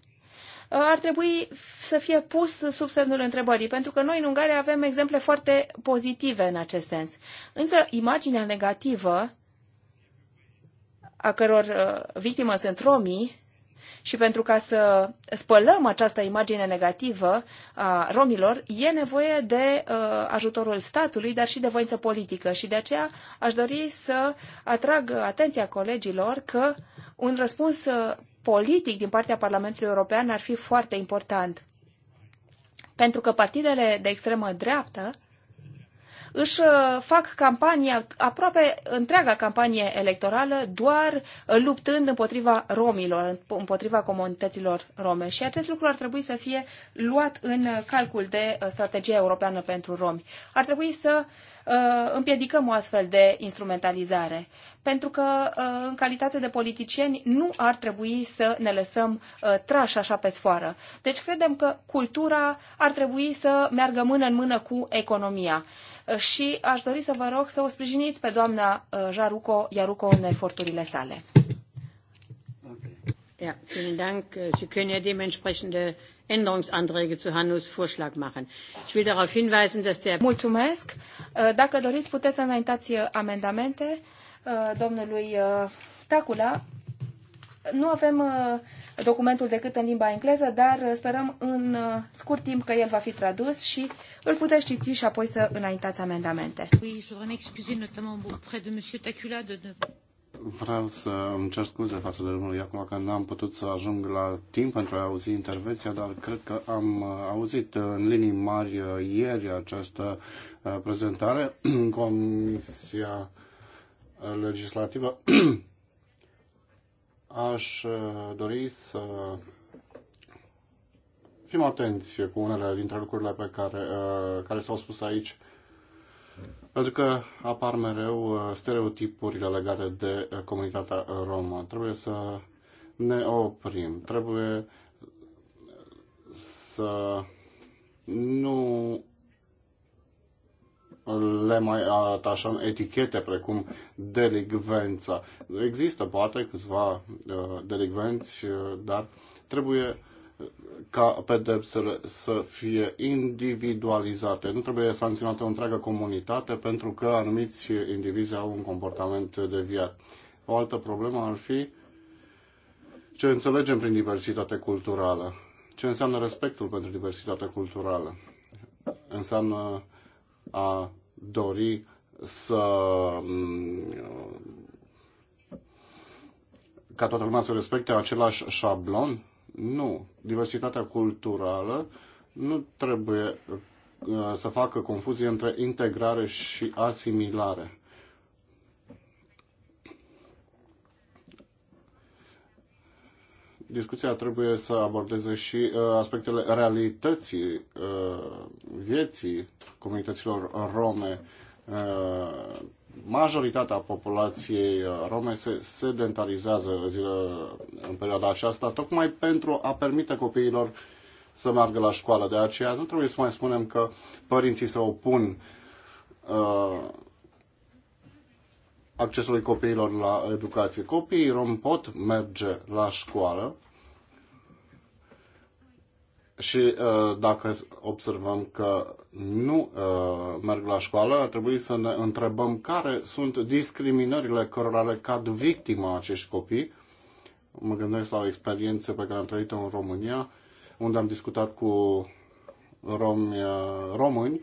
ar trebui să fie pus sub semnul întrebării, pentru că noi în Ungaria avem exemple foarte pozitive în acest sens. Însă imaginea negativă a căror victimă sunt romii, și pentru ca să spălăm această imagine negativă a romilor, e nevoie de uh, ajutorul statului, dar și de voință politică. Și de aceea aș dori să atrag atenția colegilor că un răspuns uh, politic din partea Parlamentului European ar fi foarte important. Pentru că partidele de extremă dreaptă își uh, fac campania, aproape întreaga campanie electorală, doar uh, luptând împotriva romilor, împotriva comunităților rome. Și acest lucru ar trebui să fie luat în uh, calcul de strategia europeană pentru romi. Ar trebui să împiedicăm o astfel de instrumentalizare, pentru că în calitate de politicieni nu ar trebui să ne lăsăm trași așa pe sfoară. Deci credem că cultura ar trebui să meargă mână în mână cu economia și aș dori să vă rog să o sprijiniți pe doamna uh, Jaruco Iaruco în eforturile sale. Ja, vielen Dank. Sie können ja dementsprechende Änderungsanträge zu Hannus Vorschlag machen. Ich will darauf hinweisen, dass der Mulțumesc. Uh, dacă doriți, puteți să înaintați uh, amendamente domnului Tacula. Nu avem documentul decât în limba engleză, dar uh, sperăm în uh, scurt timp că el va fi tradus și îl puteți citi și apoi să înaintați amendamente. Vreau să îmi cer scuze față de domnul Iacuma că n-am putut să ajung la timp pentru a auzi intervenția, dar cred că am uh, auzit în linii mari ieri această prezentare. Comisia legislativă aș uh, dori să fim atenți cu unele dintre lucrurile pe care, uh, care s-au spus aici, pentru că apar mereu uh, stereotipurile legate de comunitatea romă. Trebuie să ne oprim, trebuie să nu le mai atașăm etichete precum delicvența. Există poate câțiva uh, delicvenți, uh, dar trebuie uh, ca pedepsele să fie individualizate. Nu trebuie sancționată o întreagă comunitate pentru că anumiți indivizi au un comportament deviat. O altă problemă ar fi ce înțelegem prin diversitate culturală. Ce înseamnă respectul pentru diversitatea culturală? Înseamnă uh, a dori să mm, ca toată lumea să respecte același șablon? Nu. Diversitatea culturală nu trebuie uh, să facă confuzie între integrare și asimilare. discuția trebuie să abordeze și uh, aspectele realității uh, vieții comunităților rome. Uh, majoritatea populației rome se sedentarizează zile, în perioada aceasta, tocmai pentru a permite copiilor să meargă la școală. De aceea nu trebuie să mai spunem că părinții se opun uh, accesului copiilor la educație. Copiii rom pot merge la școală și uh, dacă observăm că nu uh, merg la școală, ar trebui să ne întrebăm care sunt discriminările cărora le cad victima acești copii. Mă gândesc la o experiență pe care am trăit-o în România, unde am discutat cu romi, uh, români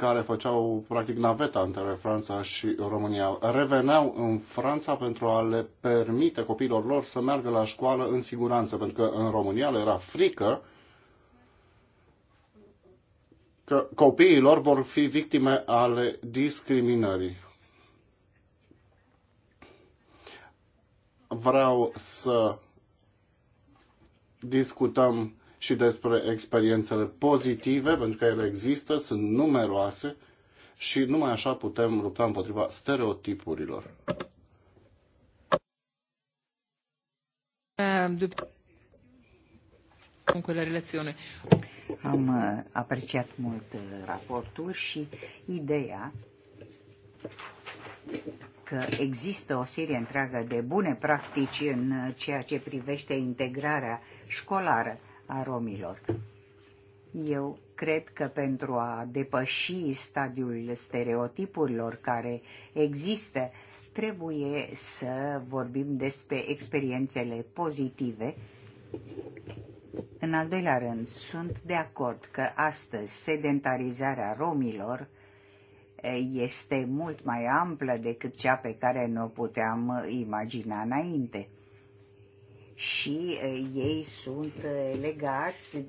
care făceau practic naveta între Franța și România reveneau în Franța pentru a le permite copiilor lor să meargă la școală în siguranță, pentru că în România le era frică că copiii lor vor fi victime ale discriminării. Vreau să discutăm și despre experiențele pozitive, pentru că ele există, sunt numeroase și numai așa putem lupta împotriva stereotipurilor. Am uh, apreciat mult uh, raportul și ideea că există o serie întreagă de bune practici în uh, ceea ce privește integrarea școlară a romilor. Eu cred că pentru a depăși stadiul stereotipurilor care există, trebuie să vorbim despre experiențele pozitive. În al doilea rând, sunt de acord că astăzi sedentarizarea romilor este mult mai amplă decât cea pe care nu o puteam imagina înainte și ei sunt legați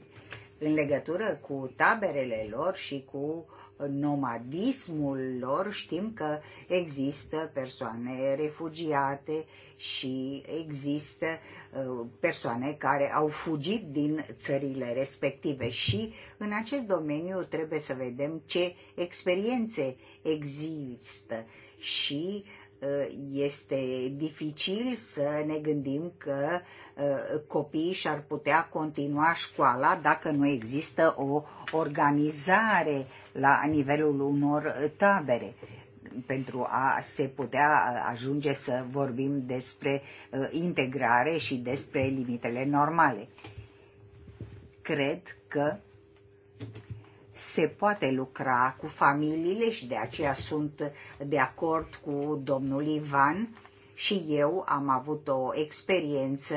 în legătură cu taberele lor și cu nomadismul lor. Știm că există persoane refugiate și există persoane care au fugit din țările respective și în acest domeniu trebuie să vedem ce experiențe există și uh, este dificil să ne gândim că uh, copiii și-ar putea continua școala dacă nu există o organizare la nivelul unor tabere pentru a se putea ajunge să vorbim despre uh, integrare și despre limitele normale. Cred că se poate lucra cu familiile și de aceea sunt de acord cu domnul Ivan și eu am avut o experiență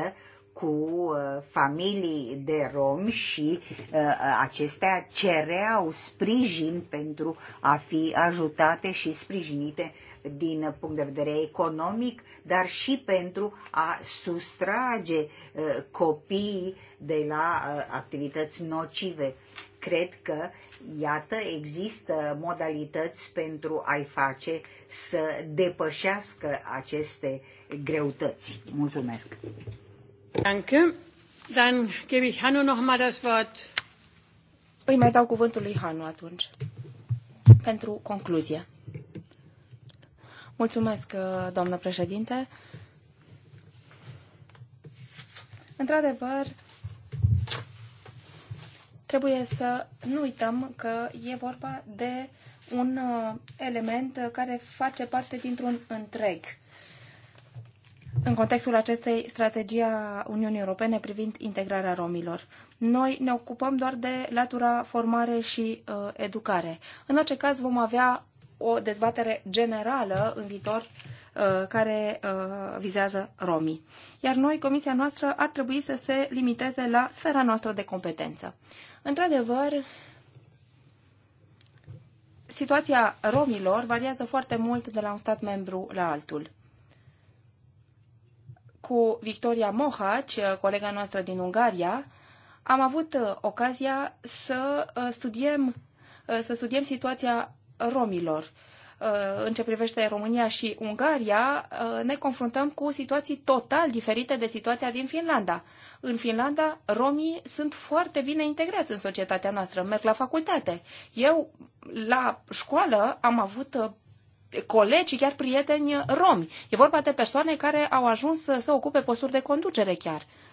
cu uh, familii de romi și uh, acestea cereau sprijin pentru a fi ajutate și sprijinite din punct de vedere economic, dar și pentru a sustrage uh, copiii de la activități nocive. Cred că Iată, există modalități pentru a-i face să depășească aceste greutăți. Mulțumesc! Danke. Dann gebe ich Hannu noch mal das Wort. Îi mai dau cuvântul lui Hanu atunci. Pentru concluzie. Mulțumesc, uh, doamnă președinte. Într-adevăr, trebuie să nu uităm că e vorba de un uh, element uh, care face parte dintr-un întreg. În contextul acestei strategii a Uniunii Europene privind integrarea romilor, noi ne ocupăm doar de latura formare și uh, educare. În orice caz vom avea o dezbatere generală în viitor uh, care vizează romii. Iar noi, comisia noastră, ar trebui să se limiteze la sfera noastră de competență. Într-adevăr, situația romilor variază foarte mult de la un stat membru la altul. Cu Victoria Mohaci, colega noastră din Ungaria, am avut uh, ocazia să uh, studiem, uh, să studiem situația romilor Uh, în ce privește România și Ungaria, uh, ne confruntăm cu situații total diferite de situația din Finlanda. În Finlanda, romii sunt foarte bine integrați în societatea noastră, merg la facultate. Eu, la școală, am avut uh, colegi, chiar prieteni romi. E vorba de persoane care au ajuns să ocupe posturi de conducere chiar. Uh,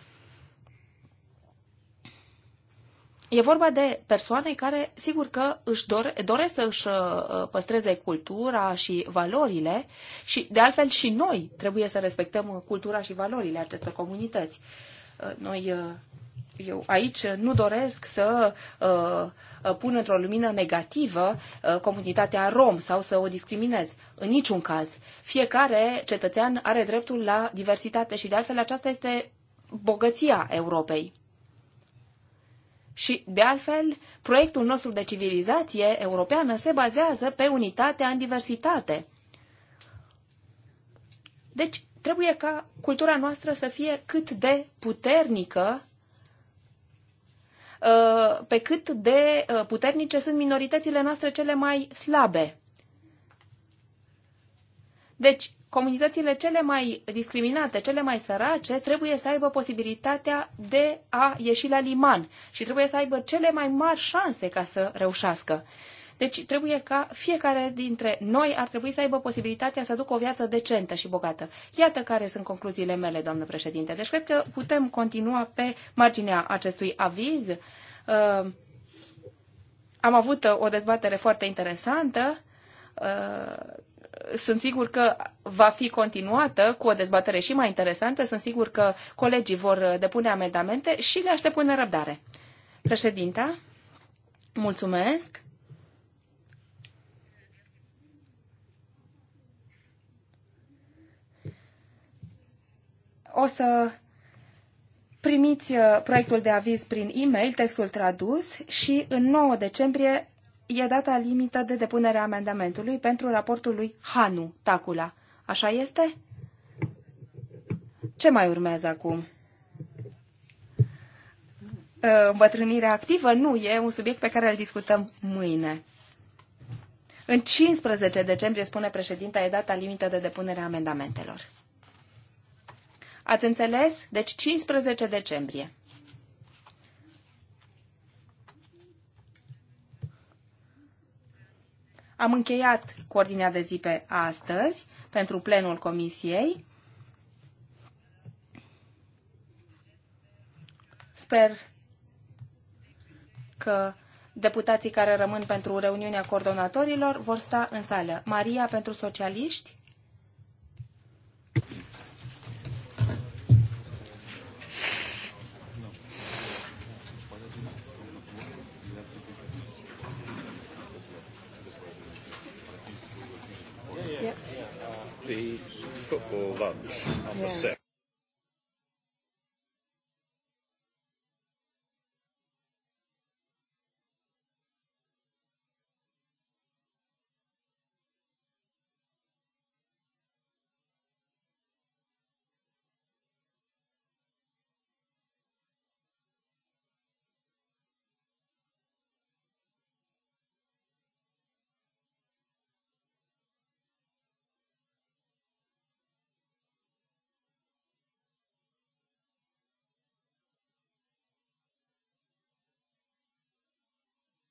E vorba de persoane care, sigur că își dore, doresc să își uh, păstreze cultura și valorile și, de altfel, și noi trebuie să respectăm cultura și valorile acestor comunități. Uh, noi, uh, eu aici nu doresc să uh, pun într-o lumină negativă comunitatea rom sau să o discriminez. În niciun caz. Fiecare cetățean are dreptul la diversitate și, de altfel, aceasta este bogăția Europei și, de altfel, proiectul nostru de civilizație europeană se bazează pe unitatea în diversitate. Deci, trebuie ca cultura noastră să fie cât de puternică, uh, pe cât de uh, puternice sunt minoritățile noastre cele mai slabe. Deci, comunitățile cele mai discriminate, cele mai sărace, trebuie să aibă posibilitatea de a ieși la liman și trebuie să aibă cele mai mari șanse ca să reușească. Deci trebuie ca fiecare dintre noi ar trebui să aibă posibilitatea să ducă o viață decentă și bogată. Iată care sunt concluziile mele, doamnă președinte. Deci cred că putem continua pe marginea acestui aviz. Uh, am avut o dezbatere foarte interesantă. Uh, sunt sigur că va fi continuată cu o dezbatere și mai interesantă. Sunt sigur că colegii vor depune amendamente și le aștept în răbdare. Președinta, mulțumesc. O să primiți uh, proiectul de aviz prin e-mail, textul tradus și în 9 decembrie e data limită de depunere a amendamentului pentru raportul lui Hanu Tacula. Așa este? Ce mai urmează acum? Ă, Îmbătrânirea activă? Nu, e un subiect pe care îl discutăm mâine. În 15 decembrie, spune președinta, e data limită de depunere a amendamentelor. Ați înțeles? Deci 15 decembrie. Am încheiat cu ordinea de zi pe astăzi pentru plenul comisiei. Sper că deputații care rămân pentru reuniunea coordonatorilor vor sta în sală. Maria pentru socialiști. the football lunch on yeah. the set.